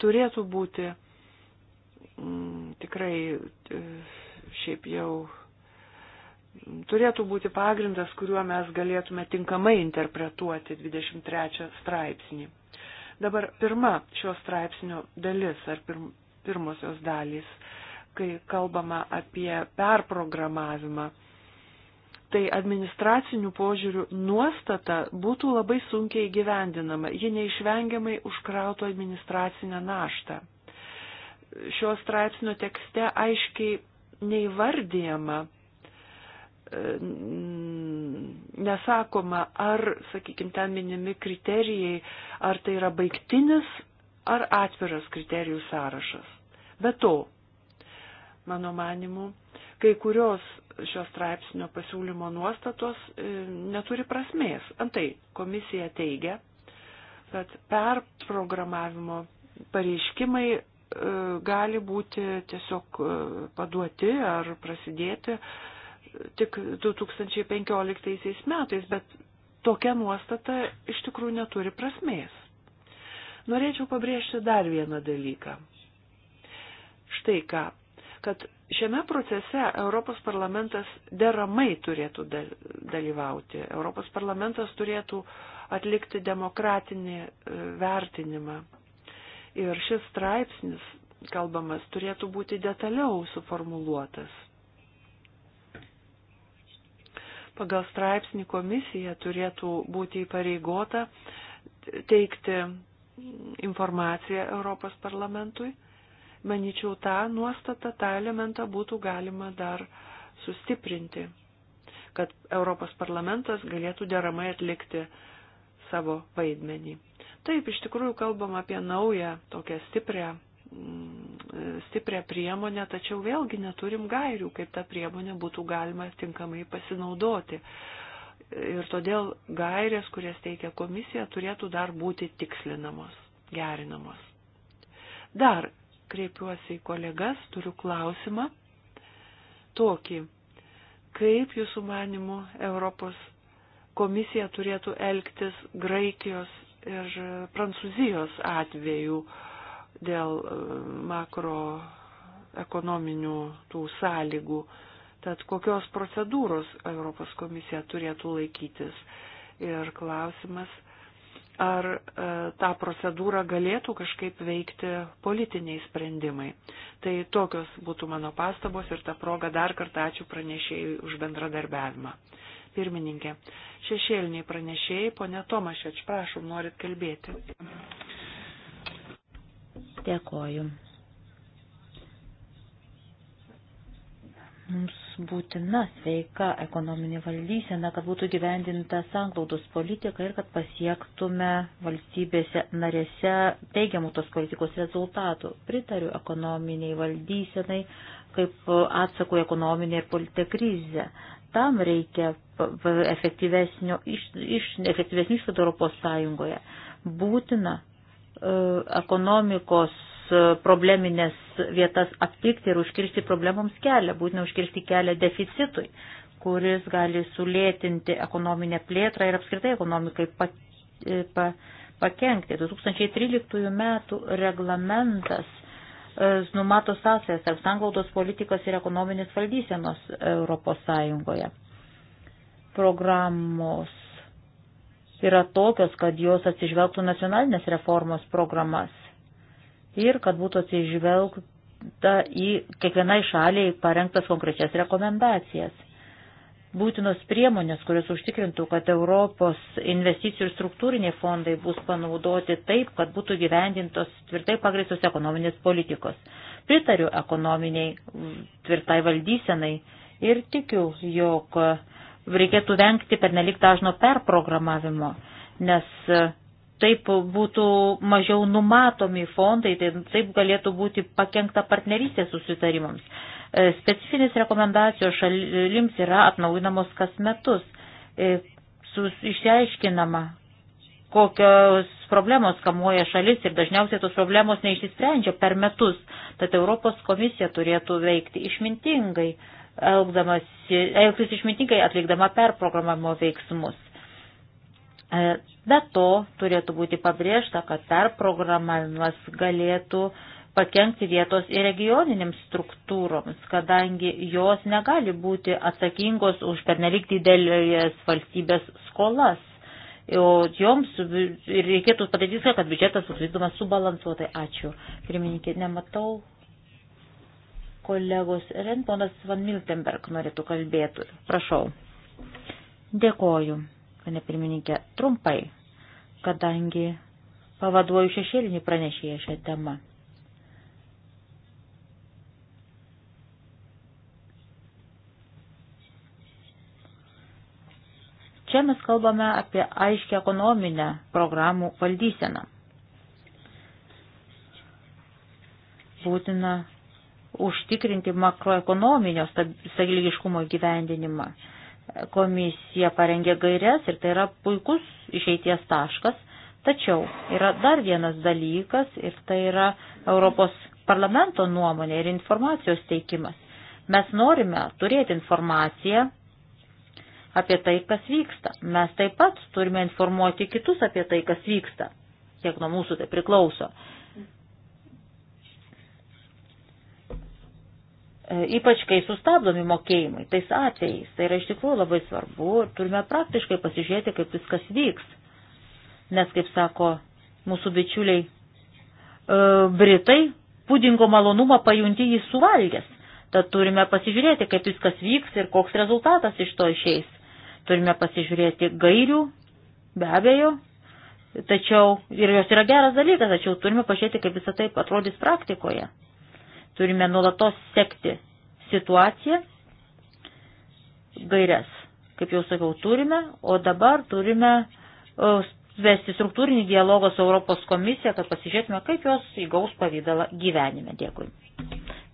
Turėtų būti m, mm, tikrai e, šiaip jau turėtų būti pagrindas, kuriuo mes galėtume tinkamai interpretuoti 23 straipsnį. Dabar pirma šio straipsnio dalis ar pirm, pirmosios dalys, kai kalbama apie perprogramavimą, tai administracinių požiūrių nuostata būtų labai sunkiai gyvendinama, ji neišvengiamai užkrautų administracinę naštą. Šio straipsnio tekste aiškiai neįvardyjama nesakoma, ar, sakykime, ten minimi kriterijai, ar tai yra baigtinis ar atviras kriterijų sąrašas. Be to, mano manimu, kai kurios šios straipsnio pasiūlymo nuostatos e, neturi prasmės. Antai, komisija teigia, kad perprogramavimo pareiškimai e, gali būti tiesiog e, paduoti ar prasidėti tik 2015 metais, bet tokia nuostata iš tikrųjų neturi prasmės. Norėčiau pabrėžti dar vieną dalyką. Štai ką, kad šiame procese Europos parlamentas deramai turėtų dalyvauti. Europos parlamentas turėtų atlikti demokratinį e, vertinimą. Ir šis straipsnis, kalbamas, turėtų būti detaliau suformuluotas Pagal straipsnį komisija turėtų būti įpareigota teikti informaciją Europos parlamentui. Maničiau, tą nuostatą, tą elementą būtų galima dar sustiprinti, kad Europos parlamentas galėtų deramai atlikti savo vaidmenį. Taip, iš tikrųjų kalbam apie naują, tokią stiprią mm, E, stiprią priemonę, tačiau vėlgi neturim gairių, kaip tą priemonę būtų galima tinkamai pasinaudoti. Ir todėl gairės, kurias teikia komisija, turėtų dar būti tikslinamos, gerinamos. Dar kreipiuosi į kolegas, turiu klausimą tokį, kaip jūsų manimų Europos komisija turėtų elgtis Graikijos ir Prancūzijos atveju, uh, dėl e, makroekonominių tų sąlygų. Tad kokios procedūros Europos komisija turėtų laikytis? Ir klausimas, ar e, tą procedūrą galėtų kažkaip veikti politiniai sprendimai. Tai tokios būtų mano pastabos ir tą progą dar kartą ačiū pranešėjai už bendradarbiavimą. Pirmininkė, šešėliniai pranešėjai, ponė Tomašeč, prašom, norit kalbėti. Dėkoju. Mums būtina sveika ekonominė valdysena, kad būtų gyvendinta sanglaudos politika ir kad pasiektume valstybėse narėse teigiamų tos politikos rezultatų. Pritariu ekonominiai valdysenai kaip atsakų ekonominė ir politinė krizė. Tam reikia efektyvesnių iš, iš, efektyvesnių išvadų Europos Sąjungoje. Būtina E, ekonomikos e, probleminės vietas aptikti ir užkirsti problemoms kelią, būtina užkirsti kelią deficitui, kuris gali sulėtinti ekonominę plėtrą ir apskritai ekonomikai pa, e, pa, pakenkti. 2013 metų reglamentas numato sąsajas tarp sanglaudos politikos ir ekonominės valdysenos Europos Sąjungoje. Programos yra tokios, kad jos atsižvelgtų nacionalinės reformos programas ir kad būtų atsižvelgta į kiekvienai šaliai parengtas konkrečias rekomendacijas. Būtinos priemonės, kurios užtikrintų, kad Europos investicijų ir struktūriniai fondai bus panaudoti taip, kad būtų gyvendintos tvirtai pagristos ekonominės politikos. Pritariu ekonominiai tvirtai valdysenai ir tikiu, jog uh, reikėtų vengti pernelik dažno perprogramavimo, nes e, taip būtų mažiau numatomi fondai, tai taip galėtų būti pakengta partnerystės susitarimams. E, specifinės rekomendacijos šalims yra atnaujinamos kas metus. E, išsiaiškinama, kokios problemos kamuoja šalis ir dažniausiai tos problemos neišsisprendžia per metus. Tad Europos komisija turėtų veikti išmintingai elgtis išmintingai atlikdama perprogramavimo veiksmus. E, be to turėtų būti pabrėžta, kad perprogramavimas galėtų pakengti vietos ir regioninėms struktūroms, kadangi jos negali būti atsakingos už pernelyg didelės valstybės skolas. O joms reikėtų padaryti viską, kad biudžetas bus vykdomas subalansuotai. Ačiū. Pirmininkė, nematau kolegos Ren, ponas Van Miltenberg norėtų kalbėti. Prašau. Dėkoju, pane pirmininkė, trumpai, kadangi pavaduoju šešėlinį pranešėją šią temą. Čia mes kalbame apie aiškę ekonominę programų valdyseną. Būtina užtikrinti makroekonominio sąlygiškumo gyvendinimą. Komisija parengė gairias ir tai yra puikus išeities taškas, tačiau yra dar vienas dalykas ir tai yra Europos parlamento nuomonė ir informacijos teikimas. Mes norime turėti informaciją apie tai, kas vyksta. Mes taip pat turime informuoti kitus apie tai, kas vyksta, kiek nuo mūsų tai priklauso. E, ypač kai sustabdomi mokėjimai, tais atvejais. Tai yra iš tikrųjų labai svarbu ir turime praktiškai pasižiūrėti, kaip viskas vyks. Nes, kaip sako mūsų bičiuliai e, Britai, pudingo malonumą pajunti jį suvalgęs. Tad turime pasižiūrėti, kaip viskas vyks ir koks rezultatas iš to išeis. Turime pasižiūrėti gairių, be abejo, tačiau ir jos yra geras dalykas, tačiau turime pažiūrėti, kaip visą tai atrodys praktikoje. Turime nuolatos sekti situaciją, gairias, kaip jau sakiau, turime, o dabar turime vesti struktūrinį dialogą su Europos komisija, kad pasižiūrėtume, kaip jos įgaus pavydalą gyvenime. Dėkui.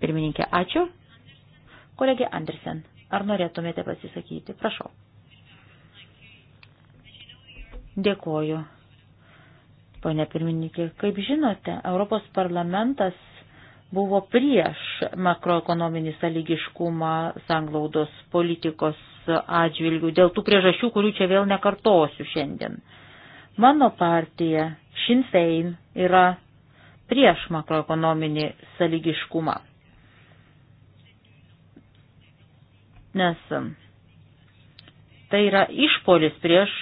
Pirmininkė, ačiū. Kolegė Andersen, ar norėtumėte pasisakyti? Prašau. Dėkoju. Pone pirmininkė, kaip žinote, Europos parlamentas buvo prieš makroekonominį sąlygiškumą sanglaudos politikos atžvilgių dėl tų priežasčių, kurių čia vėl nekartosiu šiandien. Mano partija Sinn Fein yra prieš makroekonominį sąlygiškumą. Nes tai yra išpolis prieš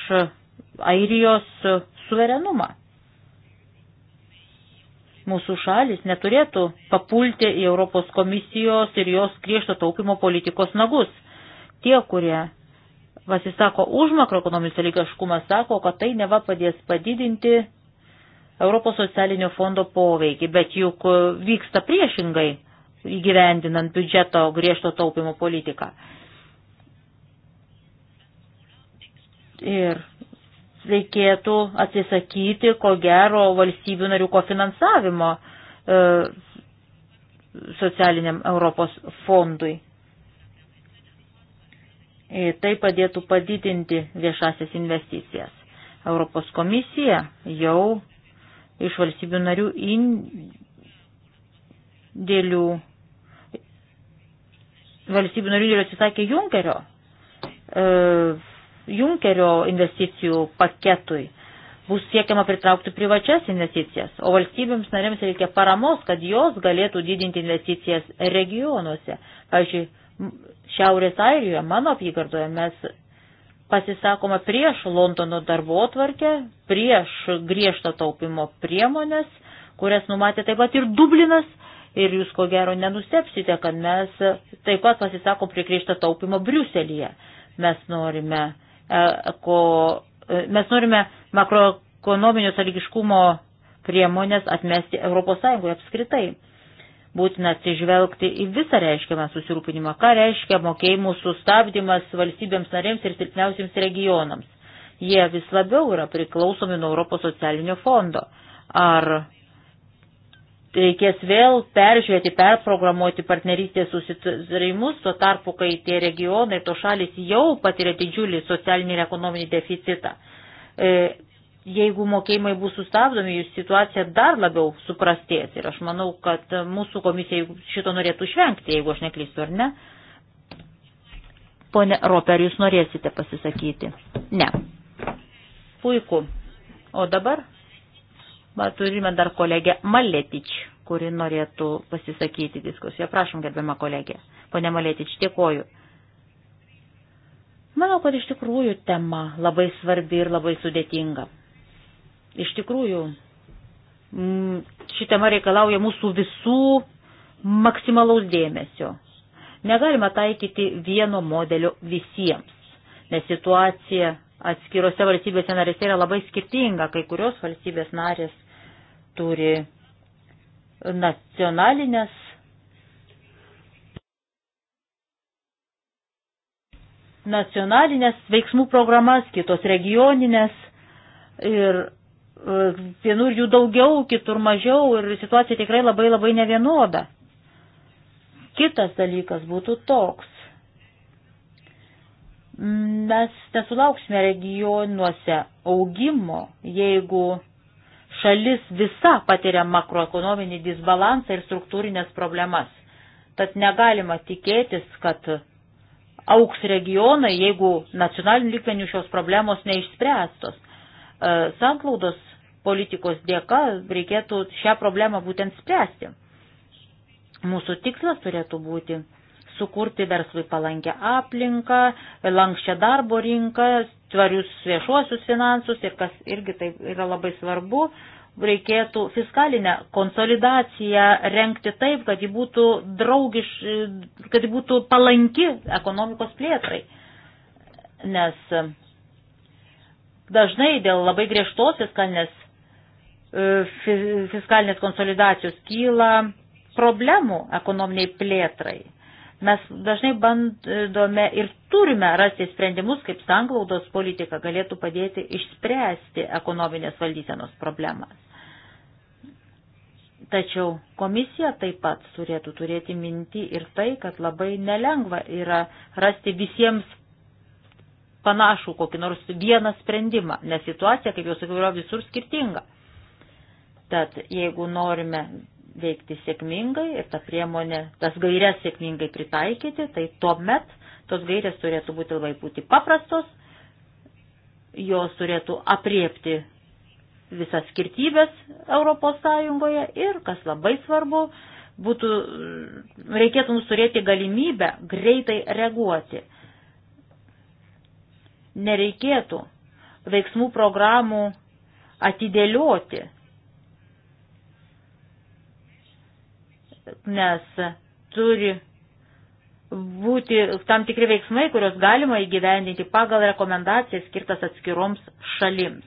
Airijos suverenumą mūsų šalis neturėtų papulti į Europos komisijos ir jos griežto taupimo politikos nagus. Tie, kurie pasisako už makroekonominį sąlygiškumą, sako, kad tai neva padės padidinti Europos socialinio fondo poveikį, bet juk vyksta priešingai įgyvendinant biudžeto griežto taupimo politiką. Ir reikėtų atsisakyti, ko gero, valstybių narių kofinansavimo e, socialiniam Europos fondui. E, tai padėtų padidinti viešasias investicijas. Europos komisija jau iš valstybių narių indėlių, valstybių narių indėlių atsisakė Junkerio e, Junkerio investicijų paketui bus siekiama pritraukti privačias investicijas, o valstybėms narėms reikia paramos, kad jos galėtų didinti investicijas regionuose. Pavyzdžiui, Šiaurės Airijoje, mano apygardoje, mes pasisakoma prieš Londono darbo tvarkę, prieš griežto taupimo priemonės, kurias numatė taip pat ir Dublinas. Ir jūs ko gero nenustepsite, kad mes taip pat pasisakom prie griežto taupimo Briuselyje. Mes norime E, ko e, mes norime makroekonominio sąlygiškumo priemonės atmesti ES apskritai. Būtina atsižvelgti į visą reiškiamą susirūpinimą, ką reiškia mokėjimų sustabdymas valstybėms narėms ir silpniausiams regionams. Jie vis labiau yra priklausomi nuo Europos socialinio fondo. Ar reikės vėl peržiūrėti, perprogramuoti partnerystės susitarimus, tuo tarpu, kai tie regionai ir to šalis jau patiria didžiulį socialinį ir ekonominį deficitą. E, jeigu mokėjimai bus sustabdomi, jų situacija dar labiau suprastės ir aš manau, kad mūsų komisija šito norėtų išvengti, jeigu aš neklystu, ar ne? Pone Roper, jūs norėsite pasisakyti? Ne. Puiku. O dabar Va, turime dar kolegę Maletič, kuri norėtų pasisakyti diskusiją. Prašom, gerbiama kolegė. Pone Maletič, dėkoju. Manau, kad iš tikrųjų tema labai svarbi ir labai sudėtinga. Iš tikrųjų, ši tema reikalauja mūsų visų maksimalaus dėmesio. Negalima taikyti vieno modelio visiems, nes situacija atskirose valstybėse narėse yra labai skirtinga. Kai kurios valstybės narės turi nacionalinės nacionalinės veiksmų programas, kitos regioninės ir e, vienur jų daugiau, kitur mažiau ir situacija tikrai labai labai nevienoda. Kitas dalykas būtų toks. Mes nesulauksime regionuose augimo, jeigu šalis visa patiria makroekonominį disbalansą ir struktūrinės problemas. Tad negalima tikėtis, kad auks regionai, jeigu nacionalinių lygmenių šios problemos neišspręstos. E, Sanklaudos politikos dėka reikėtų šią problemą būtent spręsti. Mūsų tikslas turėtų būti sukurti verslui palankę aplinką, lankščią darbo rinką, tvarius viešuosius finansus ir kas irgi tai yra labai svarbu, reikėtų fiskalinę konsolidaciją renkti taip, kad ji būtų draugiš, kad ji būtų palanki ekonomikos plėtrai. Nes e, dažnai dėl labai griežtos fiskalinės, e, fiskalinės konsolidacijos kyla problemų ekonominiai plėtrai. Mes dažnai bandome ir turime rasti sprendimus, kaip sanglaudos politika galėtų padėti išspręsti ekonominės valdysenos problemas. Tačiau komisija taip pat turėtų turėti mintį ir tai, kad labai nelengva yra rasti visiems panašų kokį nors vieną sprendimą, nes situacija, kaip jau sakiau, yra visur skirtinga. Tad jeigu norime veikti sėkmingai ir tą priemonę, tas gairias sėkmingai pritaikyti, tai tuomet tos gairės turėtų būti labai būti paprastos, jos turėtų apriepti visas skirtybės Europos Sąjungoje ir, kas labai svarbu, būtų, reikėtų mums turėti galimybę greitai reaguoti. Nereikėtų veiksmų programų atidėlioti nes turi būti tam tikri veiksmai, kurios galima įgyvendinti pagal rekomendacijas skirtas atskiroms šalims.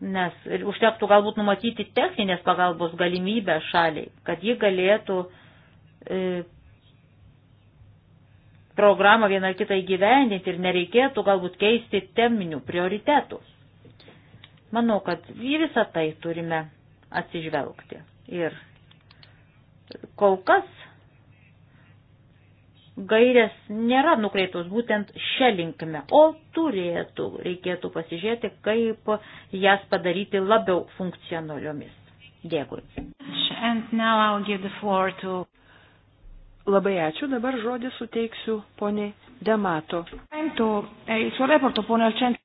Nes užtektų galbūt numatyti techninės pagalbos galimybę šaliai, kad ji galėtų e, programą vieną ar kitą įgyvendinti ir nereikėtų galbūt keisti teminių prioritetų. Manau, kad į visą tai turime atsižvelgti. Ir kol kas gairės nėra nukreiptos būtent šią linkme, o turėtų, reikėtų pasižiūrėti, kaip jas padaryti labiau funkcionaliomis. Dėkui. To... Labai ačiū, dabar žodį suteiksiu poniai Demato. Eh,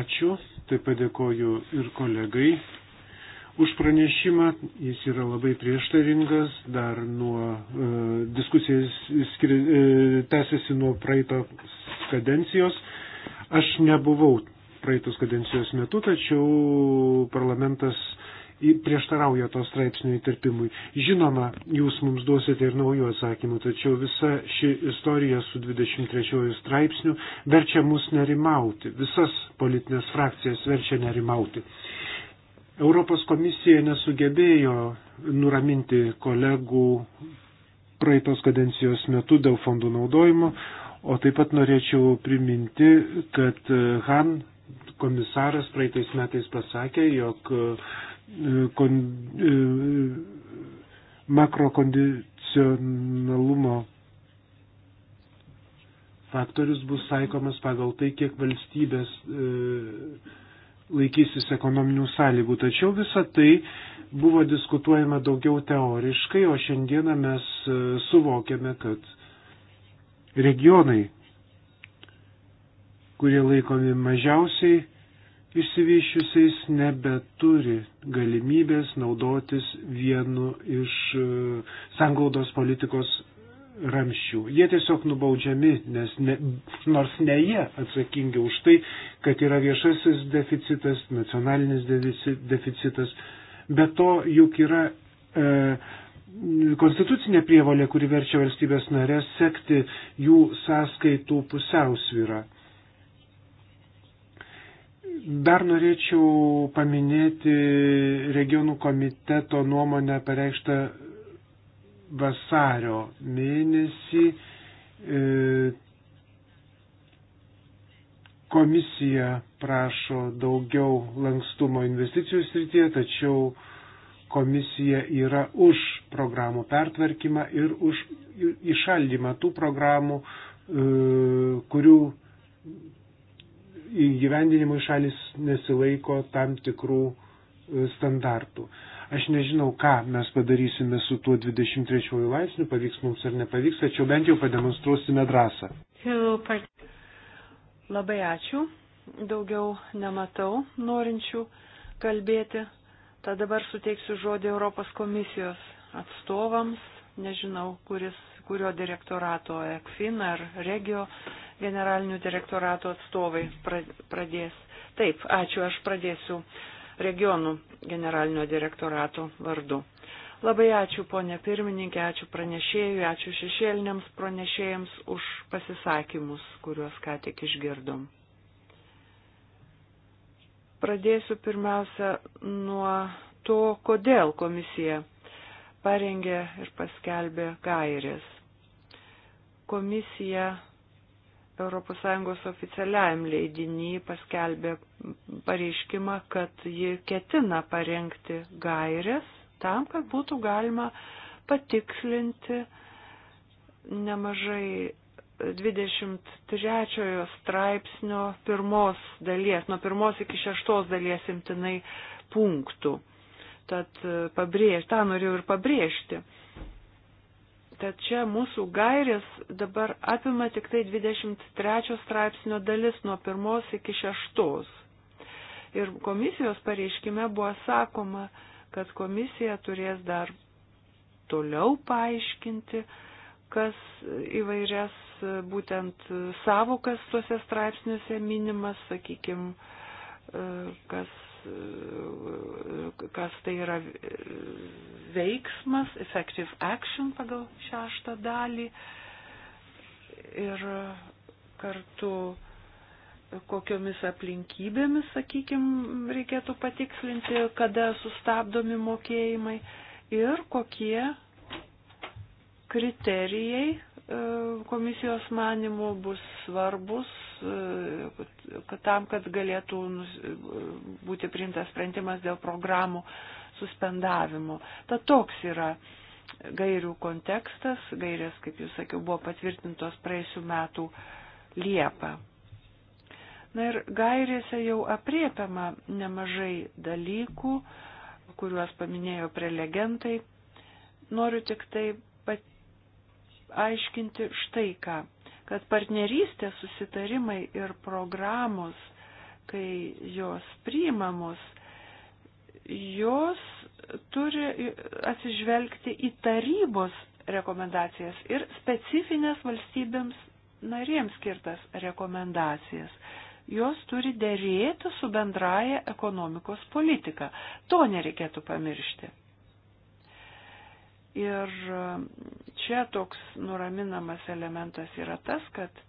ačiū. Taip pat dėkoju ir kolegai už pranešimą. Jis yra labai prieštaringas, dar nuo e, diskusijas skri, e, tęsiasi nuo praeitos kadencijos. Aš nebuvau praeitos kadencijos metu, tačiau parlamentas prieštarauja to straipsnio įtarpimui. Žinoma, jūs mums duosite ir naujų atsakymų, tačiau visa ši istorija su 23 straipsniu verčia mus nerimauti, visas politinės frakcijas verčia nerimauti. Europos komisija nesugebėjo nuraminti kolegų praeitos kadencijos metu dėl fondų naudojimo, o taip pat norėčiau priminti, kad Han komisaras praeitais metais pasakė, jog uh, kon, e, makrokondicionalumo faktorius bus taikomas pagal tai, kiek valstybės e, laikysis ekonominių sąlygų. Tačiau visa tai buvo diskutuojama daugiau teoriškai, o šiandieną mes e, suvokiame, kad regionai, kurie laikomi mažiausiai išsivyščiusiais nebeturi galimybės naudotis vienu iš e, sanglaudos politikos ramščių. Jie tiesiog nubaudžiami, nes ne, nors ne jie atsakingi už tai, kad yra viešasis deficitas, nacionalinis deficitas, bet to juk yra e, konstitucinė prievalė, kuri verčia valstybės narės sekti jų sąskaitų pusiausvyrą. Dar norėčiau paminėti regionų komiteto nuomonę pareikštą vasario mėnesį. E, komisija prašo daugiau lankstumo investicijų srityje, tačiau komisija yra už programų pertvarkymą ir už įšaldymą tų programų, e, kurių įgyvendinimui šalis nesilaiko tam tikrų e, standartų. Aš nežinau, ką mes padarysime su tuo 23 laipsniu, pavyks mums ar nepavyks, tačiau bent jau pademonstruosime drąsą. Labai ačiū. Daugiau nematau norinčių kalbėti. Tad dabar suteiksiu žodį Europos komisijos atstovams. Nežinau, kuris, kurio direktorato ECFIN ar regio generalinių direktorato atstovai pradės. Taip, ačiū, aš pradėsiu regionų generalinio direktorato vardu. Labai ačiū, ponė pirmininkė, ačiū pranešėjui, ačiū šešėliniams pranešėjams už pasisakymus, kuriuos ką tik išgirdom. Pradėsiu pirmiausia nuo to, kodėl komisija parengė ir paskelbė gairės. Komisija ES oficialiajam leidinį paskelbė pareiškimą, kad ji ketina parengti gairės tam, kad būtų galima patikslinti nemažai 23 straipsnio pirmos dalies, nuo pirmos iki šeštos dalies imtinai punktų. Tad pabrėž, tą norėjau ir pabrėžti Tad čia mūsų gairės dabar apima tik tai 23 straipsnio dalis nuo pirmos iki šeštos. Ir komisijos pareiškime buvo sakoma, kad komisija turės dar toliau paaiškinti, kas įvairias būtent savokas tuose straipsniuose minimas, sakykime, kas kas tai yra veiksmas, effective action pagal šeštą dalį ir kartu kokiomis aplinkybėmis, sakykime, reikėtų patikslinti, kada sustabdomi mokėjimai ir kokie kriterijai E, komisijos manimų bus svarbus, e, kad tam, kad galėtų e, būti priimtas sprendimas dėl programų suspendavimo. Tad toks yra gairių kontekstas. Gairės, kaip jūs sakiau, buvo patvirtintos praėjusiu metu Liepą. Na ir gairėse jau apriepiama nemažai dalykų, kuriuos paminėjo prelegentai. Noriu tik taip aiškinti štai ką, kad partnerystės susitarimai ir programos, kai jos priimamos, jos turi atsižvelgti į tarybos rekomendacijas ir specifines valstybėms narėms skirtas rekomendacijas. Jos turi dėrėti su bendraja ekonomikos politika. To nereikėtų pamiršti. Ir e, čia toks nuraminamas elementas yra tas, kad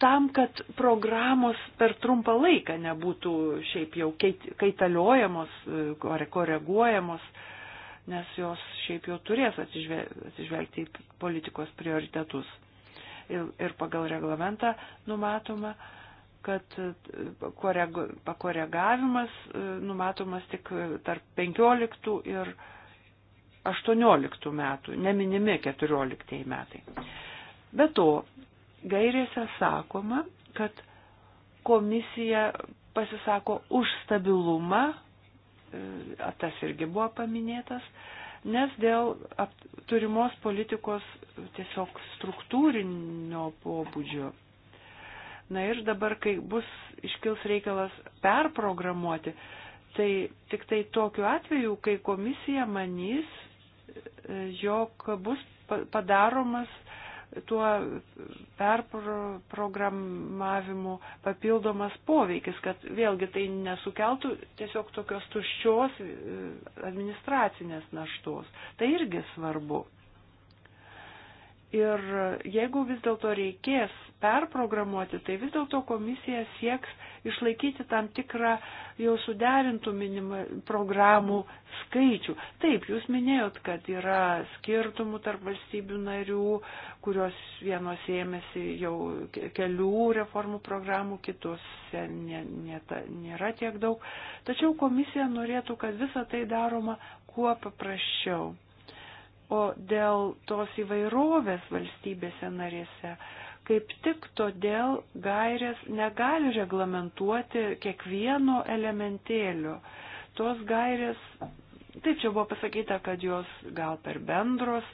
tam, kad programos per trumpą laiką nebūtų šiaip jau kaitaliojamos, e, koreguojamos, nes jos šiaip jau turės atsižvelgti į politikos prioritetus. Ir, ir pagal reglamentą numatoma, kad e, koregu, pakoregavimas numatomas tik tarp 15 ir 20 18 metų, neminimi 14 metai. Be to, gairėse sakoma, kad komisija pasisako už stabilumą, e, tas irgi buvo paminėtas, nes dėl turimos politikos tiesiog struktūrinio pobūdžio. Na ir dabar, kai bus iškils reikalas perprogramuoti, tai tik tai tokiu atveju, kai komisija manys, jog bus padaromas tuo perprogramavimu papildomas poveikis, kad vėlgi tai nesukeltų tiesiog tokios tuščios e, administracinės naštos. Tai irgi svarbu. Ir jeigu vis dėlto reikės perprogramuoti, tai vis dėlto komisija sieks išlaikyti tam tikrą jau suderintų minima, programų skaičių. Taip, jūs minėjot, kad yra skirtumų tarp valstybių narių, kurios vienos ėmėsi jau kelių reformų programų, kitos nė, nė, nėra tiek daug. Tačiau komisija norėtų, kad visa tai daroma kuo paprasčiau. O dėl tos įvairovės valstybėse narėse, Kaip tik todėl gairės negali reglamentuoti kiekvieno elementėlio. Tos gairės, taip čia buvo pasakyta, kad jos gal per bendros,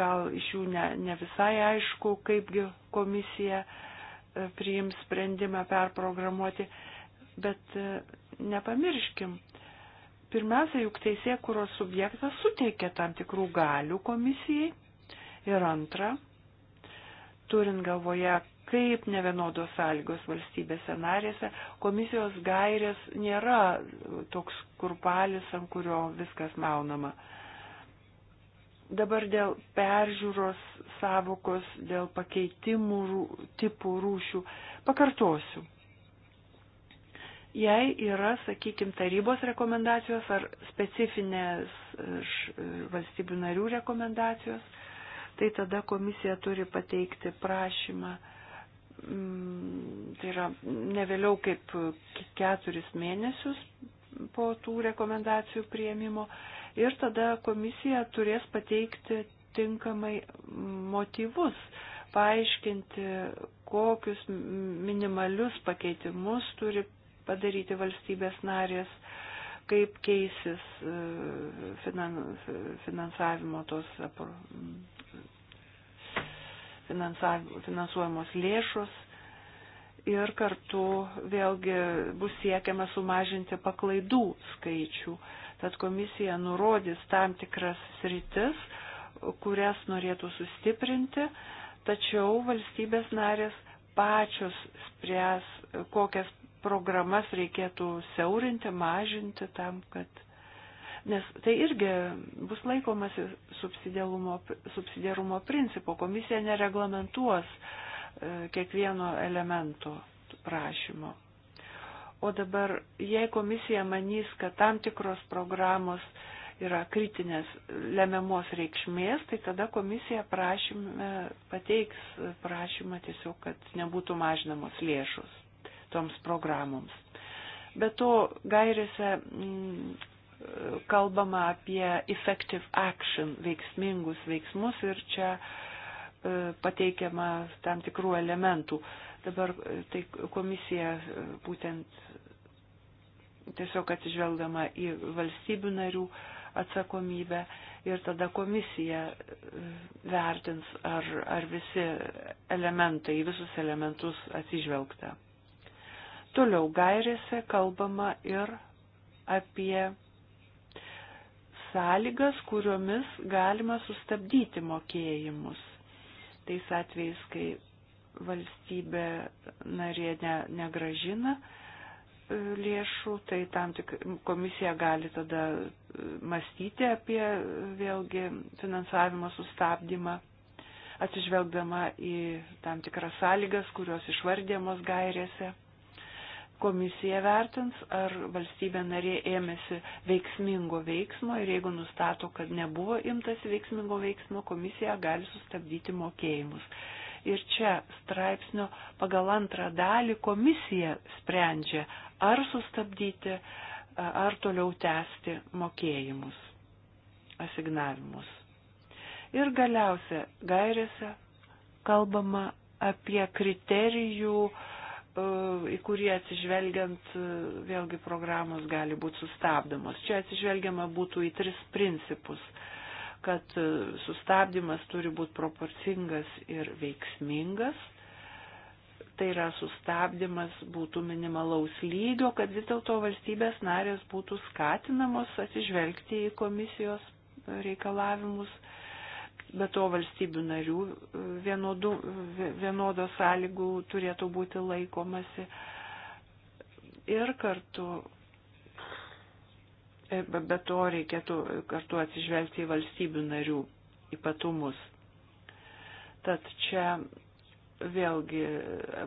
gal iš jų ne, ne visai aišku, kaipgi komisija e, priims sprendimą perprogramuoti, bet e, nepamirškim, pirmiausia, juk teisėkuros subjektas suteikia tam tikrų galių komisijai ir antra, turint galvoje, kaip nevienodos sąlygos valstybėse narėse, komisijos gairės nėra toks kurpalis, ant kurio viskas maunama. Dabar dėl peržiūros savokos, dėl pakeitimų tipų rūšių pakartosiu. Jei yra, sakykime, tarybos rekomendacijos ar specifinės valstybių narių rekomendacijos, tai tada komisija turi pateikti prašymą, mm, tai yra ne vėliau kaip keturis mėnesius po tų rekomendacijų prieimimo ir tada komisija turės pateikti tinkamai motyvus, paaiškinti, kokius minimalius pakeitimus turi padaryti valstybės narės, kaip keisis e, finansavimo tos finansuojamos lėšos ir kartu vėlgi bus siekiama sumažinti paklaidų skaičių. Tad komisija nurodys tam tikras sritis, kurias norėtų sustiprinti, tačiau valstybės narės pačios spręs, kokias programas reikėtų siaurinti, mažinti tam, kad nes tai irgi bus laikomasi subsidiarumo, subsidiarumo principo. Komisija nereglamentuos e, kiekvieno elemento prašymo. O dabar, jei komisija manys, kad tam tikros programos yra kritinės lemiamos reikšmės, tai tada komisija prašymė, pateiks prašymą tiesiog, kad nebūtų mažinamos lėšos toms programoms. Be to, gairėse mm, kalbama apie effective action, veiksmingus veiksmus ir čia e, pateikiama tam tikrų elementų. Dabar e, tai komisija e, būtent tiesiog atsižvelgdama į valstybių narių atsakomybę ir tada komisija vertins, ar, ar visi elementai, visus elementus atsižvelgta. Toliau gairėse kalbama ir apie sąlygas, kuriomis galima sustabdyti mokėjimus. Tais atvejais, kai valstybė narė ne, negražina e, lėšų, tai tam tik komisija gali tada e, mąstyti apie e, vėlgi finansavimo sustabdymą, atsižvelgdama į tam tikras sąlygas, kurios išvardėmos gairėse komisija vertins, ar valstybė narė ėmėsi veiksmingo veiksmo ir jeigu nustato, kad nebuvo imtasi veiksmingo veiksmo, komisija gali sustabdyti mokėjimus. Ir čia straipsnio pagal antrą dalį komisija sprendžia, ar sustabdyti, ar toliau tęsti mokėjimus, asignavimus. Ir galiausia, gairėse kalbama apie kriterijų uh, E, į kurį atsižvelgiant e, vėlgi programos gali būti sustabdomos. Čia atsižvelgiama būtų į tris principus, kad e, sustabdymas turi būti proporcingas ir veiksmingas. Tai yra sustabdymas būtų minimalaus lygio, kad vis dėlto valstybės narės būtų skatinamos atsižvelgti į komisijos reikalavimus be to valstybių narių e, vienodų, vienodo sąlygų turėtų būti laikomasi. Ir kartu, e, be to reikėtų kartu atsižvelgti į valstybių narių ypatumus. Tad čia vėlgi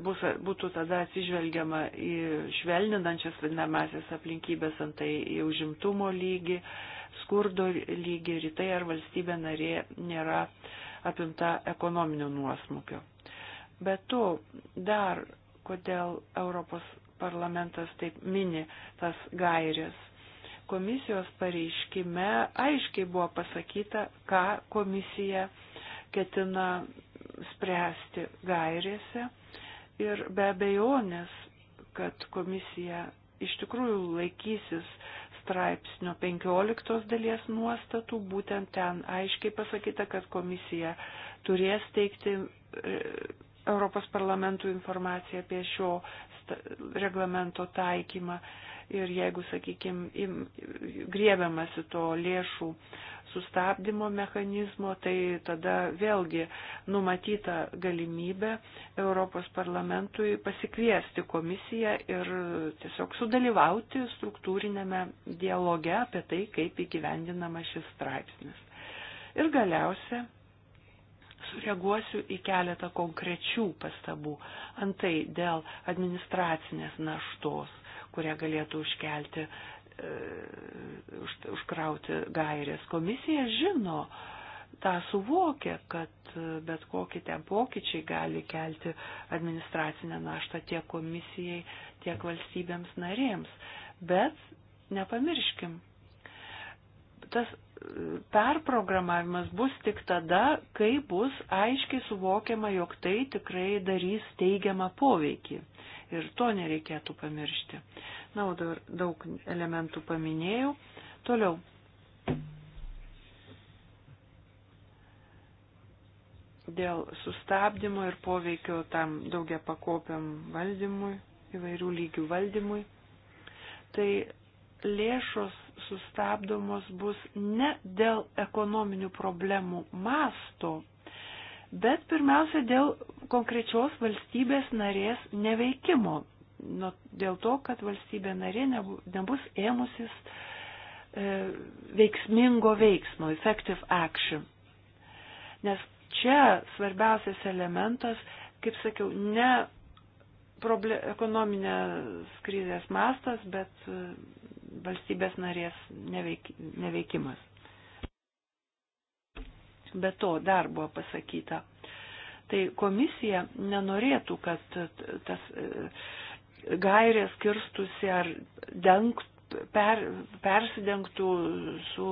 bus, būtų tada atsižvelgiama į švelninančias vadinamasias aplinkybės, antai į užimtumo lygį, skurdo lygį rytai ar valstybė narė nėra apimta ekonominio nuosmukio. Be to, dar kodėl Europos parlamentas taip mini tas gairės. Komisijos pareiškime aiškiai buvo pasakyta, ką komisija ketina spręsti gairėse ir be abejonės, kad komisija iš tikrųjų laikysis straipsnio 15 dalies nuostatų, būtent ten aiškiai pasakyta, kad komisija turės teikti e, Europos parlamentų informaciją apie šio reglamento taikymą ir jeigu, sakykime, griebiamasi to lėšų sustabdymo mechanizmo, tai tada vėlgi numatyta galimybė Europos parlamentui pasikviesti komisiją ir tiesiog sudalyvauti struktūrinėme dialoge apie tai, kaip įgyvendinama šis straipsnis. Ir galiausia, sureaguosiu į keletą konkrečių pastabų. Antai dėl administracinės naštos kurią galėtų užkelti, e, už, užkrauti gairės. Komisija žino, tą suvokia, kad e, bet kokie ten pokyčiai gali kelti administracinę naštą tiek komisijai, tiek valstybėms narėms. Bet nepamirškim, tas e, perprogramavimas bus tik tada, kai bus aiškiai suvokiama, jog tai tikrai darys teigiamą poveikį ir to nereikėtų pamiršti. Na, o dabar daug elementų paminėjau. Toliau. Dėl sustabdymo ir poveikio tam daugia pakopiam valdymui, įvairių lygių valdymui, tai lėšos sustabdomos bus ne dėl ekonominių problemų masto bet pirmiausia dėl konkrečios valstybės narės neveikimo, nu, dėl to, kad valstybė narė nebus ėmusis e, veiksmingo veiksmo, effective action. Nes čia svarbiausias elementas, kaip sakiau, ne problem, ekonominės krizės mastas, bet e, valstybės narės neveik, neveikimas. Be to dar buvo pasakyta. Tai komisija nenorėtų, kad tas e, gairės kirstusi ar dengt, per, persidengtų su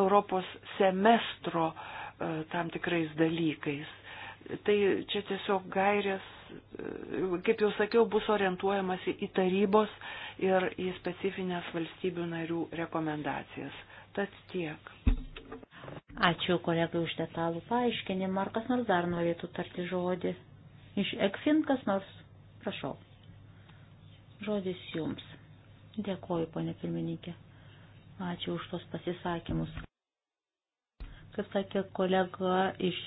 Europos semestro e, tam tikrais dalykais. Tai čia tiesiog gairės, e, kaip jau sakiau, bus orientuojamasi į tarybos ir į specifines valstybių narių rekomendacijas. Tad tiek. Ačiū kolegai už detalų paaiškinimą. Ar kas nors dar norėtų tarti žodį? Iš Ekfin kas nors? Prašau. Žodis jums. Dėkoju, ponė pirmininkė. Ačiū už tos pasisakymus. Kaip sakė kolega iš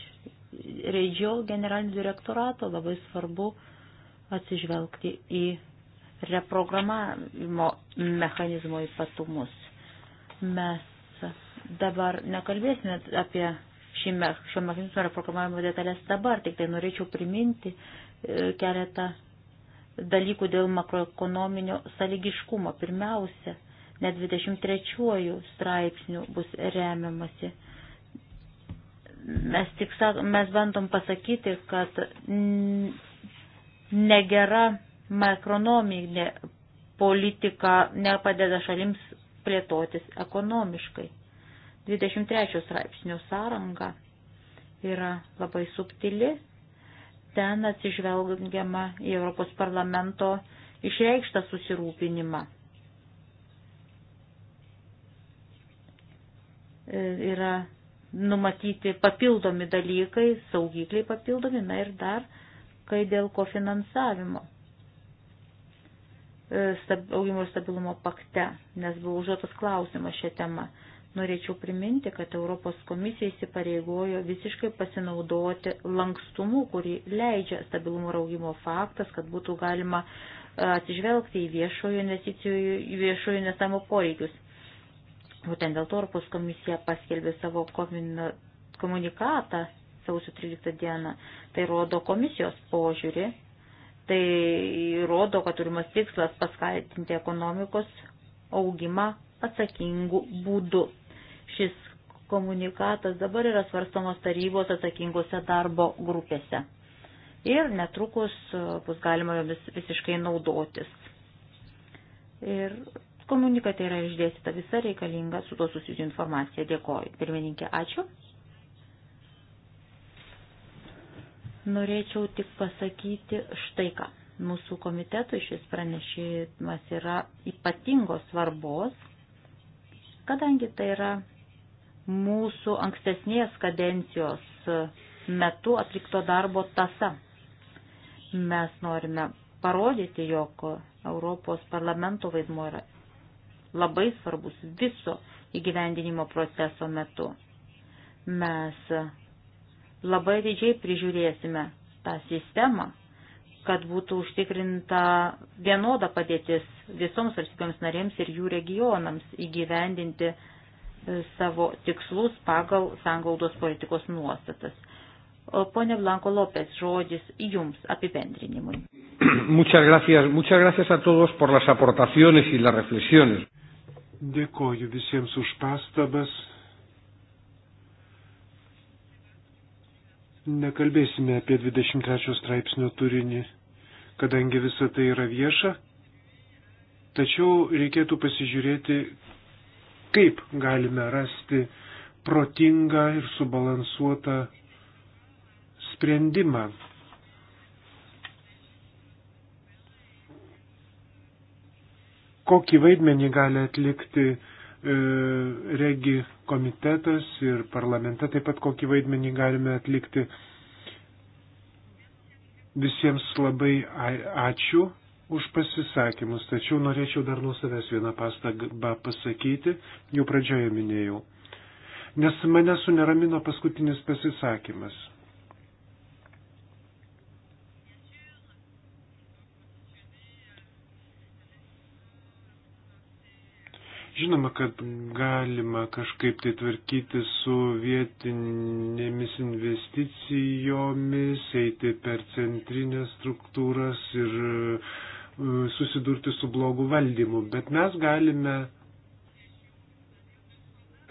Reidžiau generalinio direktorato, labai svarbu atsižvelgti į reprogramavimo mechanizmo ypatumus. Mes Dabar nekalbėsime apie šį šio mechanizmo reprogramavimo detalės dabar, tik tai norėčiau priminti e, keletą dalykų dėl makroekonominio sąlygiškumo. Pirmiausia, net 23 straipsnių bus remiamasi. Mes, tik, mes bandom pasakyti, kad negera makronominė politika nepadeda šalims plėtotis ekonomiškai. 23 straipsnio sąranga yra labai subtili. Ten atsižvelgiama į Europos parlamento išreikštą susirūpinimą. E, yra numatyti papildomi dalykai, saugikliai papildomi, na ir dar, kai dėl kofinansavimo e, augimo ir stabilumo pakte, nes buvo užduotas klausimas šią temą. Norėčiau priminti, kad Europos komisija įsipareigojo visiškai pasinaudoti lankstumu, kurį leidžia stabilumo raugimo faktas, kad būtų galima e, atsižvelgti į viešojo investicijų, viešojo investavimo poreikius. Būtent dėl to Europos komisija paskelbė savo komunikatą sausio 13 dieną. Tai rodo komisijos požiūrį, tai rodo, kad turimas tikslas paskatinti ekonomikos augimą atsakingų būdų. Šis komunikatas dabar yra svarstomas tarybos atsakingose darbo grupėse. Ir netrukus e, bus galima jomis visiškai naudotis. Ir komunikate yra išdėstyta visa reikalinga su to susijusi informacija. Dėkoju. Pirmininkė, ačiū. Norėčiau tik pasakyti štai ką. Mūsų komitetui šis pranešimas yra ypatingos svarbos, kadangi tai yra mūsų ankstesnės kadencijos metu atlikto darbo tasa. Mes norime parodyti, jog Europos parlamento vaidmuo yra labai svarbus viso įgyvendinimo proceso metu. Mes labai didžiai prižiūrėsime tą sistemą, kad būtų užtikrinta vienoda padėtis visoms valstybėms narėms ir jų regionams įgyvendinti savo tikslus pagal sanglaudos politikos nuostatas. Pone Blanko Lopes, žodis jums apibendrinimui. Muchas gracias, muchas gracias a todos por las aportaciones y las reflexiones. Dėkoju visiems už pastabas. Nekalbėsime apie 23 straipsnio turinį, kadangi visa tai yra vieša, tačiau reikėtų pasižiūrėti, kaip galime rasti protingą ir subalansuotą sprendimą. Kokį vaidmenį gali atlikti e, regi komitetas ir parlamente, taip pat kokį vaidmenį galime atlikti. Visiems labai ačiū už pasisakymus, tačiau norėčiau dar nuo savęs vieną pastabą pasakyti, jau pradžioje minėjau. Nes mane suneramino paskutinis pasisakymas. Žinoma, kad galima kažkaip tai tvarkyti su vietinėmis investicijomis, eiti per centrinės struktūras ir uh, E, susidurti su blogu valdymu, bet mes galime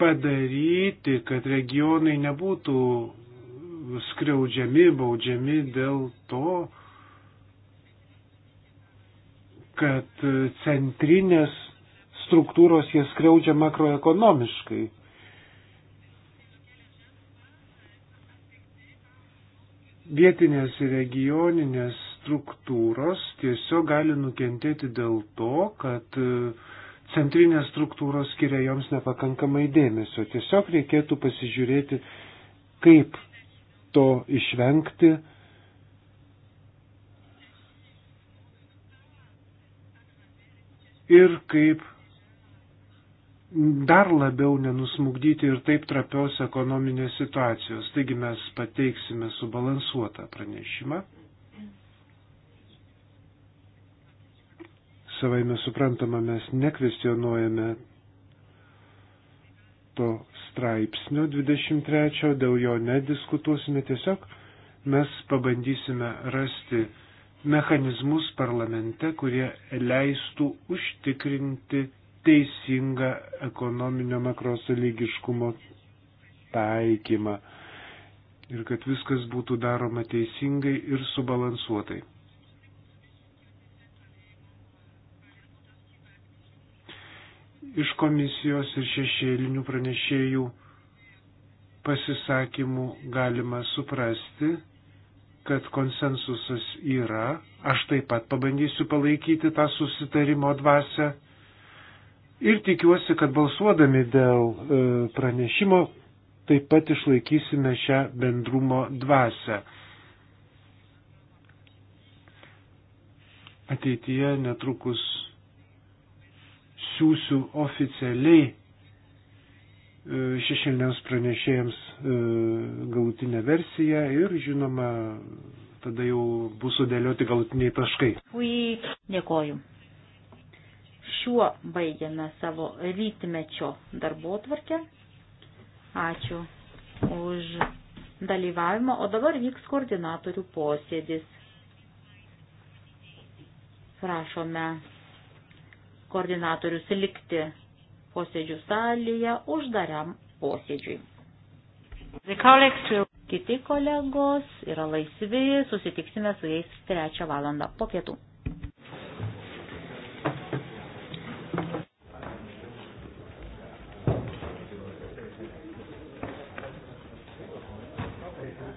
padaryti, kad regionai nebūtų skriaudžiami, baudžiami dėl to, kad centrinės struktūros jie skriaudžia makroekonomiškai. Vietinės ir regioninės struktūros tiesiog gali nukentėti dėl to, kad e, centrinės struktūros skiria joms nepakankamai dėmesio. Tiesiog reikėtų pasižiūrėti, kaip to išvengti. Ir kaip dar labiau nenusmugdyti ir taip trapios ekonominės situacijos. Taigi mes pateiksime subalansuotą pranešimą. savai mes suprantama, mes nekvestionuojame to straipsnio 23, dėl jo nediskutuosime, tiesiog mes pabandysime rasti mechanizmus parlamente, kurie leistų užtikrinti teisingą ekonominio makrosaligiškumo taikymą ir kad viskas būtų daroma teisingai ir subalansuotai. iš komisijos ir šešėlinių pranešėjų pasisakymų galima suprasti, kad konsensusas yra. Aš taip pat pabandysiu palaikyti tą susitarimo dvasę. Ir tikiuosi, kad balsuodami dėl e, pranešimo taip pat išlaikysime šią bendrumo dvasę. Ateityje netrukus atsiųsiu oficialiai e, šešėliniams pranešėjams e, galutinę versiją ir, žinoma, tada jau bus sudėlioti galutiniai taškai. Ui, dėkoju. Šiuo baigiame savo rytmečio darbo tvarkę. Ačiū už dalyvavimą, o dabar vyks koordinatorių posėdis. Prašome koordinatorius likti posėdžių salėje uždariam posėdžiui. Kiti kolegos yra laisvi, susitiksime su jais trečią valandą po pietų.